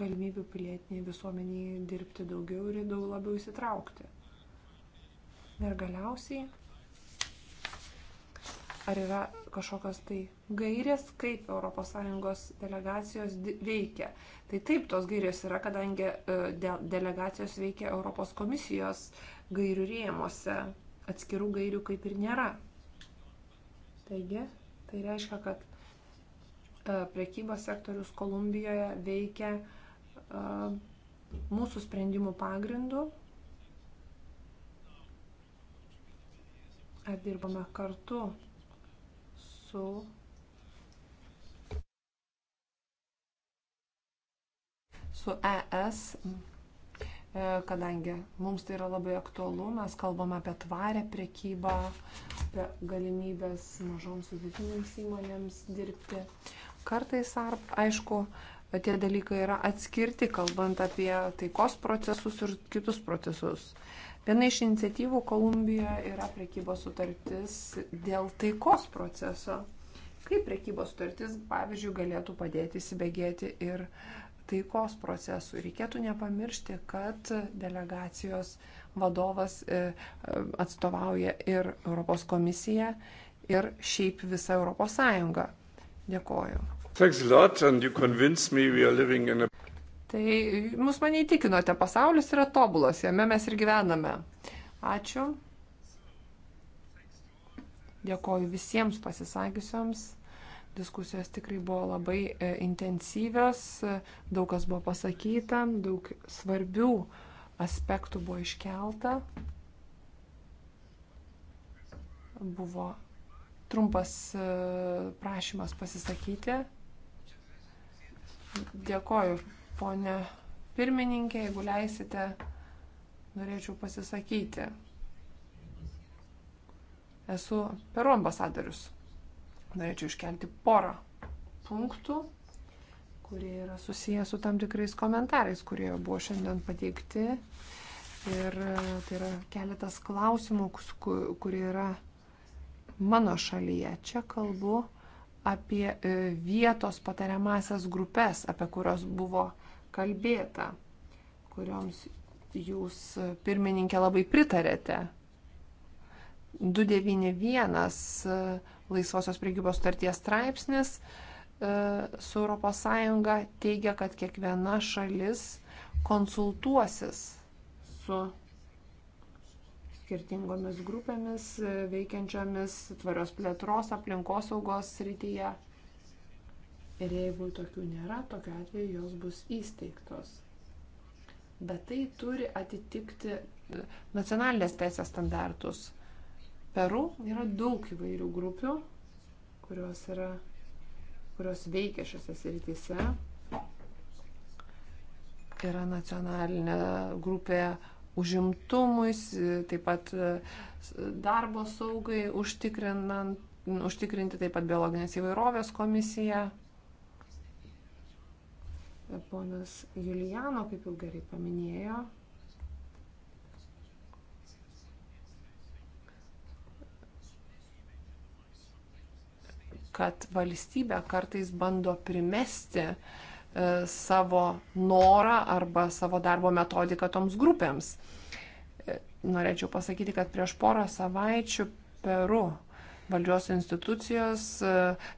galimybių pilietiniai visuomeniai dirbti daugiau ir daug labiau įsitraukti. Ir galiausiai, ar yra kažkokios tai gairės, kaip ES delegacijos veikia. Tai taip, tos gairės yra, kadangi e, de delegacijos veikia Europos komisijos gairių rėmose. Atskirų gairių kaip ir nėra. Taigi, tai reiškia, kad E, prekybos sektorius Kolumbijoje veikia e, mūsų sprendimų pagrindu. Ar dirbame kartu su su ES, e, kadangi mums tai yra labai aktualu, mes kalbame apie tvarę prekybą, apie galimybės mažoms vidutinėms įmonėms dirbti. Kartais, ar, aišku, tie dalykai yra atskirti, kalbant apie taikos procesus ir kitus procesus. Viena iš iniciatyvų Kolumbijoje yra prekybos sutartis dėl taikos proceso. Kaip prekybos sutartis, pavyzdžiui, galėtų padėti įsibėgėti ir taikos procesui. Reikėtų nepamiršti, kad delegacijos vadovas e, e, atstovauja ir Europos komisiją, ir šiaip visą Europos Sąjungą. Dėkoju. A... Tai mus mane įtikinote, pasaulis yra tobulas, jame mes ir gyvename. Ačiū. Dėkoju visiems pasisakiusiems. Diskusijos tikrai buvo labai e, intensyvios, daug kas buvo pasakyta, daug svarbių aspektų buvo iškelta. Buvo trumpas e, prašymas pasisakyti. Dėkoju, ponė pirmininkė, jeigu leisite, norėčiau pasisakyti. Esu Peru ambasadorius. Norėčiau iškelti porą punktų, kurie yra susijęs su tam tikrais komentarais, kurie buvo šiandien pateikti. Ir e, tai yra keletas klausimų, kurie yra mano šalyje. Čia kalbu apie e, vietos patariamasias grupės, apie kurios buvo kalbėta, kurioms jūs e, pirmininkė labai pritarėte. 291 e, laisvosios priekybos starties straipsnis su ES teigia, kad kiekviena šalis konsultuosis su skirtingomis grupėmis e, veikiančiomis tvarios plėtros aplinkosaugos srityje. Ir jeigu tokių nėra, tokiu atveju jos bus įsteigtos. Bet tai turi atitikti e, nacionalinės teisės standartus. Peru yra daug įvairių grupių, kurios, yra, kurios veikia šiose srityse. Yra nacionalinė grupė užimtumui, taip pat e, darbo saugai užtikrinant užtikrinti taip pat biologinės įvairovės komisiją. Ponas Juliano, kaip jau gerai paminėjo, kad valstybė kartais bando primesti uh, E, savo norą arba savo darbo metodiką toms grupėms. E, norėčiau pasakyti, kad prieš porą savaičių Peru valdžios institucijos, e,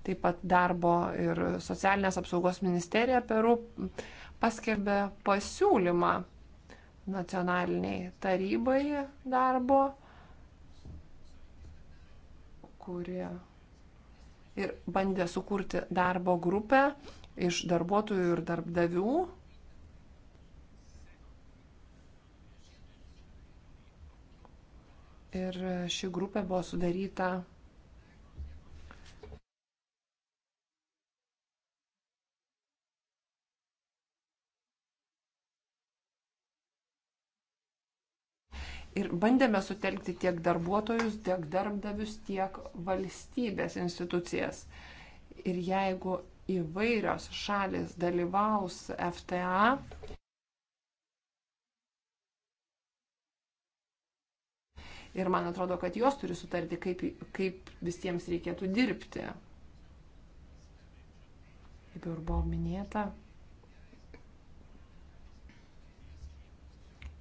taip pat darbo ir socialinės apsaugos ministerija Peru paskelbė pasiūlymą nacionaliniai tarybai darbo, kurie ir bandė sukurti darbo grupę iš darbuotojų ir darbdavių. Ir ši grupė buvo sudaryta Ir bandėme sutelkti tiek darbuotojus, tiek darbdavius, tiek valstybės institucijas. Ir jeigu įvairios šalis dalyvaus FTA. Ir man atrodo, kad jos turi sutarti, kaip, kaip visiems reikėtų dirbti. Kaip jau ir buvo minėta,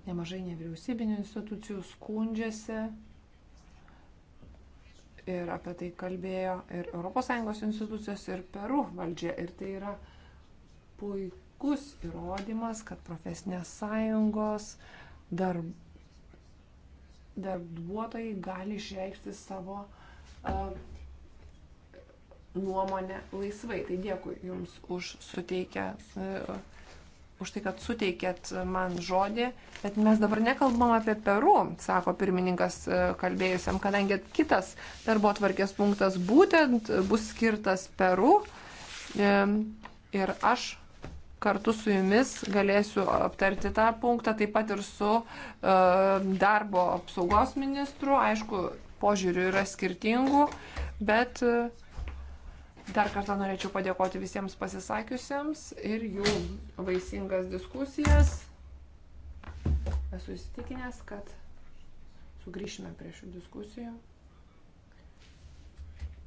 nemažai nevyriausybinių institucijų skundžiasi ir apie tai kalbėjo ir ES institucijos, ir Peru valdžia. Ir tai yra puikus įrodymas, kad profesinės sąjungos dar, darbuotojai gali išreikšti savo uh, nuomonę laisvai. Tai dėkui Jums už suteikę uh, už tai, kad suteikėt man žodį, bet mes dabar nekalbam apie Peru, sako pirmininkas e, kalbėjusiam, kadangi kitas darbo tvarkės punktas būtent bus skirtas Peru. E, ir aš kartu su jumis galėsiu aptarti tą punktą, taip pat ir su e, darbo apsaugos ministru. Aišku, požiūrių yra skirtingų, bet Dar kartą norėčiau padėkoti visiems pasisakiusiems ir jų vaisingas diskusijas. Esu įsitikinęs, kad sugrįšime prie šių diskusijų,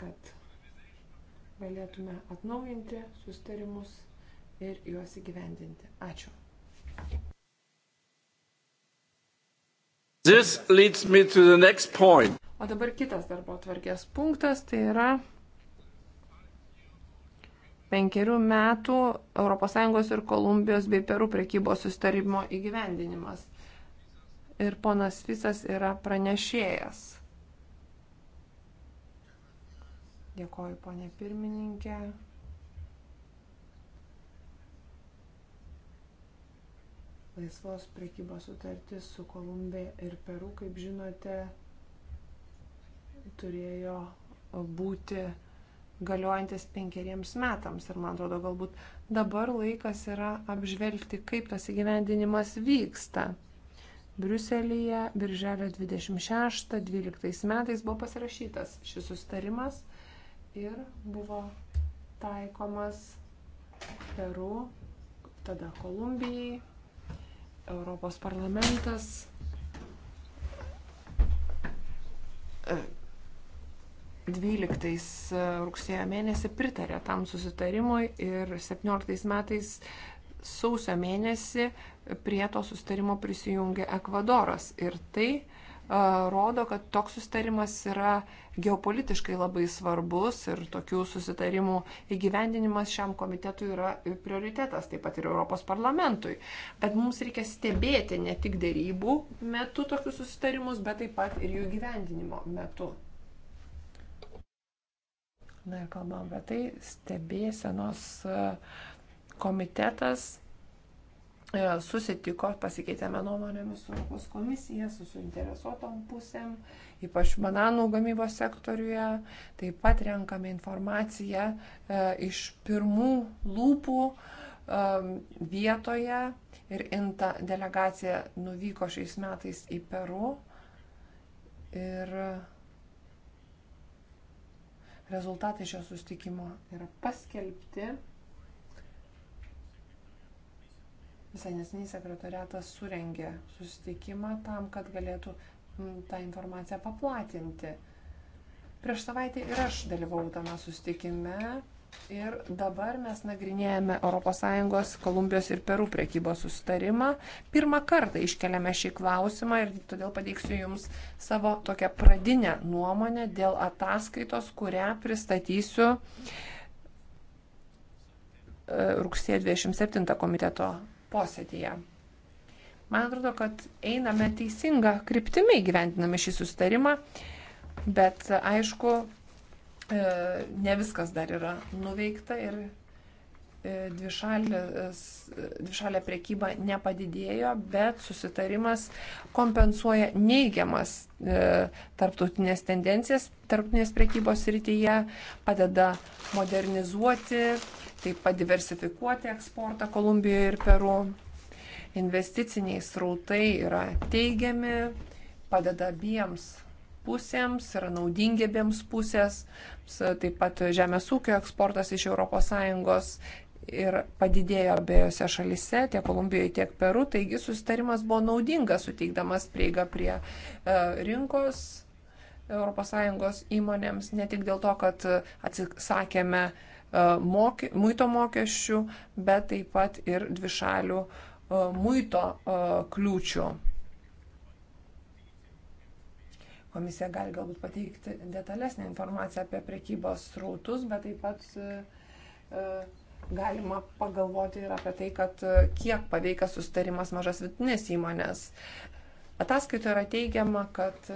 kad galėtume atnaujinti sustarimus ir juos įgyvendinti. Ačiū. O dabar kitas darbo tvarkės punktas tai yra penkerių metų ES ir Kolumbijos bei Perų prekybos sustarimo įgyvendinimas. Ir ponas Fisas yra pranešėjas. Dėkoju, ponė pirmininkė. Laisvos prekybos sutartis su Kolumbija ir Peru, kaip žinote, turėjo būti galiojantis penkeriems metams. Ir man atrodo, galbūt dabar laikas yra apžvelgti, kaip tas įgyvendinimas vyksta. Briuselyje birželio 26-12 metais buvo pasirašytas šis sustarimas ir buvo taikomas Peru, tada Kolumbijai, Europos parlamentas 12 e, rugsėjo mėnesį pritarė tam susitarimui ir 17 metais sausio mėnesį prie to susitarimo prisijungė Ekvadoras. Ir tai uh, rodo, kad toks susitarimas yra geopolitiškai labai svarbus ir tokių susitarimų įgyvendinimas šiam komitetui yra prioritetas, taip pat ir Europos parlamentui. Bet mums reikia stebėti ne tik dėrybų metu tokius susitarimus, bet taip pat ir jų gyvendinimo metu. Na ir kalbam apie tai, stebėsenos e, komitetas e, susitiko, pasikeitėme nuomonėmis su Europos komisija, su suinteresuotom pusėm, ypač bananų gamybos sektoriuje. Taip pat renkame informaciją e, iš pirmų lūpų vietoje ir INTA delegacija nuvyko šiais metais į Peru. Ir uh... Rezultatai šio sustikimo yra paskelbti. Visai nesiniai sekretariatas surengė susitikimą tam, kad galėtų tą informaciją paplatinti. Prieš savaitę ir aš dalyvau tame susitikime Ir dabar mes nagrinėjame ES, Kolumbijos ir Perų priekybos sustarimą. Pirmą kartą iškeliame šį klausimą ir todėl pateiksiu Jums savo tokią pradinę nuomonę dėl ataskaitos, kurią pristatysiu e, rugsėjo 27 komiteto posėdėje. Man atrodo, kad einame teisinga kryptimi gyventiname šį sustarimą, bet aišku, E, ne viskas dar yra nuveikta ir e, dvišalė priekyba nepadidėjo, bet susitarimas kompensuoja neigiamas e, tarptautinės tendencijas tarptautinės priekybos rytyje, padeda modernizuoti, taip pat diversifikuoti eksportą Kolumbijoje ir Peru. Investiciniai srautai yra teigiami, padeda abiems pusėms, yra naudingi abiems pusės, taip pat žemės ūkio eksportas iš ES ir padidėjo abiejose šalise, tiek Kolumbijoje, tiek Peru, taigi susitarimas buvo naudingas, suteikdamas prieigą prie e, rinkos. ES įmonėms ne tik dėl to, kad atsisakėme e, mokė, muito mokesčių, bet taip pat ir dvišalių e, muito kliūčių. Komisija gali galbūt pateikti detalesnę informaciją apie prekybos srautus, bet taip pat e, e, galima pagalvoti ir apie tai, kad e, kiek paveikia sustarimas mažas vidinės įmonės. Ataskaitoje yra teigiama, kad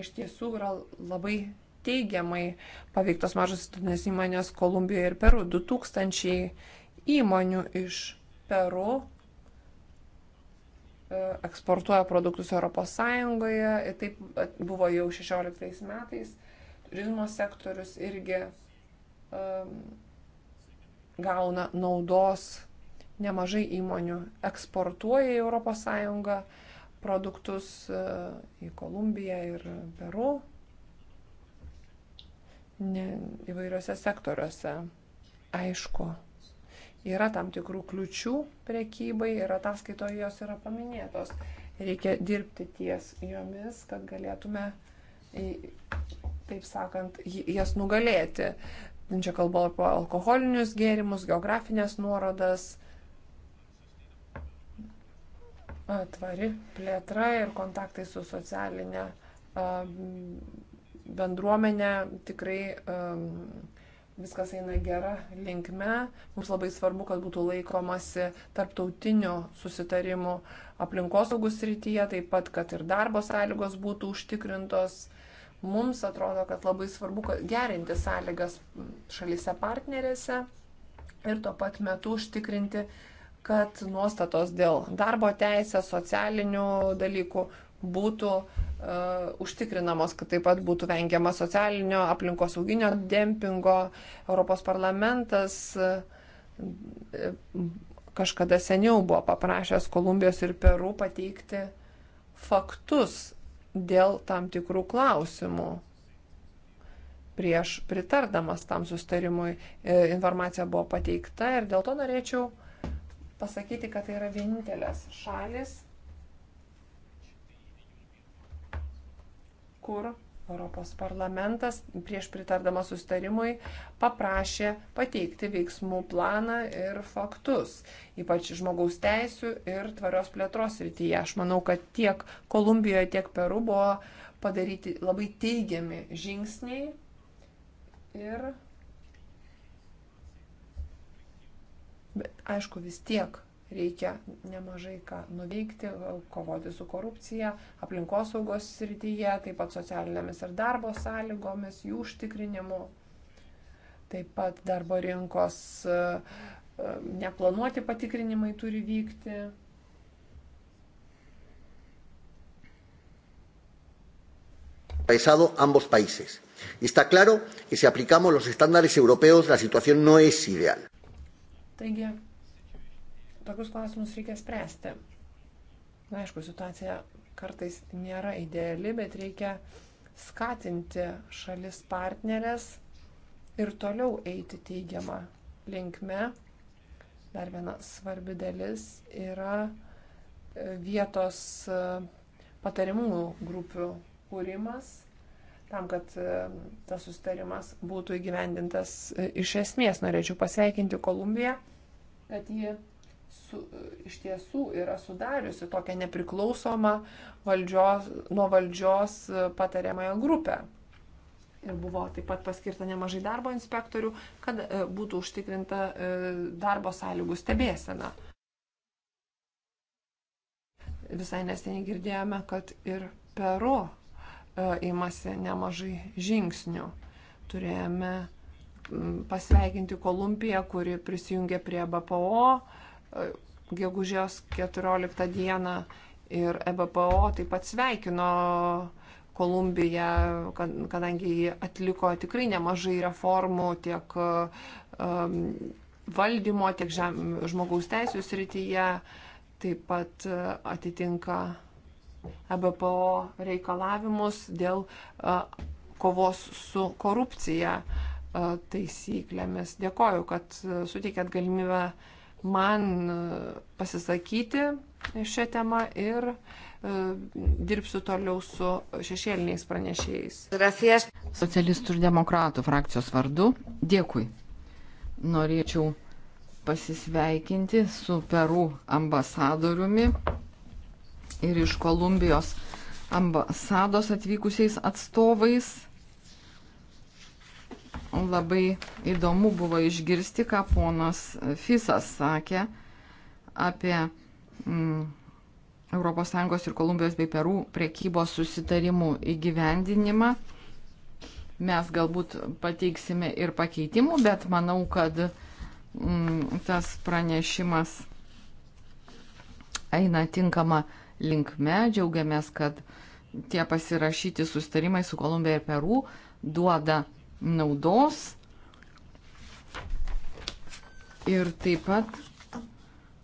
iš tiesų yra labai teigiamai paveiktos mažos vidutinės įmonės Kolumbijoje ir Peru. 2000 įmonių iš Peru E, eksportuoja produktus Europos Sąjungoje. Taip buvo jau 16 metais. Turizmo sektorius irgi um, gauna naudos. Nemažai įmonių eksportuoja į Europos Sąjungą produktus uh, į Kolumbiją ir Peru. Ne, įvairiose sektoriuose. Aišku, Yra tam tikrų kliučių prekybai ir ataskaitoje jos yra paminėtos. Reikia dirbti ties jomis, kad galėtume, taip sakant, jas nugalėti. Čia kalbu apie alkoholinius gėrimus, geografinės nuorodas. Tvari plėtra ir kontaktai su socialinė bendruomenė tikrai um, viskas eina gera linkme. Mums labai svarbu, kad būtų laikomasi tarptautinių susitarimų aplinkosaugus rytyje, taip pat, kad ir darbo sąlygos būtų užtikrintos. Mums atrodo, kad labai svarbu kad gerinti sąlygas šalyse partnerėse ir tuo pat metu užtikrinti, kad nuostatos dėl darbo teisės, socialinių dalykų būtų uh, užtikrinamos, kad taip pat būtų vengiama socialinio aplinkosauginio dempingo. Europos parlamentas uh, kažkada seniau buvo paprašęs Kolumbijos ir Peru pateikti faktus dėl tam tikrų klausimų. Prieš pritardamas tam sustarimui e, informacija buvo pateikta ir dėl to norėčiau pasakyti, kad tai yra vienintelės šalis, kur Europos parlamentas prieš pritardamas sustarimui paprašė pateikti veiksmų planą ir faktus, ypač žmogaus teisų ir tvarios plėtros rytyje. Aš manau, kad tiek Kolumbijoje, tiek Peru buvo padaryti labai teigiami žingsniai ir. Bet aišku, vis tiek reikia nemažai ką nuveikti, kovoti su korupcija, aplinkosaugos srityje, taip pat socialinėmis ir darbo sąlygomis, jų užtikrinimu, taip pat darbo rinkos e, e, neplanuoti patikrinimai turi vykti. pesado ambos países. Y está claro que si aplicamos los estándares europeos la situación no es ideal. Taigi, tokius klausimus reikia spręsti. Na, aišku, situacija kartais nėra ideali, bet reikia skatinti šalis partnerės ir toliau eiti teigiamą linkme. Dar viena svarbi dalis yra e, vietos e, patarimų grupių kūrimas, tam, kad e, tas sustarimas būtų įgyvendintas iš esmės. Norėčiau pasveikinti Kolumbiją, kad ji su, iš tiesų yra sudariusi tokią nepriklausomą valdžios, nuo valdžios patariamąją grupę. Ir buvo taip pat paskirta nemažai darbo inspektorių, kad e, būtų užtikrinta e, darbo sąlygų stebėsena. Visai neseniai girdėjome, kad ir Peru įmasi e, nemažai žingsnių. Turėjome pasveikinti Kolumbiją, kuri prisijungė prie BPO, gegužės 14 dieną ir EBPO taip pat sveikino Kolumbiją, kadangi jie atliko tikrai nemažai reformų tiek um, valdymo, tiek žem, žmogaus teisų srityje, taip pat uh, atitinka EBPO reikalavimus dėl uh, kovos su korupcija uh, taisyklėmis. Dėkoju, kad suteikėt galimybę man e, pasisakyti šią temą ir e, dirbsiu toliau su šešėliniais pranešėjais. Gracias. Socialistų ir demokratų frakcijos vardu. Dėkui. Norėčiau pasisveikinti su Peru ambasadoriumi ir iš Kolumbijos ambasados atvykusiais atstovais labai įdomu buvo išgirsti, ką ponas Fisas sakė apie mm, ES ir Kolumbijos bei Perų priekybos susitarimų įgyvendinimą. Mes galbūt pateiksime ir pakeitimų, bet manau, kad mm, tas pranešimas eina tinkama linkme. Džiaugiamės, kad tie pasirašyti susitarimai su Kolumbija ir Perų duoda mm, naudos ir taip pat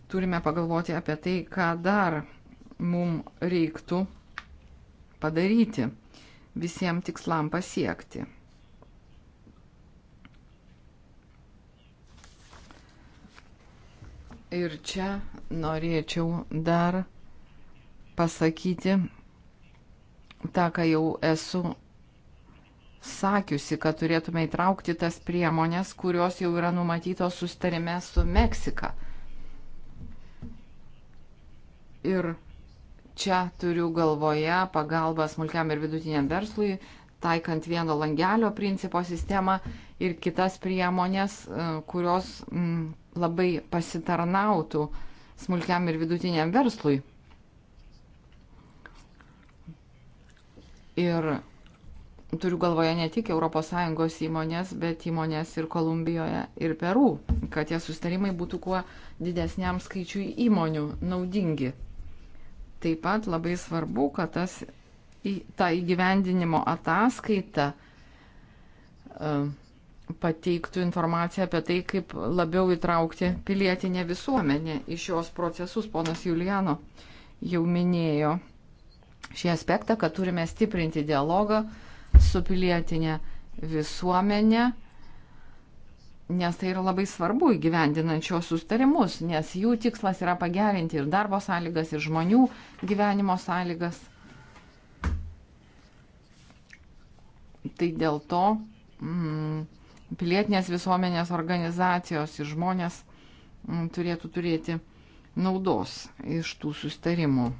turime pagalvoti apie tai, ką dar mums reiktų padaryti visiems tikslam pasiekti. Ir čia norėčiau dar pasakyti tą, ką jau esu sakiusi, kad turėtume įtraukti tas priemonės, kurios jau yra numatytos sustarime su Meksika. Ir čia turiu galvoje pagalbą smulkiam ir vidutiniam verslui, taikant vieno langelio principo sistemą ir kitas priemonės, e, kurios mm, labai pasitarnautų smulkiam ir vidutiniam verslui. Ir Turiu galvoje ne tik ES įmonės, bet įmonės ir Kolumbijoje, ir Peru, kad tie sustarimai būtų kuo didesniam skaičiui įmonių naudingi. Taip pat labai svarbu, kad tas, ta įgyvendinimo ataskaita e, pateiktų informaciją apie tai, kaip labiau įtraukti pilietinę visuomenę į šios procesus. Ponas Juliano jau minėjo šį aspektą, kad turime stiprinti dialogą su pilietinė visuomenė, nes tai yra labai svarbu įgyvendinant šios sustarimus, nes jų tikslas yra pagerinti ir darbo sąlygas, ir žmonių gyvenimo sąlygas. Tai dėl to mm, pilietinės visuomenės organizacijos ir žmonės mm, turėtų turėti naudos iš tų sustarimų.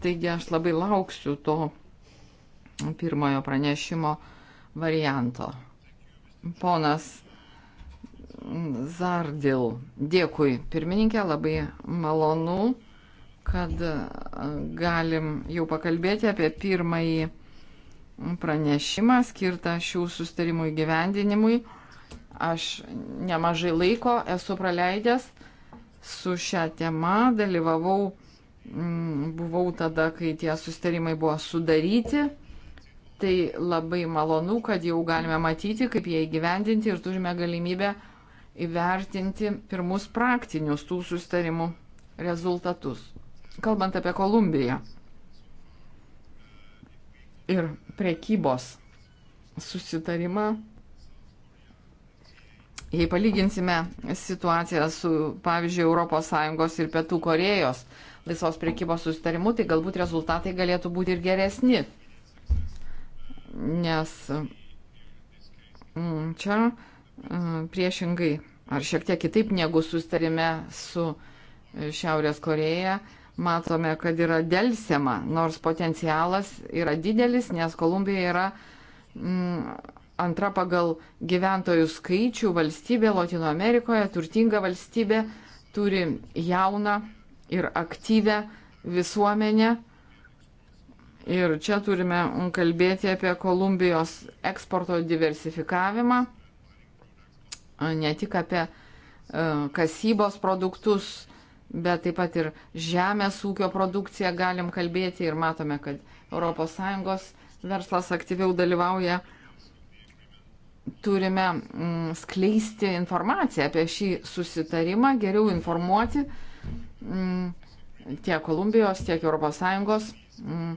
Taigi aš labai lauksiu to pirmojo pranešimo varianto. Ponas Zardil, dėkui pirmininkė, labai malonu, kad galim jau pakalbėti apie pirmąjį pranešimą skirtą šių sustarimų įgyvendinimui. Aš nemažai laiko esu praleidęs su šią temą, dalyvavau Mm, buvau tada, kai tie sustarimai buvo sudaryti. Tai labai malonu, kad jau galime matyti, kaip jie įgyvendinti ir turime galimybę įvertinti pirmus praktinius tų sustarimų rezultatus. Kalbant apie Kolumbiją ir prekybos susitarimą, jei palyginsime situaciją su, pavyzdžiui, ES ir Pietų Korejos, laisvos priekybos susitarimu, tai galbūt rezultatai galėtų būti ir geresni. Nes mm, čia mm, priešingai ar šiek tiek kitaip negu susitarime su e, Šiaurės Koreja, matome, kad yra dėlsiama, nors potencialas yra didelis, nes Kolumbija yra mm, antra pagal gyventojų skaičių valstybė Latino Amerikoje, turtinga valstybė, turi jauną ir aktyvę visuomenę. Ir čia turime kalbėti apie Kolumbijos eksporto diversifikavimą, ne tik apie e, kasybos produktus, bet taip pat ir žemės ūkio produkciją galim kalbėti ir matome, kad ES verslas aktyviau dalyvauja turime mm, skleisti informaciją apie šį susitarimą, geriau informuoti Mm, tiek Kolumbijos, tiek ES mm,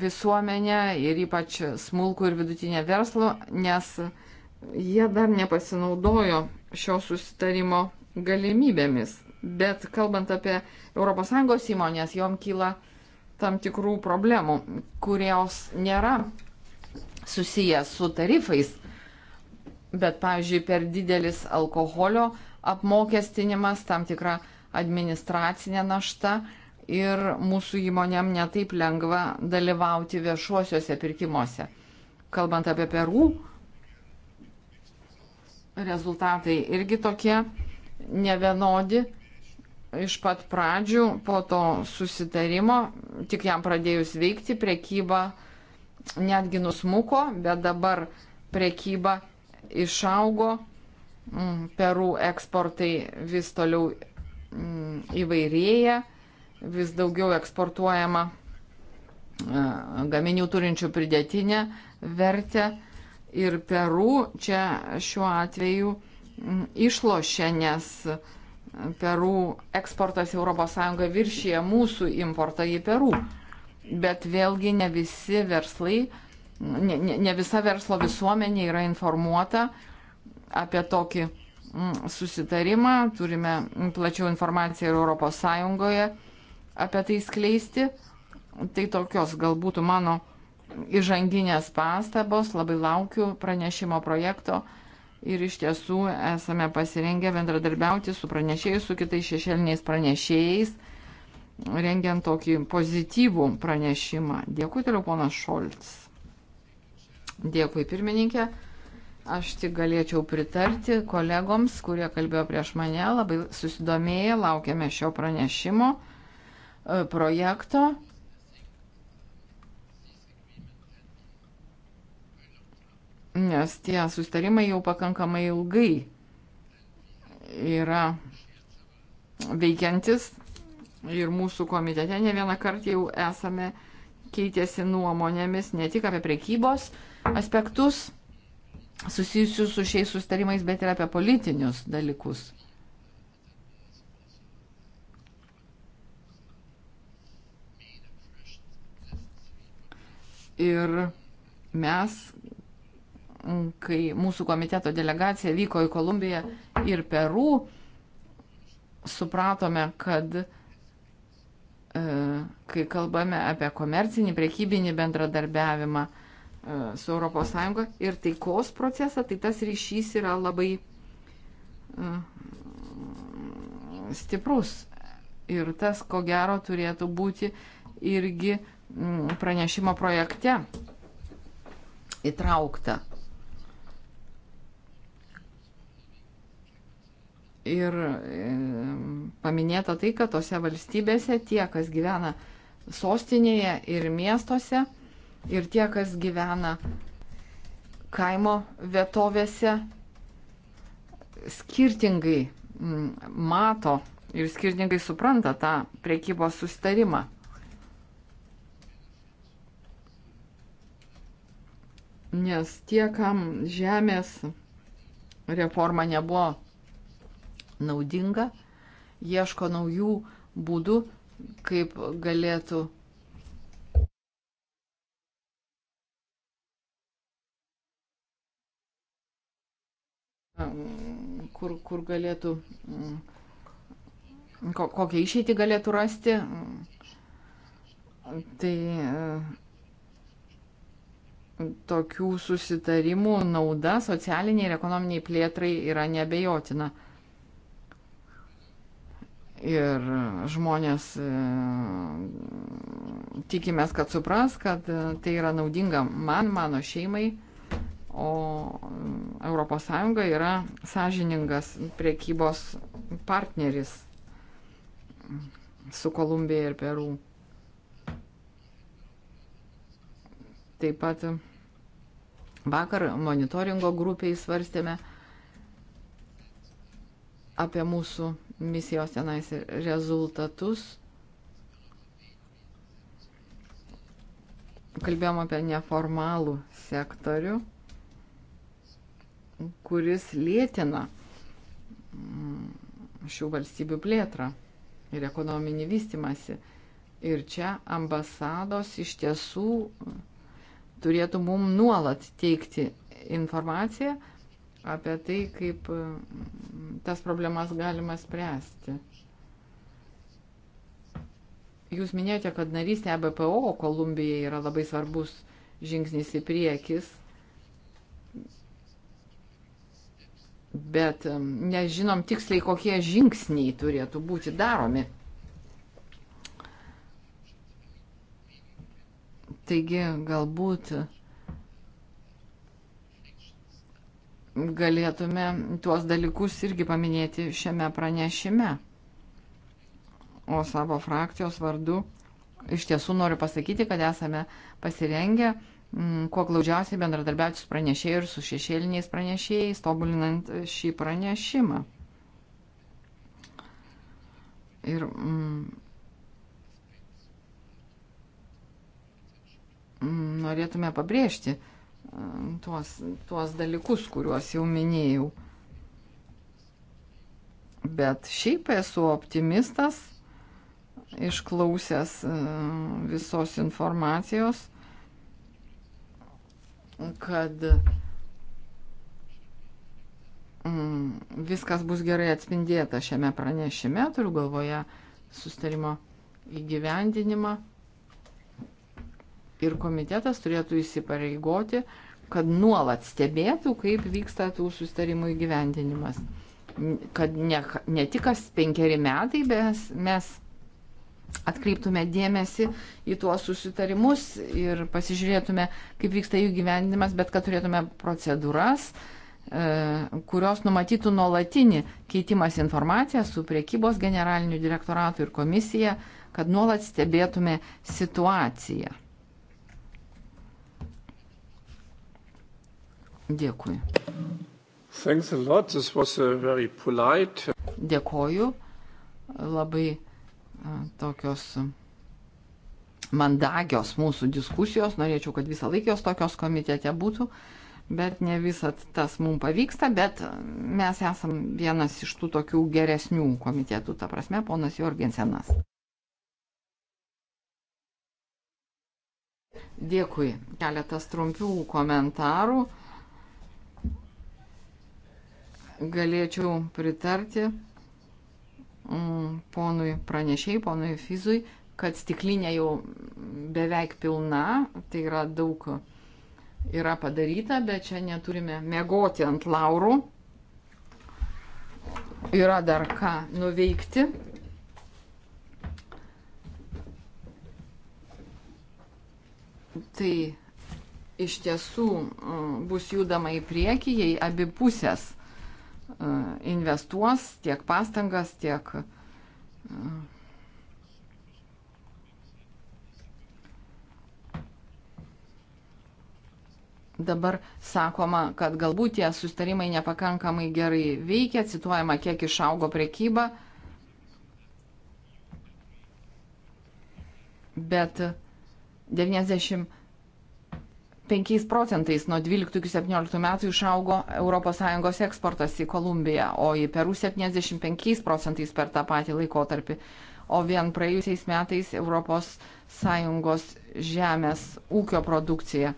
visuomenę ir ypač smulkų ir vidutinę verslą, nes jie dar nepasinaudojo šio susitarimo galimybėmis. Bet kalbant apie ES įmonės, jom kyla tam tikrų problemų, kurios nėra susijęs su tarifais. Bet, pavyzdžiui, per didelis alkoholio apmokestinimas, tam tikra uh, administracinė našta ir mūsų įmonėm netaip lengva dalyvauti viešuosiuose pirkimuose. Kalbant apie Perų, rezultatai irgi tokie nevienodi. Iš pat pradžių po to susitarimo, tik jam pradėjus veikti, prekyba netgi nusmuko, bet dabar prekyba išaugo, mm, Perų eksportai vis toliau Mm, įvairėja, vis daugiau eksportuojama e, gaminių turinčių pridėtinę vertę ir Peru čia šiuo atveju mm, išlošia, nes Peru eksportas ES viršyje mūsų importą į Peru. Bet vėlgi ne visi verslai, ne, ne, ne visa verslo visuomenė yra informuota apie tokį Mm, susitarimą, turime plačiau informaciją ir Europos Sąjungoje apie tai skleisti. Tai tokios galbūt mano įžanginės pastabos, labai laukiu pranešimo projekto ir iš tiesų esame pasirengę bendradarbiauti su pranešėjais, su kitais šešėliniais pranešėjais, rengiant tokį pozityvų pranešimą. Dėkui, toliau ponas Šolts. Dėkui, pirmininkė. Aš tik galėčiau pritarti kolegoms, kurie kalbėjo prieš mane, labai susidomėję, laukiame šio pranešimo e, projekto. Nes tie sustarimai jau pakankamai ilgai yra veikiantis ir mūsų komitete ne vieną kartą jau esame keitėsi nuomonėmis ne tik apie prekybos aspektus, susijusius su šiais sustarimais, bet ir apie politinius dalykus. Ir mes, kai mūsų komiteto delegacija vyko į Kolumbiją ir Peru, supratome, kad e, kai kalbame apie komercinį, priekybinį bendradarbiavimą, su ES ir taikos procesą, tai tas ryšys yra labai e, stiprus. Ir tas, ko gero, turėtų būti irgi pranešimo projekte įtraukta. Ir e, paminėta tai, kad tose valstybėse tie, kas gyvena sostinėje ir miestuose, ir tie, kas gyvena kaimo vietovėse, skirtingai mm, mato ir skirtingai supranta tą priekybos sustarimą. Nes tie, kam žemės reforma nebuvo naudinga, ieško naujų būdų, kaip galėtų kur, kur galėtų, mm, ko, kokią išeitį galėtų rasti. Mm. Tai mm, tokių susitarimų nauda socialiniai ir ekonominiai plėtrai yra nebejotina. Ir žmonės tikimės, kad supras, kad tai yra naudinga man, mano šeimai. O mm, ES yra sąžiningas priekybos partneris su Kolumbija ir Peru. Taip pat vakar monitoringo grupiai svarstėme apie mūsų misijos tenais rezultatus. Kalbėjom apie neformalų sektorių kuris lėtina mm, šių valstybių plėtrą ir ekonominį vystimąsi. Ir čia ambasados iš tiesų mm, turėtų mum nuolat teikti informaciją apie tai, kaip mm, tas problemas galima spręsti. Jūs minėjote, kad narystė e BPO Kolumbijai yra labai svarbus žingsnis į priekis, bet nežinom tiksliai, kokie žingsniai turėtų būti daromi. Taigi galbūt galėtume tuos dalykus irgi paminėti šiame pranešime. O savo frakcijos vardu iš tiesų noriu pasakyti, kad esame pasirengę Mm, kuo glaudžiausiai bendradarbiauti su pranešėjais ir su šešėliniais pranešėjais, tobulinant šį pranešimą. Ir mm, mm norėtume pabrėžti mm, tuos, tuos dalykus, kuriuos jau minėjau. Bet šiaip esu optimistas, išklausęs visos informacijos kad mm, viskas bus gerai atspindėta šiame pranešime, turiu galvoje sustarimo įgyvendinimą. Ir komitetas turėtų įsipareigoti, kad nuolat stebėtų, kaip vyksta tų sustarimų įgyvendinimas. Kad ne, ne tik kas penkeri metai, bet mes atkreiptume dėmesį į tuos susitarimus ir pasižiūrėtume, kaip vyksta jų gyvendimas, bet kad turėtume procedūras, e, kurios numatytų nuolatinį keitimas informaciją su priekybos generaliniu direktoratu ir komisija, kad nuolat stebėtume situaciją. Dėkui. Dėkoju. Labai tokios mandagios mūsų diskusijos. Norėčiau, kad visą laiką jos tokios komitete būtų, bet ne visat tas mums pavyksta, bet mes esam vienas iš tų tokių geresnių komitetų, ta prasme, ponas Jorgensenas. Dėkui. Keletas trumpių komentarų. Galėčiau pritarti Mm, ponui pranešėjai, ponui Fizui, kad stiklinė jau beveik pilna, tai yra daug yra padaryta, bet čia neturime mėgoti ant laurų. Yra dar ką nuveikti. Tai iš tiesų mm, bus judama į priekį, jei abi pusės E, investuos tiek pastangas, tiek e, dabar sakoma, kad galbūt tie sustarimai nepakankamai gerai veikia, cituojama, kiek išaugo prekyba, bet 90 5 procentais nuo 12 iki 17 metų išaugo ES eksportas į Kolumbiją, o į Peru 75 procentais per tą patį laikotarpį. O vien praėjusiais metais ES žemės ūkio produkcija.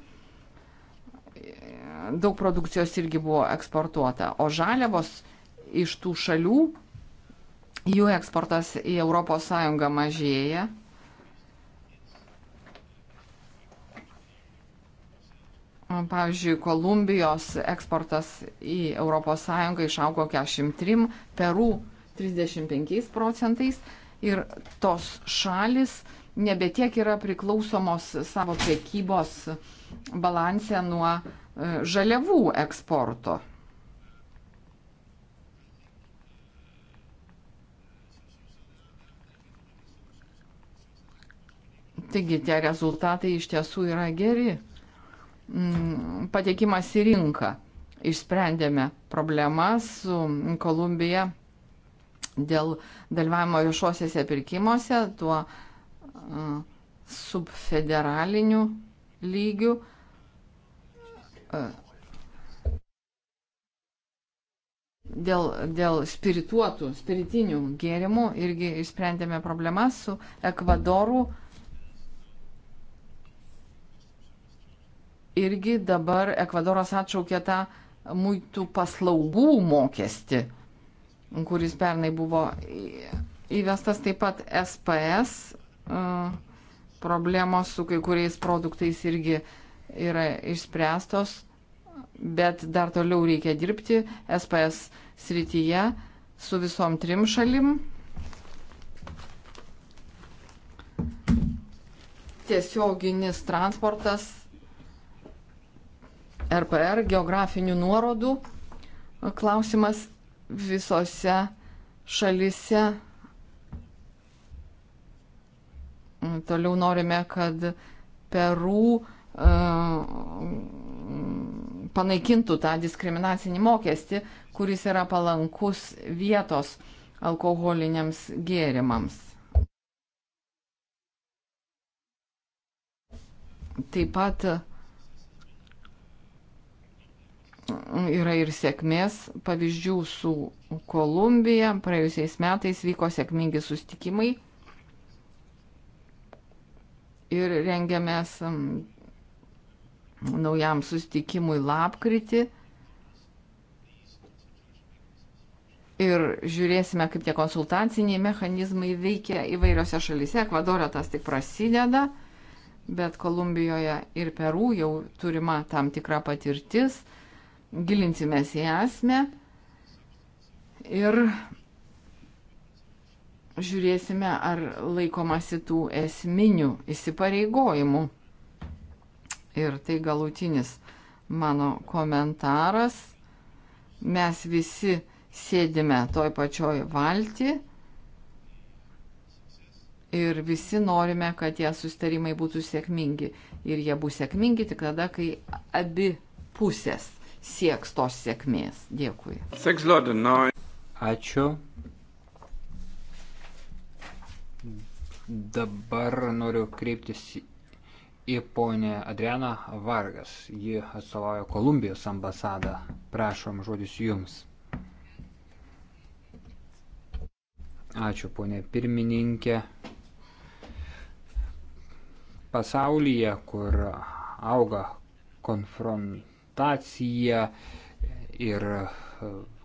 Daug produkcijos irgi buvo eksportuota. O žaliavos iš tų šalių, jų eksportas į ES mažėja Pavyzdžiui, Kolumbijos eksportas į ES išaugo 43, Peru 35 procentais ir tos šalis nebetiek yra priklausomos savo prekybos balanse nuo e, žaliavų eksporto. Taigi tie rezultatai iš tiesų yra geri. Mm, patekimas į rinką. Išsprendėme problemą su Kolumbija dėl dalyvavimo viešuosiuose pirkimuose, tuo subfederaliniu lygiu. Dėl, dėl spirituotų, spiritinių gėrimų irgi išsprendėme problemas su Ekvadoru. Mm irgi dabar Ekvadoras atšaukė tą muitų paslaugų mokestį, kuris pernai buvo įvestas taip pat SPS. E, problemos su kai kuriais produktais irgi yra išspręstos, bet dar toliau reikia dirbti SPS srityje su visom trim šalim. Tiesioginis transportas RPR geografinių nuorodų e, klausimas visose šalise. Mm, toliau norime, kad Peru e, mm, panaikintų tą diskriminacinį mokestį, kuris yra palankus vietos alkoholiniams gėrimams. Taip pat yra ir sėkmės pavyzdžių su Kolumbija. Praėjusiais metais vyko sėkmingi sustikimai ir rengiamės mm, naujam sustikimui lapkritį. Ir žiūrėsime, kaip tie konsultaciniai mechanizmai veikia įvairiose šalyse. Ekvadorė tas tik prasideda, bet Kolumbijoje ir Peru jau turima tam tikra patirtis gilinsimės į esmę ir žiūrėsime, ar laikomasi tų esminių įsipareigojimų. Ir tai galutinis mano komentaras. Mes visi sėdime toj pačioj valti ir visi norime, kad tie sustarimai būtų sėkmingi. Ir jie bus sėkmingi tik tada, kai abi pusės sieks tos sėkmės. Dėkui. Ačiū. Dabar noriu kreiptis į ponę Adrianą Vargas. Ji atstovauja Kolumbijos ambasadą. Prašom, žodis jums. Ačiū, ponė pirmininkė. Pasaulyje, kur auga konfront konfrontacija ir e,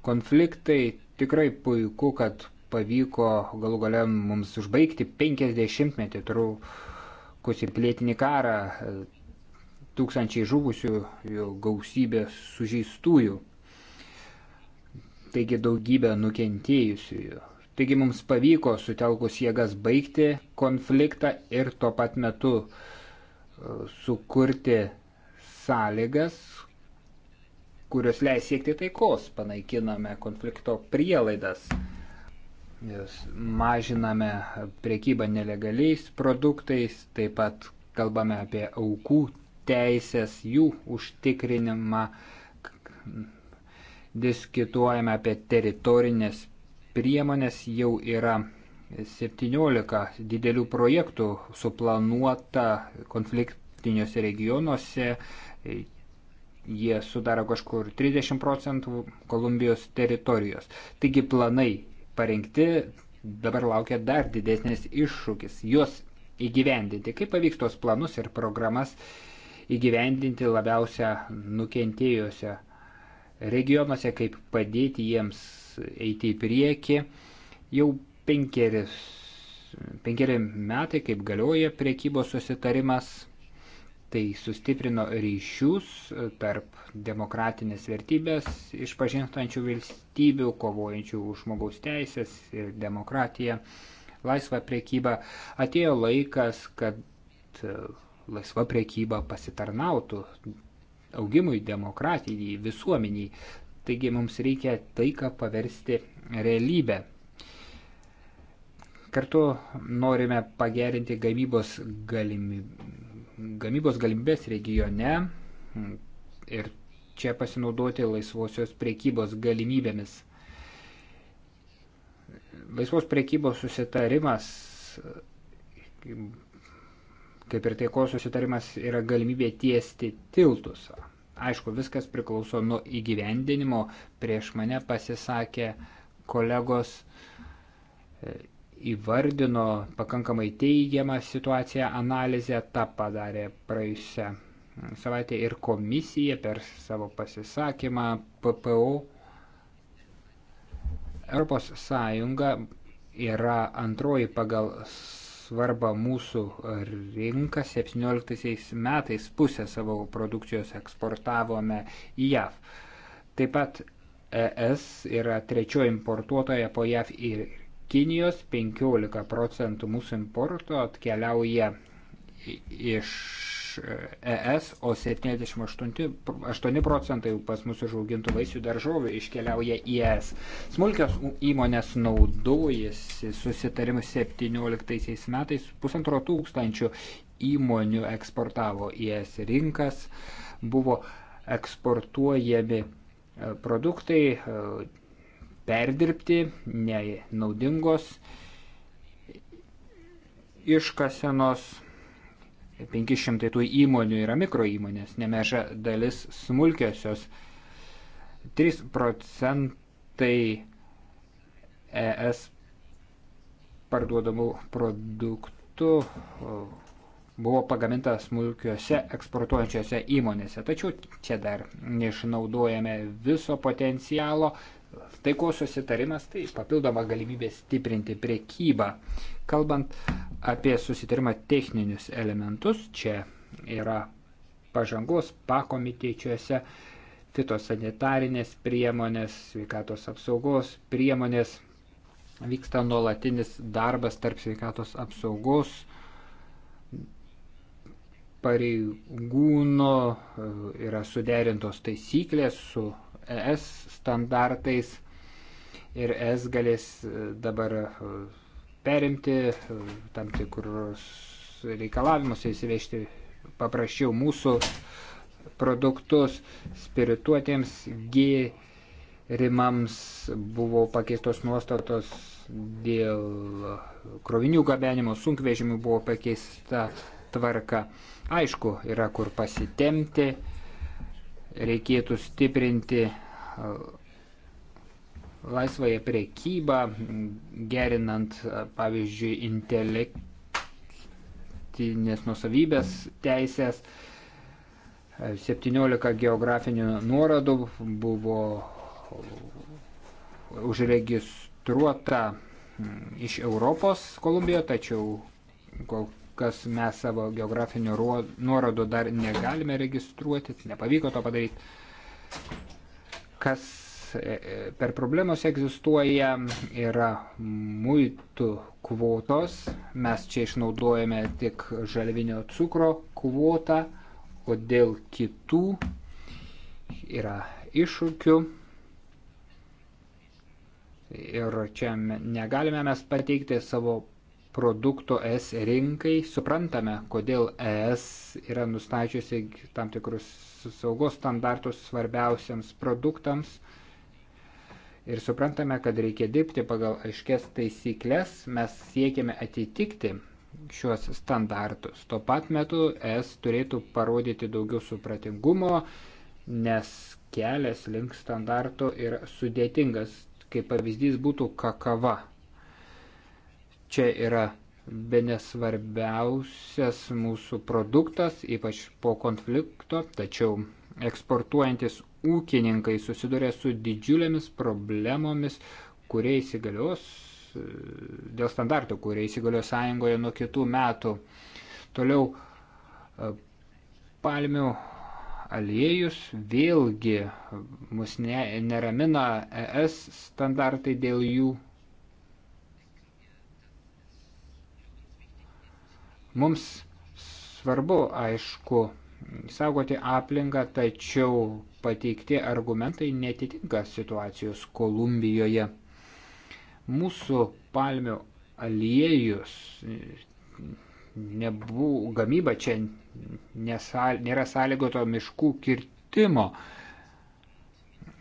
konfliktai. Tikrai puiku, kad pavyko galų gale mums užbaigti 50-metį trukusį pilietinį karą, tūkstančiai žuvusių, gausybė sužeistųjų, taigi daugybė nukentėjusiųjų. Taigi mums pavyko sutelkus jėgas baigti konfliktą ir tuo pat metu e, sukurti sąlygas, kurios leis siekti taikos, panaikiname konflikto prielaidas, mažiname priekybą nelegaliais produktais, taip pat kalbame apie aukų teisės, jų užtikrinimą, diskutuojame apie teritorinės priemonės, jau yra 17 didelių projektų suplanuota konfliktiniuose regionuose, jie sudaro kažkur 30 procentų Kolumbijos teritorijos. Taigi planai parengti, dabar laukia dar didesnis iššūkis juos įgyvendinti. Kaip pavyks tos planus ir programas įgyvendinti labiausia nukentėjusiose regionuose, kaip padėti jiems eiti į priekį. Jau penkeris, penkeri metai, kaip galioja priekybos susitarimas Tai sustiprino ryšius e, tarp demokratinės vertybės išpažinstančių valstybių, kovojančių už žmogaus teisės ir demokratiją, laisvą priekybą. Atėjo laikas, kad e, laisva priekyba pasitarnautų augimui, demokratijai, visuomeniai. Taigi mums reikia taiką paversti realybę. Kartu norime pagerinti gamybos galimybę gamybos galimybės regione ir čia pasinaudoti laisvosios priekybos galimybėmis. Laisvos priekybos susitarimas, kaip ir taikos susitarimas, yra galimybė tiesti tiltus. Aišku, viskas priklauso nuo įgyvendinimo. Prieš mane pasisakė kolegos įvardino pakankamai teigiamą situaciją analizę, tą padarė praėjusią savaitę ir komisija per savo pasisakymą PPO. Europos Sąjunga yra antroji pagal svarbą mūsų rinką. 17 metais pusę savo produkcijos eksportavome į JAV. Taip pat ES yra trečioji importuotoja po JAV ir Kinijos, 15 procentų mūsų importo atkeliauja iš e, ES, o 78 procentai pas mūsų žaugintų vaisių daržovių iškeliauja į ES. Smulkios įmonės naudojasi susitarimu 17 metais pusantro tūkstančių įmonių eksportavo į ES rinkas, buvo eksportuojami e, produktai e, perdirbti nenaudingos iškasenos. 500 tų įmonių yra mikro įmonės, nemaža dalis smulkiosios. 3 procentai ES parduodamų produktų buvo pagaminta smulkiuose eksportuojančiose įmonėse. Tačiau čia dar neišnaudojame viso potencialo, taikos susitarimas, tai papildoma galimybė stiprinti priekybą. Kalbant apie susitarimą techninius elementus, čia yra pažangos pakomitėčiuose, fitosanitarinės priemonės, sveikatos apsaugos priemonės, vyksta nuolatinis darbas tarp sveikatos apsaugos pareigūno, yra suderintos taisyklės su ES standartais ir ES galės e, dabar e, perimti e, tam tikrus reikalavimus įsivežti paprasčiau mūsų produktus spirituotėms gėrimams buvo pakeistos nuostatos dėl krovinių gabenimo sunkvežimių buvo pakeista tvarka. Aišku, yra kur pasitemti reikėtų stiprinti laisvąją prekybą, gerinant, pavyzdžiui, intelektinės nusavybės teisės. 17 geografinių nuorodų buvo užregistruota iš Europos Kolumbijoje, tačiau kol kas mes savo geografinių nuorodų dar negalime registruoti, nepavyko to padaryti, kas e, e, per problemos egzistuoja, yra muitų kvotos, mes čia išnaudojame tik žalvinio cukro kvotą, o dėl kitų yra iššūkių. Ir čia negalime mes pateikti savo produkto ES rinkai. Suprantame, kodėl ES yra nustačiusi tam tikrus saugos standartus svarbiausiams produktams. Ir suprantame, kad reikia dirbti pagal aiškes taisyklės, mes siekiame atitikti šiuos standartus. Tuo pat metu ES turėtų parodyti daugiau supratingumo, nes kelias link standarto yra sudėtingas. Kaip pavyzdys būtų kakava. Čia yra benesvarbiausias mūsų produktas, ypač po konflikto, tačiau eksportuojantis ūkininkai susiduria su didžiulėmis problemomis, kurie įsigalios e, dėl standartų, kurie įsigalios sąjungoje nuo kitų metų. Toliau e, palmių aliejus vėlgi mus ne, neramina ES standartai dėl jų Mums svarbu, aišku, saugoti aplinką, tačiau pateikti argumentai netitinka situacijos Kolumbijoje. Mūsų palmių aliejus nebū, gamyba čia nesal, nėra sąlygoto miškų kirtimo.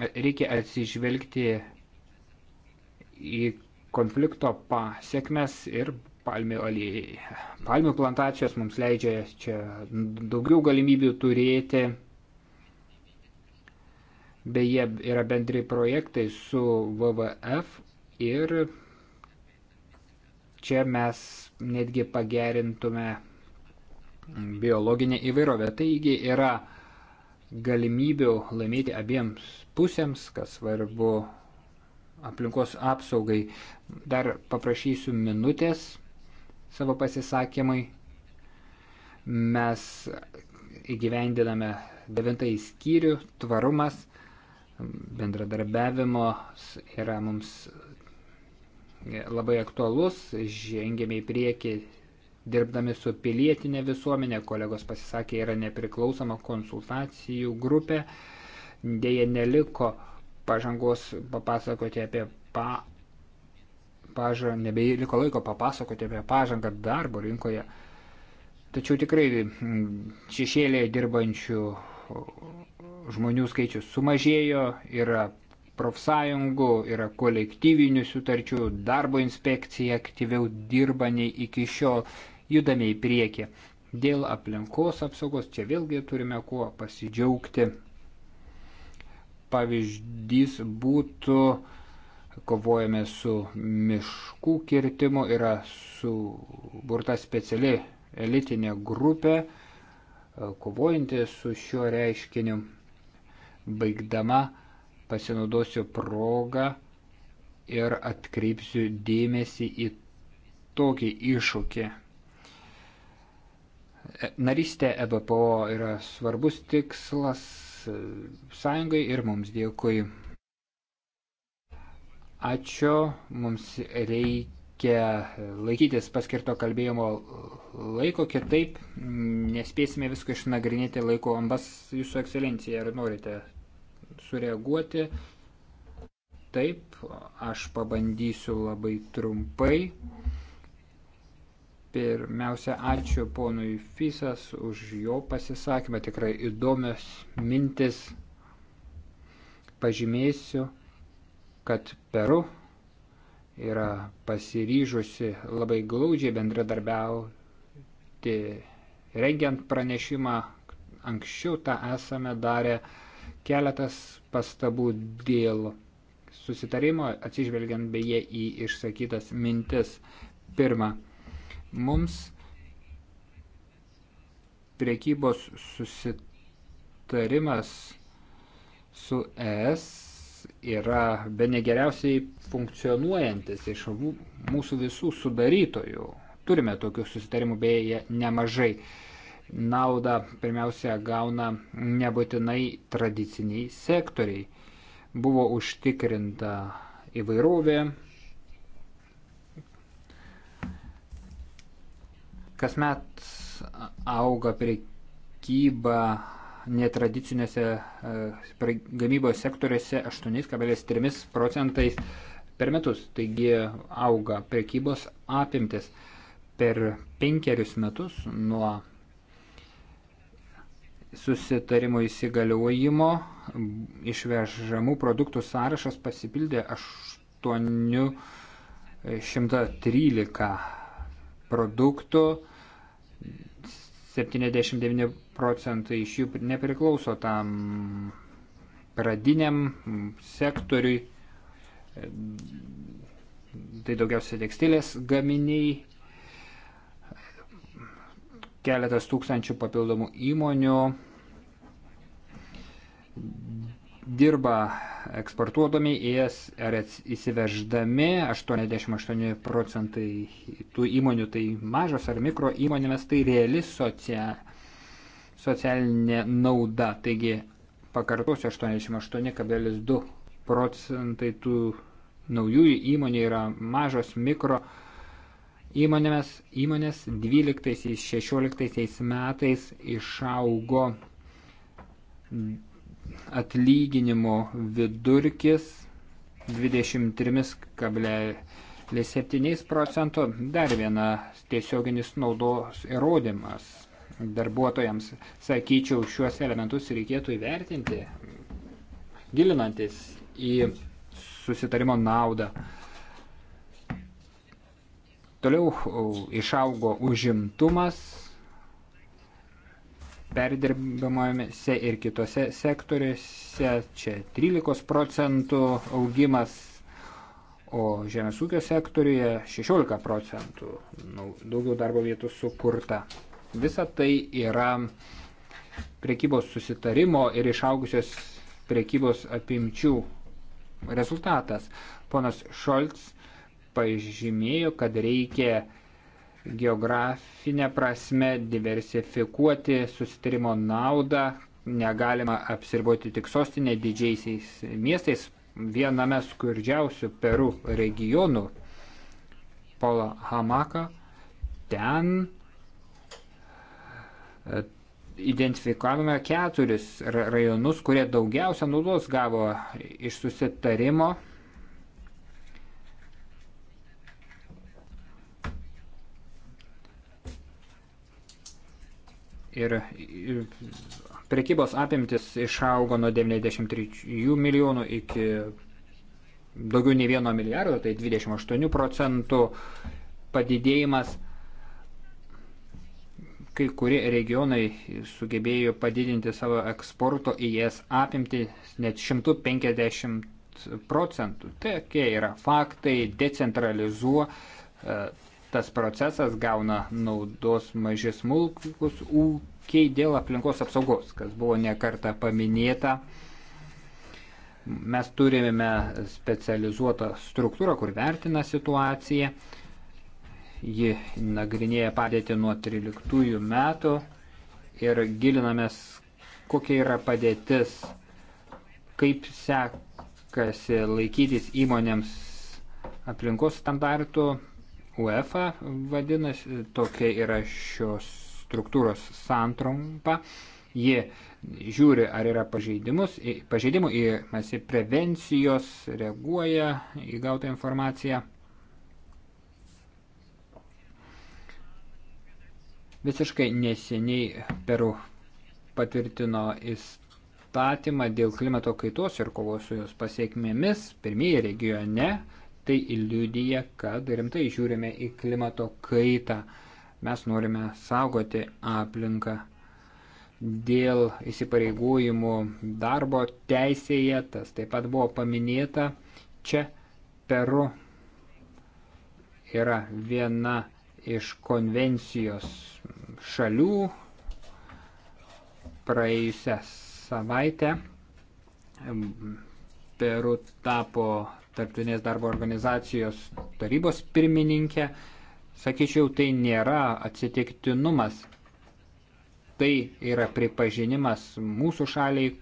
Reikia atsižvelgti į konflikto pasiekmes ir palmių, palmių plantacijos mums leidžia čia daugiau galimybių turėti. Beje, yra bendri projektai su WWF ir čia mes netgi pagerintume biologinę įvairovę. Taigi yra galimybių laimėti abiems pusėms, kas svarbu aplinkos apsaugai. Dar paprašysiu minutės savo pasisakymai. Mes įgyvendiname devintąjį skyrių, tvarumas, bendradarbiavimo yra mums labai aktualus, žengėme į priekį dirbdami su pilietinė visuomenė, kolegos pasisakė, yra nepriklausoma konsultacijų grupė, dėje neliko pažangos papasakoti apie pa pažą, nebeliko laiko papasakoti apie pažangą darbo rinkoje. Tačiau tikrai šešėlėje dirbančių žmonių skaičius sumažėjo, yra profsąjungų, yra kolektyvinių sutarčių, darbo inspekcija aktyviau dirba nei iki šiol, judame į priekį. Dėl aplinkos apsaugos čia vėlgi turime kuo pasidžiaugti. Pavyzdys būtų uh, kovojame su miškų kirtimu, yra suburta speciali elitinė grupė, e, kovojanti su šiuo reiškiniu. Baigdama pasinaudosiu progą ir atkreipsiu dėmesį į tokį iššūkį. E, narystė EBPO yra svarbus tikslas e, sąjungai ir mums dėkui. Ačiū, mums reikia laikytis paskirto kalbėjimo laiko, kitaip nespėsime visko išnagrinėti laiko. Ambas, jūsų ekscelencija, ar norite sureaguoti? Taip, aš pabandysiu labai trumpai. Pirmiausia, ačiū ponui Fisas už jo pasisakymą, tikrai įdomios mintis. Pažymėsiu, kad Peru yra pasiryžusi labai glaudžiai bendradarbiauti rengiant pranešimą. Anksčiau tą esame darę keletas pastabų dėl susitarimo, atsižvelgiant beje į išsakytas mintis. Pirma, mums priekybos susitarimas su ES yra be negeriausiai funkcionuojantis iš mūsų visų sudarytojų. Turime tokių susitarimų beje nemažai. Naudą pirmiausia gauna nebūtinai tradiciniai sektoriai. Buvo užtikrinta įvairovė. Kasmet auga prekyba netradiciniuose e, gamybos sektoriuose 8,3 procentais per metus. Taigi auga prekybos apimtis per penkerius metus nuo susitarimo įsigaliojimo išvežamų produktų sąrašas pasipildė 813 produktų 79 procentai iš jų nepriklauso tam pradiniam sektoriui. Tai daugiausia tekstilės gaminiai, keletas tūkstančių papildomų įmonių, dirba eksportuodami į jas ar įsiveždami, 88 procentai tų įmonių tai mažos ar mikro įmonėmis, tai reali socia, socialinė nauda. Taigi, pakartosiu, 88,2 procentai tų naujųjų įmonių yra mažos mikro įmonėmis, įmonės 12-16 metais išaugo atlyginimo vidurkis 23,7 procento dar viena tiesioginis naudos įrodymas darbuotojams. Sakyčiau, šiuos elementus reikėtų įvertinti, gilinantis į susitarimo naudą. Toliau e, išaugo užimtumas, perdirbimuose ir kitose sektoriuose, čia 13 procentų augimas, o žemės ūkio sektoriuje 16 procentų daugiau darbo vietų sukurta. Visa tai yra prekybos susitarimo ir išaugusios prekybos apimčių rezultatas. Ponas Šolts pažymėjo, kad reikia geografinė prasme diversifikuoti susitarimo naudą, negalima apsirboti tik sostinė didžiaisiais miestais, viename skurdžiausių Peru regionų, Polo Hamaka, ten e, identifikavome keturis rajonus, kurie daugiausia naudos gavo iš susitarimo ir, ir prekybos apimtis išaugo nuo 93 milijonų iki daugiau nei 1 milijardo, tai 28 procentų padidėjimas. Kai kurie regionai sugebėjo padidinti savo eksporto į jas apimti net 150 procentų. Tokie yra faktai, decentralizuo tas procesas gauna naudos maži smulkus ūkiai dėl aplinkos apsaugos, kas buvo nekarta paminėta. Mes turime specializuotą struktūrą, kur vertina situaciją. Ji nagrinėja padėti nuo 13 metų ir gilinamės, kokia yra padėtis, kaip sekasi laikytis įmonėms aplinkos standartų, UEFA vadinasi, tokia yra šios struktūros santrumpa. Ji žiūri, ar yra pažeidimus, pažeidimų, įmasi prevencijos, reaguoja į gautą informaciją. Visiškai neseniai Peru patvirtino įstatymą dėl klimato kaitos ir kovos su jos pasiekmėmis, pirmieji regione tai iliudyja, kad rimtai žiūrime į klimato kaitą. Mes norime saugoti aplinką. Dėl įsipareigojimų darbo teisėje, tas taip pat buvo paminėta, čia Peru yra viena iš konvencijos šalių. Praėjusią savaitę Peru tapo tarptautinės darbo organizacijos tarybos pirmininkė. Sakyčiau, tai nėra atsitiktinumas. Tai yra pripažinimas mūsų šaliai,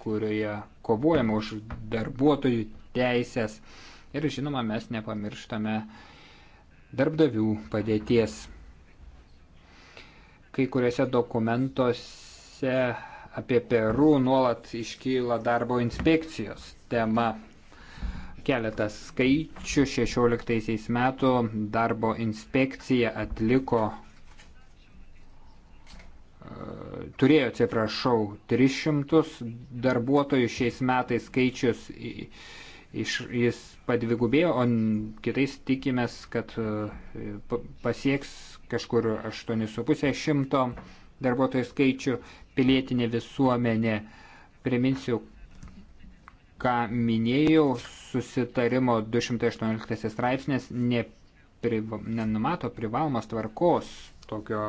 kurioje kovojama už darbuotojų teisės. Ir žinoma, mes nepamirštame darbdavių padėties. Kai kuriuose dokumentuose apie Peru nuolat iškyla darbo inspekcijos tema. Keletas skaičių 16 metų darbo inspekcija atliko, e, turėjo, atsiprašau, 300 darbuotojų šiais metais skaičius iš, jis padvigubėjo, o kitais tikimės, kad e, pasieks kažkur 8,5 šimto darbuotojų skaičių pilietinė visuomenė. Priminsiu, ką minėjau, susitarimo 218 straipsnės nepriva, nenumato privalomos tvarkos tokio,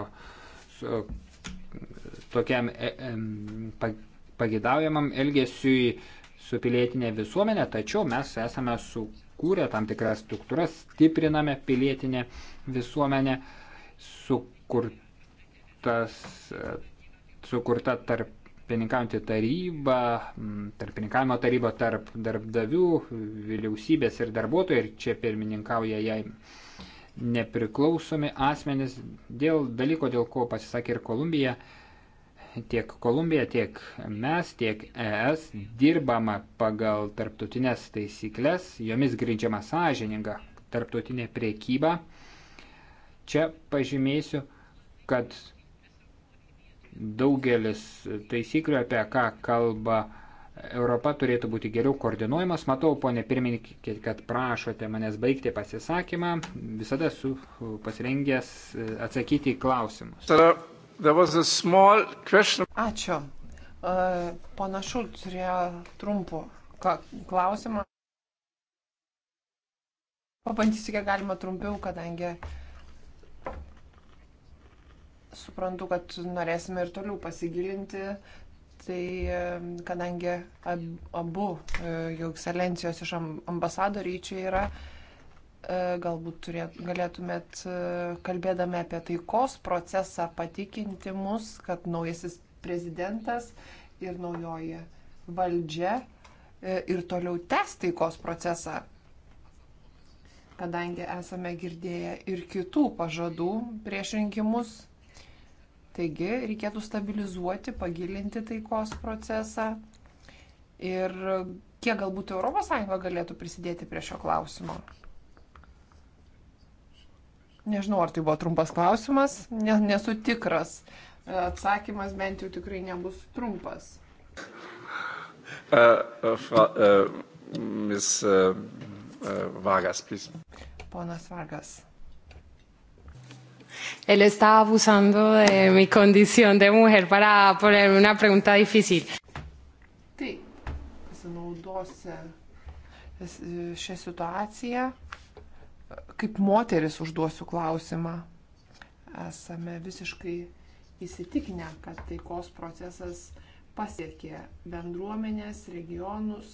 su, tokiam e, e, pagidaujamam elgesiui su pilietinė visuomenė, tačiau mes esame sukūrę tam tikras struktūras, stipriname pilietinę visuomenę, sukurtas, e, sukurta tarp tarpininkauti taryba, mm, tarpininkavimo taryba tarp darbdavių, vyriausybės ir darbuotojų, ir čia pirmininkauja jai nepriklausomi asmenys dėl dalyko, dėl ko pasisakė ir Kolumbija. Tiek Kolumbija, tiek mes, tiek ES dirbama pagal tarptautinės taisyklės, jomis grindžiama sąžininga tarptautinė priekyba. Čia pažymėsiu, kad daugelis taisyklių, apie ką kalba Europa, turėtų būti geriau koordinuojamas. Matau, ponė pirmininkė, kad prašote manęs baigti pasisakymą. Visada esu pasirengęs e, atsakyti į klausimus. Ačiū. E, Panašu, turėjo trumpų klausimą. Pabandysiu, kiek galima trumpiau, kadangi suprantu, kad norėsime ir toliau pasigilinti. Tai e, kadangi abu e, jau ekscelencijos iš ambasadoriai čia yra, e, galbūt turėt, galėtumėt, kalbėdami apie taikos procesą, patikinti mus, kad naujasis prezidentas ir naujoji valdžia ir toliau tęs taikos procesą. Kadangi esame girdėję ir kitų pažadų prieš rinkimus, Taigi reikėtų stabilizuoti, pagilinti taikos procesą ir kiek galbūt ES galėtų prisidėti prie šio klausimo. Nežinau, ar tai buvo trumpas klausimas, nesu tikras. Atsakymas bent jau tikrai nebus trumpas. Uh, uh, fra, uh, Ms. Uh, uh, Vargas, please. Ponas Vargas. Él estaba abusando de mi condición de mujer para ponerme una pregunta difícil. Taip, pasinaudosiu šią situaciją. Kaip moteris užduosiu klausimą. Esame visiškai įsitikinę, kad taikos procesas pasiekė bendruomenės, regionus,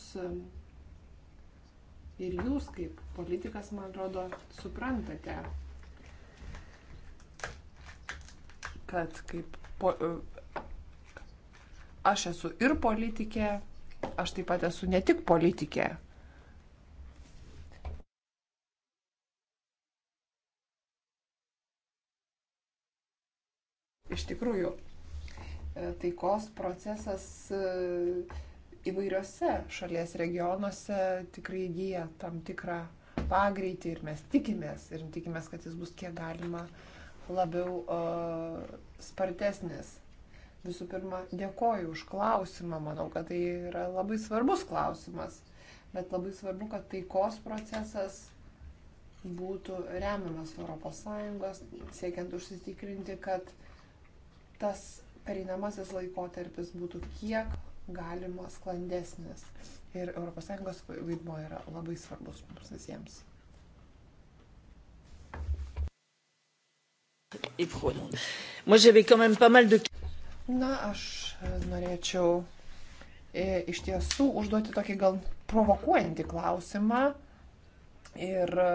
ir jūs kaip politikas, man atrodo, suprantate, kad kaip po, e, aš esu ir politikė, aš taip pat esu ne tik politikė. Iš tikrųjų, e, taikos procesas e, įvairiose šalies regionuose tikrai įgyja tam tikrą pagreitį ir mes tikimės, ir tikimės, kad jis bus kiek galima uh, labiau o, spartesnis. Visų pirma, dėkoju už klausimą, manau, kad tai yra labai svarbus klausimas, bet labai svarbu, kad taikos procesas būtų remiamas ES, siekiant užsitikrinti, kad tas pereinamasis laikotarpis būtų kiek galima sklandesnis. Ir ES vaidmo yra labai svarbus mums visiems. et Prône. Moi, j'avais quand même pas mal de. Na, aš norėčiau e, iš tiesų užduoti tokį gal provokuojantį klausimą. Ir e,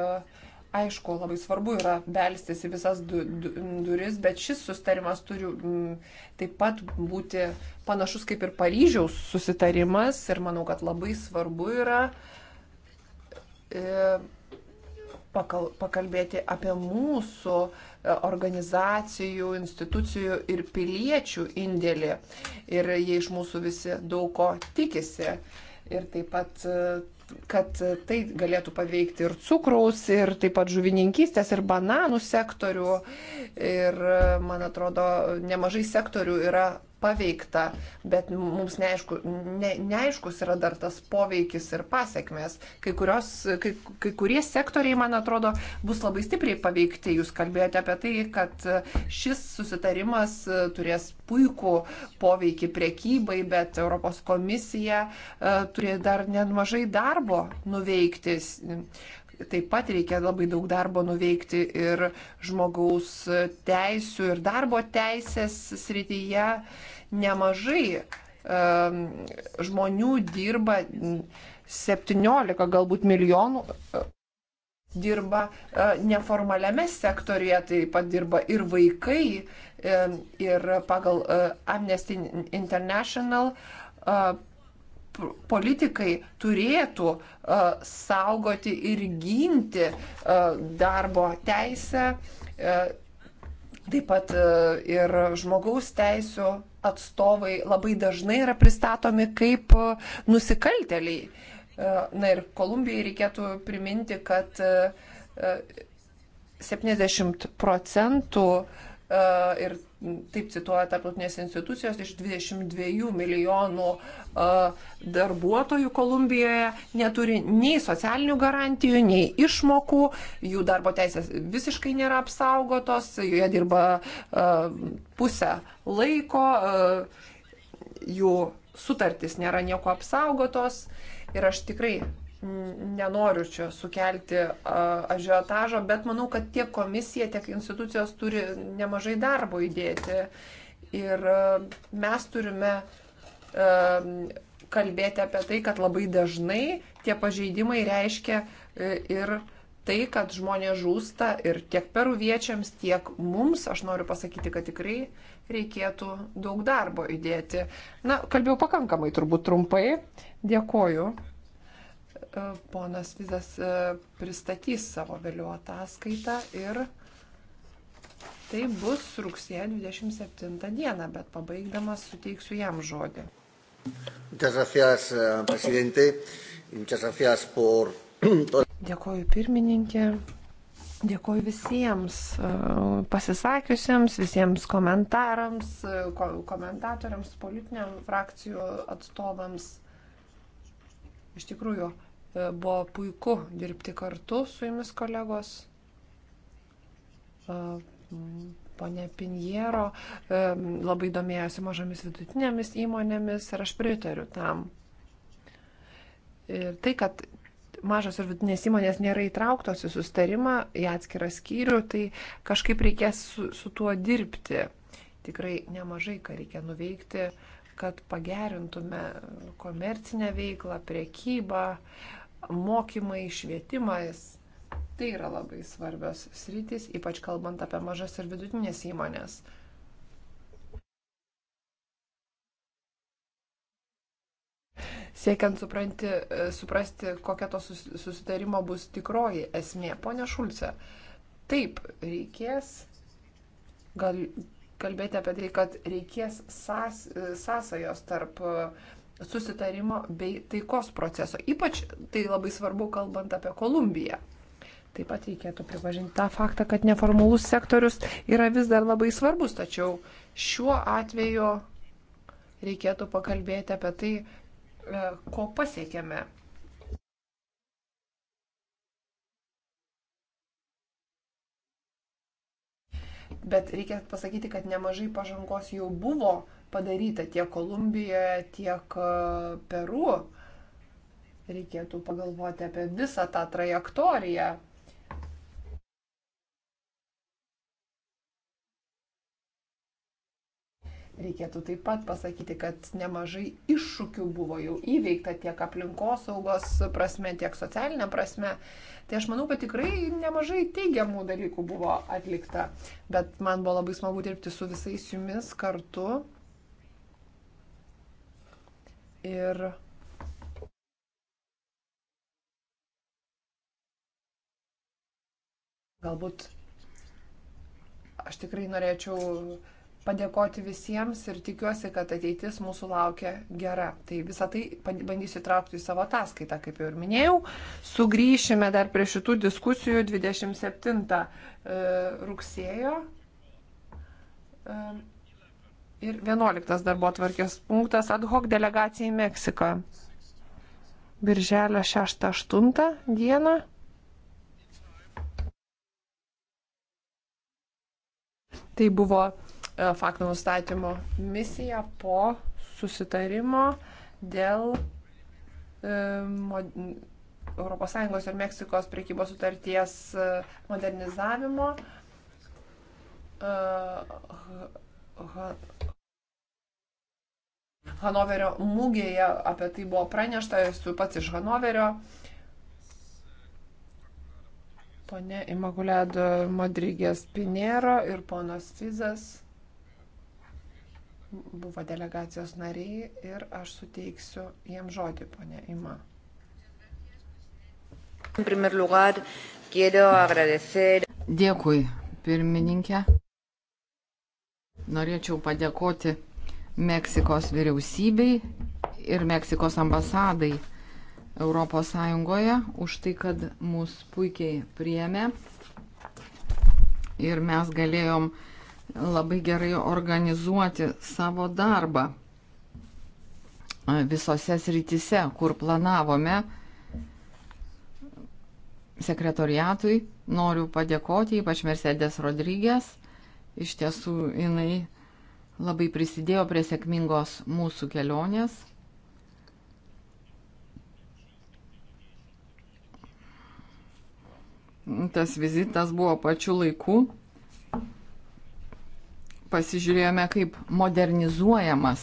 aišku, labai svarbu yra belstis į visas du, du, duris, bet šis sustarimas turi m, taip pat būti panašus kaip ir Paryžiaus susitarimas. Ir manau, kad labai svarbu yra. E, pakal, pakalbėti apie mūsų e, organizacijų, institucijų ir piliečių indėlį. Ir jie iš mūsų visi daug ko tikisi. Ir taip pat, e, kad tai galėtų paveikti ir cukraus, ir taip pat žuvininkystės, ir bananų sektorių. Ir, e, man atrodo, nemažai sektorių yra paveikta, bet mums neaišku, ne, neaiškus yra dar tas poveikis ir pasiekmes. Kai, kurios, kai, kai kurie sektoriai, man atrodo, bus labai stipriai paveikti. Jūs kalbėjote apie tai, kad šis susitarimas turės puikų poveikį priekybai, bet Europos komisija e, turi dar nemažai darbo nuveiktis Taip pat reikia labai daug darbo nuveikti ir žmogaus teisų ir darbo teisės srityje. Nemažai um, žmonių dirba, 17 galbūt milijonų e, dirba e, neformaliame sektorėje, taip pat dirba ir vaikai, e, ir pagal Amnesty International politikai turėtų uh, saugoti ir ginti uh, darbo teisę, uh, taip pat uh, ir žmogaus teisų atstovai labai dažnai yra pristatomi kaip uh, nusikalteliai. Uh, na ir Kolumbijai reikėtų priminti, kad uh, 70 procentų uh, ir taip cituoja tarptautinės institucijos, iš 22 milijonų darbuotojų Kolumbijoje neturi nei socialinių garantijų, nei išmokų, jų darbo teisės visiškai nėra apsaugotos, joje dirba pusę laiko, jų sutartis nėra nieko apsaugotos ir aš tikrai nenoriu čia sukelti ažiotažo, bet manau, kad tiek komisija, tiek institucijos turi nemažai darbo įdėti. Ir mes turime kalbėti apie tai, kad labai dažnai tie pažeidimai reiškia e, ir tai, kad žmonės žūsta ir tiek peruviečiams, tiek mums, aš noriu pasakyti, kad tikrai reikėtų daug darbo įdėti. Na, kalbėjau pakankamai turbūt trumpai. Dėkoju. E, ponas Vizas e, pristatys savo vėliau ataskaitą ir tai bus rugsėjo 27 dieną, bet pabaigdamas suteiksiu jam žodį. Eh, dėkoju pirmininkė, dėkoju visiems e, pasisakiusiems, visiems komentarams, komentatoriams, politiniam frakcijų atstovams. Iš tikrųjų, E, buvo puiku dirbti kartu su jumis kolegos. E, Pone Pinjero e, labai domėjosi mažomis vidutinėmis įmonėmis ir aš pritariu tam. Ir tai, kad mažos ir vidutinės įmonės nėra įtrauktos į sustarimą, į atskirą skyrių, tai kažkaip reikės su, su tuo dirbti. Tikrai nemažai ką reikia nuveikti, kad pagerintume komercinę veiklą, priekybą, uh, mokymai, švietimas. Tai yra labai svarbios sritis, ypač kalbant apie mažas ir vidutinės įmonės. siekiant supranti, suprasti, kokia to susitarimo bus tikroji esmė. Pone Šulce, taip, reikės gal, kalbėti apie tai, kad reikės sąsajos tarp susitarimo bei taikos proceso. Ypač tai labai svarbu, kalbant apie Kolumbiją. Taip pat reikėtų pripažinti tą faktą, kad neformalus sektorius yra vis dar labai svarbus, tačiau šiuo atveju reikėtų pakalbėti apie tai, e, ko pasiekėme. Bet reikia pasakyti, kad nemažai pažangos jau buvo padaryta tiek Kolumbijoje, tiek e, Peru. Reikėtų pagalvoti apie visą tą trajektoriją. Reikėtų taip pat pasakyti, kad nemažai iššūkių buvo jau įveikta tiek aplinkosaugos prasme, tiek socialinė prasme. Tai aš manau, kad tikrai nemažai teigiamų dalykų buvo atlikta. Bet man buvo labai smagu dirbti su visais jumis kartu. Ir galbūt aš tikrai norėčiau padėkoti visiems ir tikiuosi, kad ateitis mūsų laukia gera. Tai visą tai bandysiu traukti į savo ataskaitą, kaip jau ir minėjau. Sugrįšime dar prie šitų diskusijų 27 e, rugsėjo e, Ir vienuoliktas darbo atvarkės punktas ad hoc delegacija į Meksiką. Birželio 6-8 dieną. Tai buvo e, faktų nustatymo misija po susitarimo dėl ES ir Meksikos priekybos sutarties e, modernizavimo. E, Hanoverio mūgėje apie tai buvo pranešta, esu pats iš Hanoverio. Pone Imaguledo Madrygės Pinero ir ponas Fizas buvo delegacijos nariai ir aš suteiksiu jiem žodį, ponė Ima. Dėkui, pirmininkė. Norėčiau padėkoti Meksikos vyriausybei ir Meksikos ambasadai ES už tai, kad mus puikiai priemė ir mes galėjom labai gerai organizuoti savo darbą visose srityse, kur planavome sekretoriatui. Noriu padėkoti ypač Mercedes Rodrygės Iš tiesų jinai labai prisidėjo prie sėkmingos mūsų kelionės. Tas vizitas buvo pačiu laiku. Pasižiūrėjome, kaip modernizuojamas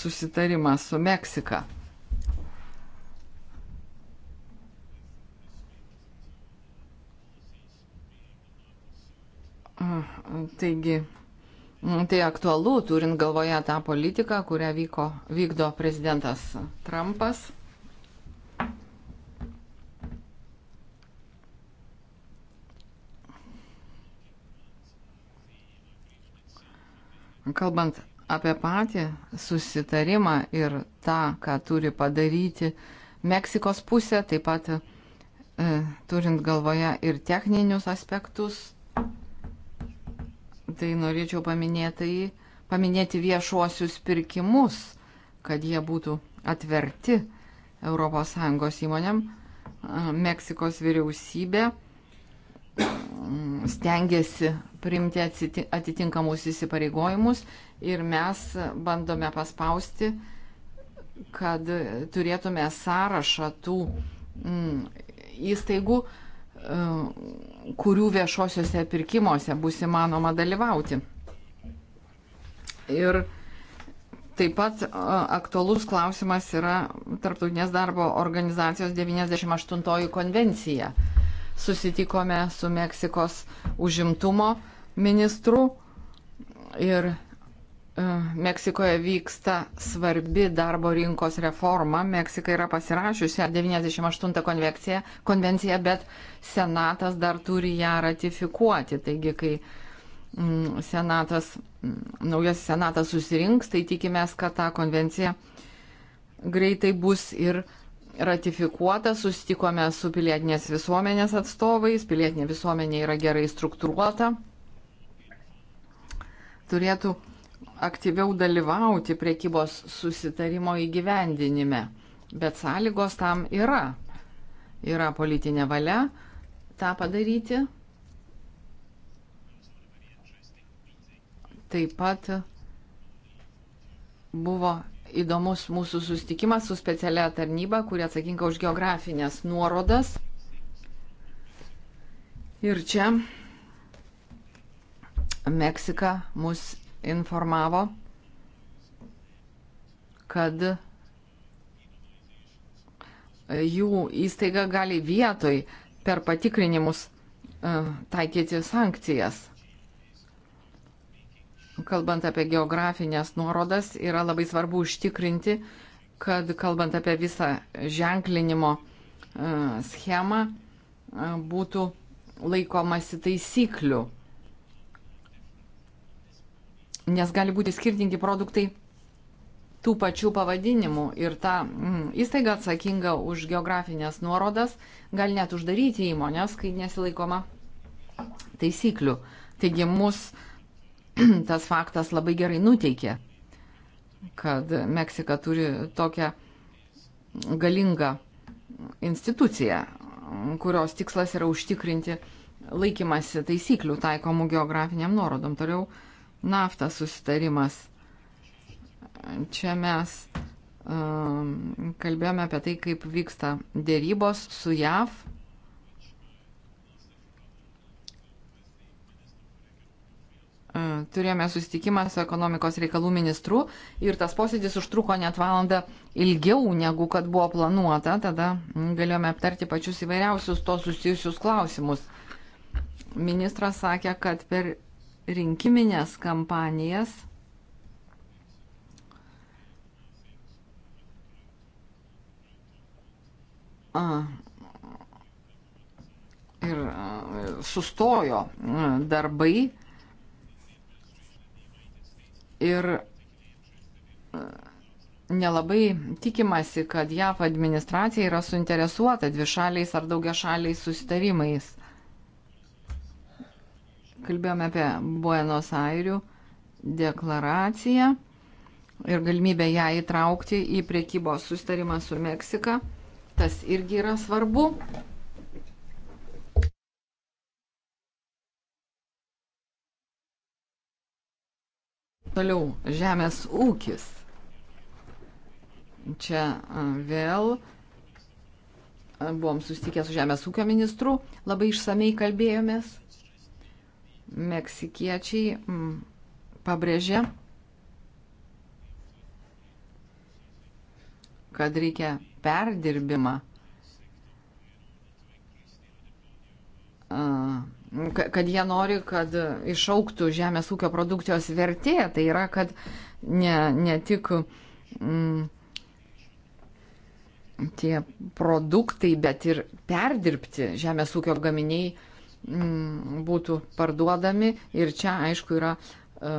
susitarimas su Meksika. Taigi, tai aktualu, turint galvoje tą politiką, kurią vyko, vykdo prezidentas Trumpas. Kalbant apie patį susitarimą ir tą, ką turi padaryti Meksikos pusė, taip pat e, turint galvoje ir techninius aspektus, tai norėčiau paminėtai, paminėti viešuosius pirkimus, kad jie būtų atverti ES įmonėm. Meksikos vyriausybė mm, stengiasi priimti atitinkamus įsipareigojimus ir mes bandome paspausti, kad turėtume sąrašą tų mm, įstaigų, E, kurių viešosiuose pirkimuose bus įmanoma dalyvauti. Ir taip pat e, aktualus klausimas yra Tarptautinės darbo organizacijos 98 konvencija. Susitikome su Meksikos užimtumo ministru ir E, Meksikoje vyksta svarbi darbo rinkos reforma. Meksika yra pasirašiusi 98 konvenciją, konvenciją, bet Senatas dar turi ją ratifikuoti. Taigi, kai mm, senatas, mm, naujas Senatas susirinks, tai tikimės, kad ta konvencija greitai bus ir ratifikuota. Sustikome su pilietinės visuomenės atstovais. Pilietinė visuomenė yra gerai struktūruota. Turėtų aktyviau dalyvauti priekybos susitarimo įgyvendinime. Bet sąlygos tam yra. Yra politinė valia tą padaryti. Taip pat buvo įdomus mūsų sustikimas su specialia tarnyba, kuri atsakinga už geografinės nuorodas. Ir čia Meksika mus informavo, kad jų įstaiga gali vietoj per patikrinimus e, taikyti sankcijas. Kalbant apie geografinės nuorodas, yra labai svarbu užtikrinti, kad kalbant apie visą ženklinimo e, schemą, e, būtų laikomasi taisyklių nes gali būti skirtingi produktai tų pačių pavadinimų ir ta mm, įstaiga atsakinga už geografinės nuorodas gali net uždaryti įmonės, kai nesilaikoma taisyklių. Taigi mus tas faktas labai gerai nuteikė, kad Meksika turi tokią galingą instituciją, kurios tikslas yra užtikrinti laikymasi taisyklių taikomų geografiniam nuorodom. Toliau naftą susitarimas. Čia mes um, kalbėjome apie tai, kaip vyksta dėrybos su JAV. Uh, turėjome susitikimą su ekonomikos reikalų ministru ir tas posėdis užtruko net valandą ilgiau negu kad buvo planuota. Tada mm, galėjome aptarti pačius įvairiausius to susijusius klausimus. Ministras sakė, kad per rinkiminės kampanijas. A, ir sustojo darbai ir nelabai tikimasi, kad JAV administracija yra suinteresuota dvišaliais ar daugia šaliais susitarimais kalbėjome apie Buenos Airių deklaraciją ir galimybę ją įtraukti į priekybos sustarimą su Meksika. Tas irgi yra svarbu. Toliau žemės ūkis. Čia vėl buvom susitikę su žemės ūkio ministru, labai išsamei kalbėjomės Meksikiečiai mm, pabrėžė, kad reikia perdirbimą, kad jie nori, kad išauktų žemės ūkio produkcijos vertė. Tai yra, kad ne, ne tik mm, tie produktai, bet ir perdirbti žemės ūkio gaminiai Mm, būtų parduodami. Ir čia, aišku, yra e,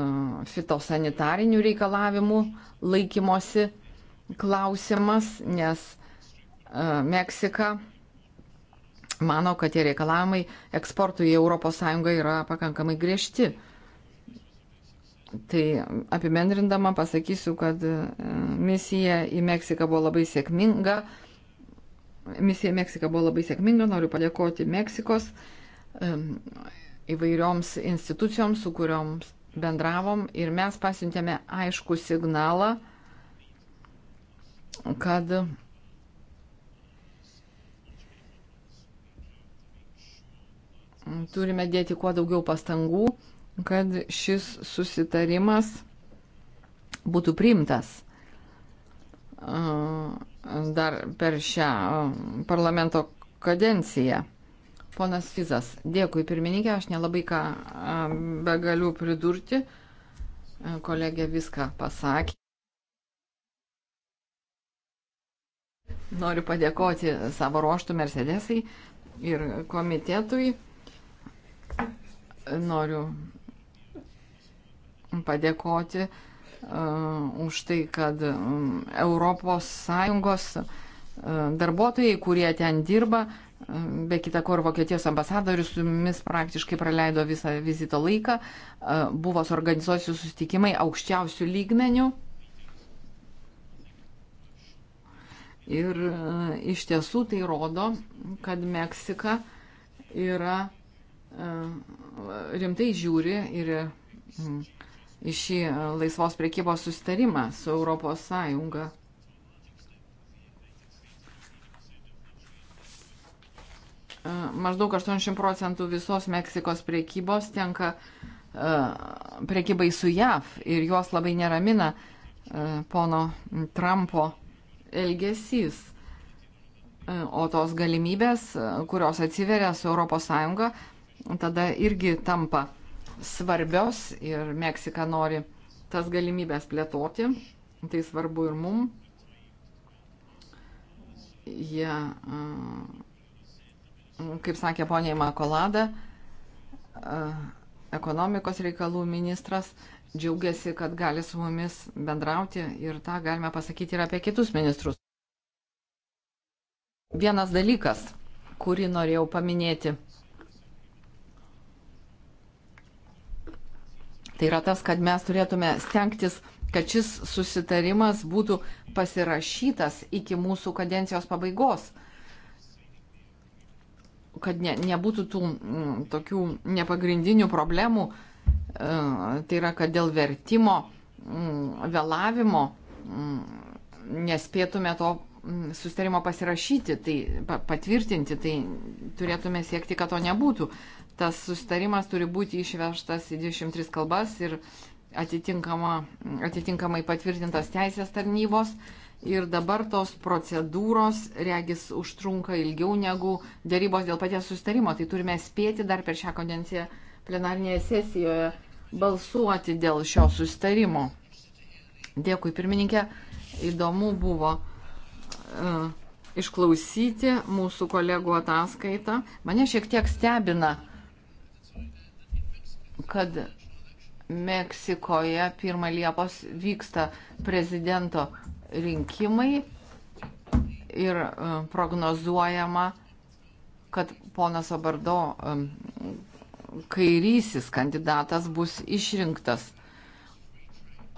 fitosanitarinių reikalavimų laikymosi klausimas, nes e, Meksika mano, kad tie reikalavimai eksportui į ES yra pakankamai griežti. Tai apibendrindama pasakysiu, kad e, misija į Meksiką buvo labai sėkminga. Misija į Meksiką buvo labai sėkminga, noriu padėkoti Meksikos uh, įvairioms institucijoms, su kurioms bendravom ir mes pasiuntėme aišku signalą, kad turime dėti kuo daugiau pastangų, kad šis susitarimas būtų priimtas dar per šią parlamento kadenciją. Ponas Fizas, dėkui pirmininkė, aš nelabai ką be galiu pridurti. Kolegė viską pasakė. Noriu padėkoti savo ruoštų Mercedesai ir komitetui. Noriu padėkoti uh, už tai, kad um, ES darbuotojai, kurie ten dirba, uh, Be kita ko ir Vokietijos ambasadorius su mumis praktiškai praleido visą vizito laiką. Buvo suorganizuosiu sustikimai aukščiausių lygmenių. Ir e, iš tiesų tai rodo, kad Meksika yra e, rimtai žiūri ir į šį e, laisvos priekybos sustarimą su Europos Sąjunga. maždaug 80 procentų visos Meksikos priekybos tenka e, priekybai su JAV ir juos labai neramina e, pono Trumpo elgesys. E, o tos galimybės, kurios atsiveria su ES, tada irgi tampa svarbios ir Meksika nori tas galimybės plėtoti. Tai svarbu ir mum. Jie ja, kaip sakė ponė Makolada, ekonomikos reikalų ministras džiaugiasi, kad gali su mumis bendrauti ir tą galime pasakyti ir apie kitus ministrus. Vienas dalykas, kurį norėjau paminėti, tai yra tas, kad mes turėtume stengtis, kad šis susitarimas būtų pasirašytas iki mūsų kadencijos pabaigos kad ne, nebūtų tų m, mm, tokių nepagrindinių problemų, e, tai yra, kad dėl vertimo, m, mm, vėlavimo m, mm, nespėtume to sustarimo pasirašyti, tai pa, patvirtinti, tai turėtume siekti, kad to nebūtų. Tas sustarimas turi būti išvežtas į 23 kalbas ir atitinkama, atitinkamai patvirtintas teisės tarnybos. E, ir dabar tos procedūros, regis, užtrunka ilgiau negu dėrybos dėl paties sustarimo. Tai turime spėti dar per šią kadenciją plenarinėje sesijoje balsuoti dėl šio sustarimo. Dėkui, pirmininkė. Įdomu buvo uh, išklausyti mūsų kolegų ataskaitą. Mane šiek tiek stebina, kad Meksikoje 1 Liepos vyksta prezidento rinkimai ir e, prognozuojama, kad ponas Obardo e, kairysis kandidatas bus išrinktas,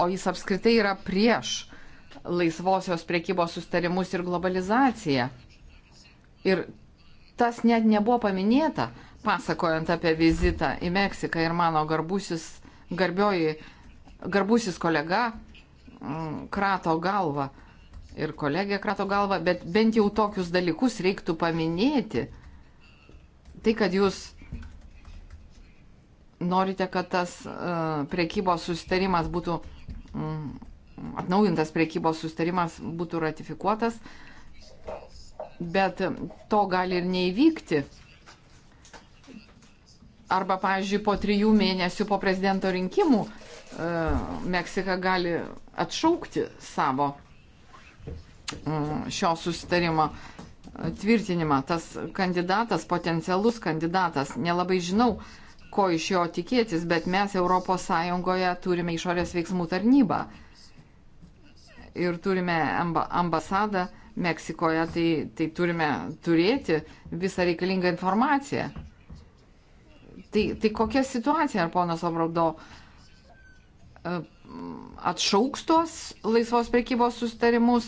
o jis apskritai yra prieš laisvosios priekybos sustarimus ir globalizaciją. Ir tas net nebuvo paminėta, pasakojant apie vizitą į Meksiką ir mano garbusis, garbioji, garbusis kolega Mm, krato galvą ir kolegė krato galvą, bet bent jau tokius dalykus reiktų paminėti. Tai, kad jūs norite, kad tas e, priekybos sustarimas būtų, mm, atnaujintas priekybos sustarimas būtų ratifikuotas, bet to gali ir neįvykti. Arba, pavyzdžiui, po trijų mėnesių po prezidento rinkimų E, Meksika gali atšaukti savo e, šio susitarimo tvirtinimą. Tas kandidatas, potencialus kandidatas, nelabai žinau, ko iš jo tikėtis, bet mes ES turime išorės veiksmų tarnybą ir turime ambasadą Meksikoje, tai, tai turime turėti visą reikalingą informaciją. Tai, tai kokia situacija, ar ponas Obrodo uh, E, atšauks tos laisvos prekybos sustarimus?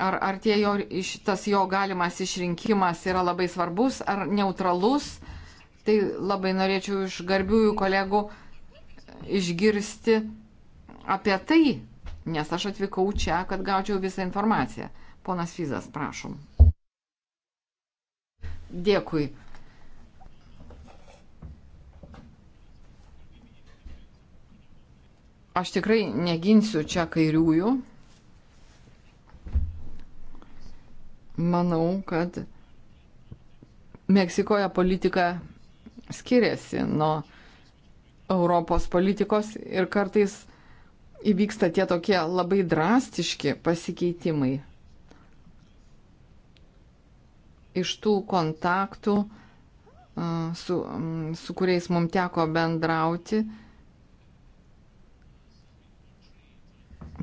Ar, ar jo, tas jo galimas išrinkimas yra labai svarbus ar neutralus? Tai labai norėčiau iš garbiųjų kolegų išgirsti apie tai, nes aš atvykau čia, kad gaučiau visą informaciją. Ponas Fizas, prašom. Dėkui. Aš tikrai neginsiu čia kairiųjų. Manau, kad Meksikoje politika skiriasi nuo Europos politikos ir kartais įvyksta tie tokie labai drastiški pasikeitimai. Iš tų kontaktų, su, su kuriais mums teko bendrauti,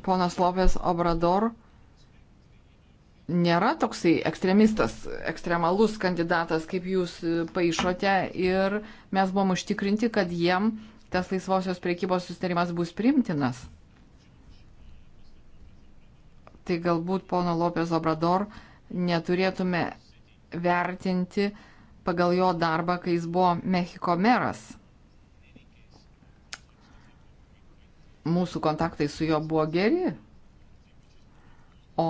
ponas Lopės Obrador nėra toksai ekstremistas, ekstremalus kandidatas, kaip jūs paaišote, ir mes buvom užtikrinti, kad jiem tas laisvosios priekybos sustarimas bus primtinas. Tai galbūt pono Lopės Obrador neturėtume vertinti pagal jo darbą, kai jis buvo Mehiko meras. mūsų kontaktai su juo buvo geri, o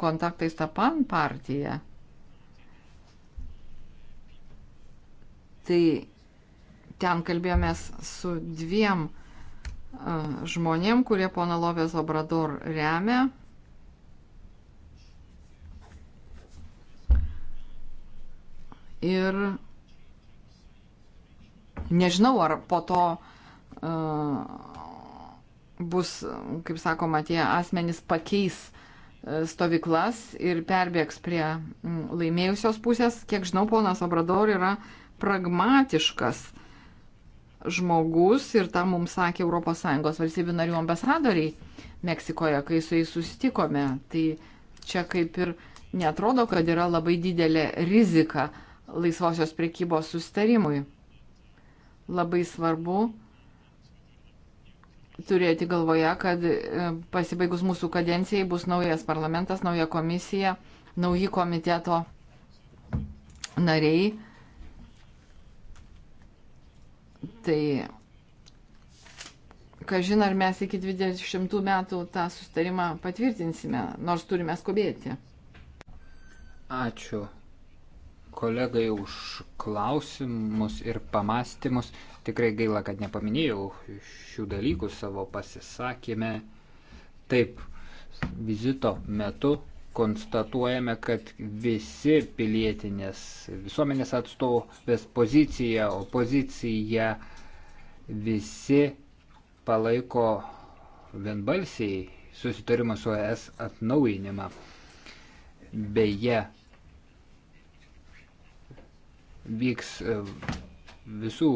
kontaktai su Tapan partija. Tai ten kalbėjomės su dviem uh, žmonėm, kurie pono Lovės Obrador remia. Ir nežinau, ar po to uh, bus, kaip sakoma, tie asmenys pakeis e, stovyklas ir perbėgs prie laimėjusios pusės. Kiek žinau, ponas Obrador yra pragmatiškas žmogus ir tą mums sakė ES valstybių narių ambasadoriai Meksikoje, kai su jais susitikome. Tai čia kaip ir netrodo, kad yra labai didelė rizika laisvosios priekybos sustarimui. Labai svarbu, turėti galvoje, kad e, pasibaigus mūsų kadencijai bus naujas parlamentas, nauja komisija, nauji komiteto nariai. Tai, kažin ar mes iki 20 metų tą sustarimą patvirtinsime, nors turime skubėti. Ačiū kolegai už klausimus ir pamastymus. Tikrai gaila, kad nepaminėjau šių dalykų savo pasisakymę. Taip, vizito metu konstatuojame, kad visi pilietinės visuomenės atstovės pozicija, opozicija, visi palaiko vienbalsiai susitarimą su ES atnaujinimą. Beje, vyks e, visų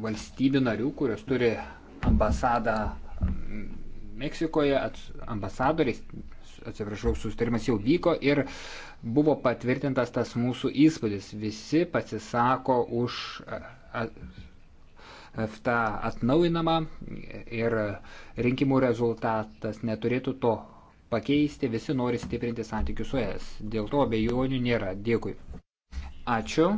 valstybių narių, kurios turi ambasadą Meksikoje, ambasadoriais, atsiprašau, sustarimas jau vyko ir buvo patvirtintas tas mūsų įspūdis. Visi pasisako už tą atnaujinamą ir rinkimų rezultatas neturėtų to pakeisti, visi nori stiprinti santykius su ES. Dėl to abejonių nėra. Dėkui. Ačiū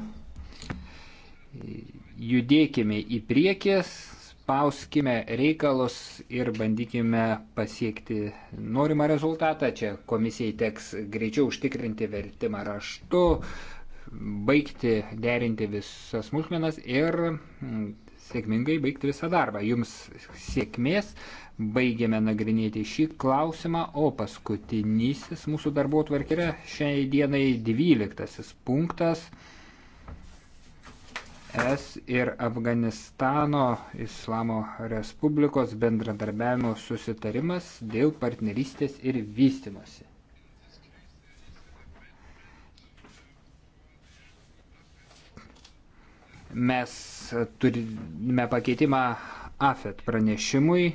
judėkime į priekis, spauskime reikalus ir bandykime pasiekti norimą rezultatą. Čia komisijai teks greičiau užtikrinti vertimą raštu, baigti derinti visas smulkmenas ir mm, sėkmingai baigti visą darbą. Jums sėkmės, baigėme nagrinėti šį klausimą, o paskutinysis mūsų darbo tvarkėre šiai dienai 12 punktas. ES ir Afganistano Islamo Respublikos bendradarbiavimo susitarimas dėl partnerystės ir vystimosi. Mes turime pakeitimą AFET pranešimui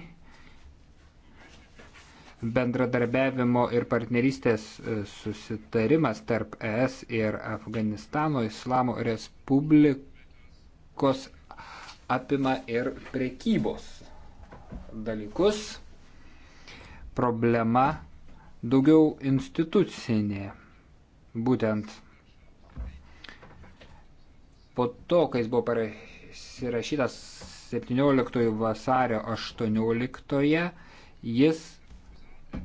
bendradarbiavimo ir partnerystės e, susitarimas tarp ES ir Afganistano Islamo Respublikos politikos apima ir prekybos dalykus. Problema daugiau institucinė. Būtent po to, kai jis buvo pasirašytas 17 vasario 18, jis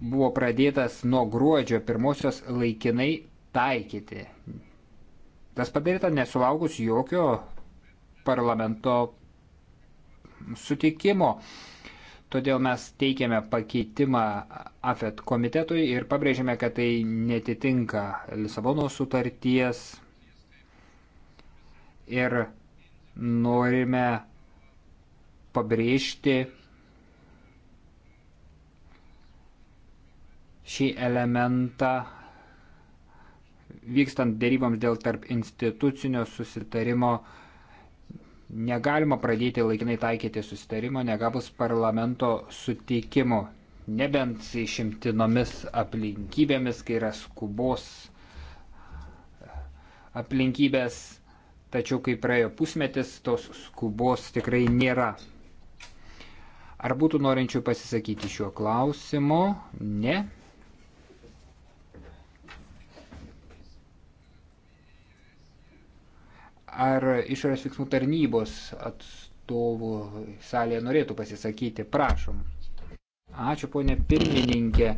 buvo pradėtas nuo gruodžio pirmosios laikinai taikyti. Tas padaryta nesulaukus jokio parlamento sutikimo. Todėl mes teikiame pakeitimą AFET komitetui ir pabrėžėme, kad tai netitinka Lisabono sutarties ir norime pabrėžti šį elementą vykstant dėryboms dėl tarp institucinio susitarimo Negalima pradėti laikinai taikyti susitarimo negavus parlamento sutikimo, nebent išimtinomis aplinkybėmis, kai yra skubos aplinkybės, tačiau kai praėjo pusmetis, tos skubos tikrai nėra. Ar būtų norinčių pasisakyti šiuo klausimu? Ne. ar išorės veiksmų tarnybos atstovų salėje norėtų pasisakyti. Prašom. Ačiū, ponė pirmininkė.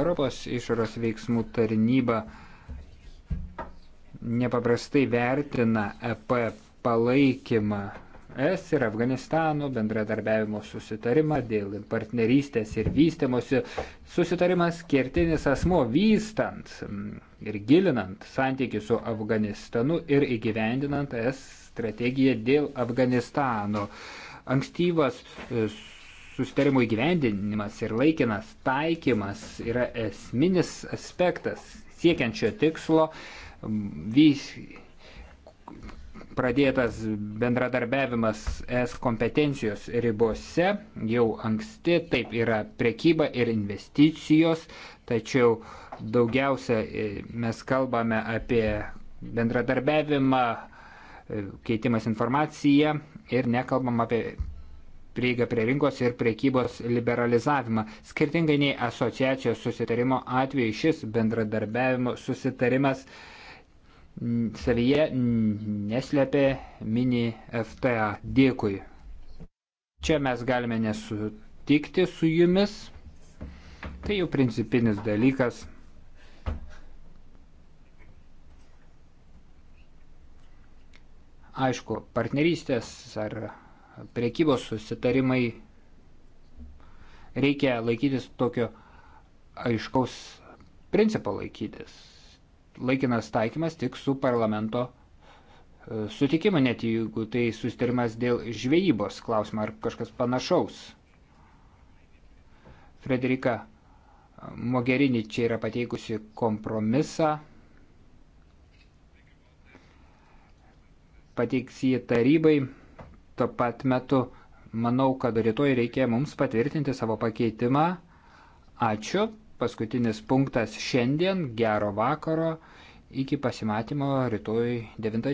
Europos išorės veiksmų tarnyba nepaprastai vertina EP palaikymą ES ir Afganistano bendradarbiavimo susitarimą dėl partnerystės ir vystimosi. Susitarimas kertinis asmo vystant ir gilinant santykių su Afganistanu ir įgyvendinant ES strategiją dėl Afganistano. Ankstyvas e, susitarimo įgyvendinimas ir laikinas taikymas yra esminis aspektas siekiančio tikslo vys pradėtas bendradarbiavimas es kompetencijos ribose jau anksti, taip yra prekyba ir investicijos, tačiau daugiausia e, mes kalbame apie bendradarbiavimą, e, keitimas informacija ir nekalbam apie prieigą prie rinkos ir priekybos liberalizavimą. Skirtingai nei asociacijos susitarimo atveju šis bendradarbiavimo susitarimas savyje neslėpė mini FTA. Dėkui. Čia mes galime nesutikti su jumis. Tai jau principinis dalykas. Aišku, partnerystės ar priekybos susitarimai reikia laikytis tokio aiškaus principo laikytis laikinas taikymas tik su parlamento e, sutikimą, net jeigu tai sustarimas dėl žvejybos klausimą ar kažkas panašaus. Frederika Mogherini čia yra pateikusi kompromisą. Pateiks jį tarybai. Tuo pat metu manau, kad rytoj reikia mums patvirtinti savo pakeitimą. Ačiū paskutinis punktas šiandien. Gero vakaro. Iki pasimatymo rytoj 9.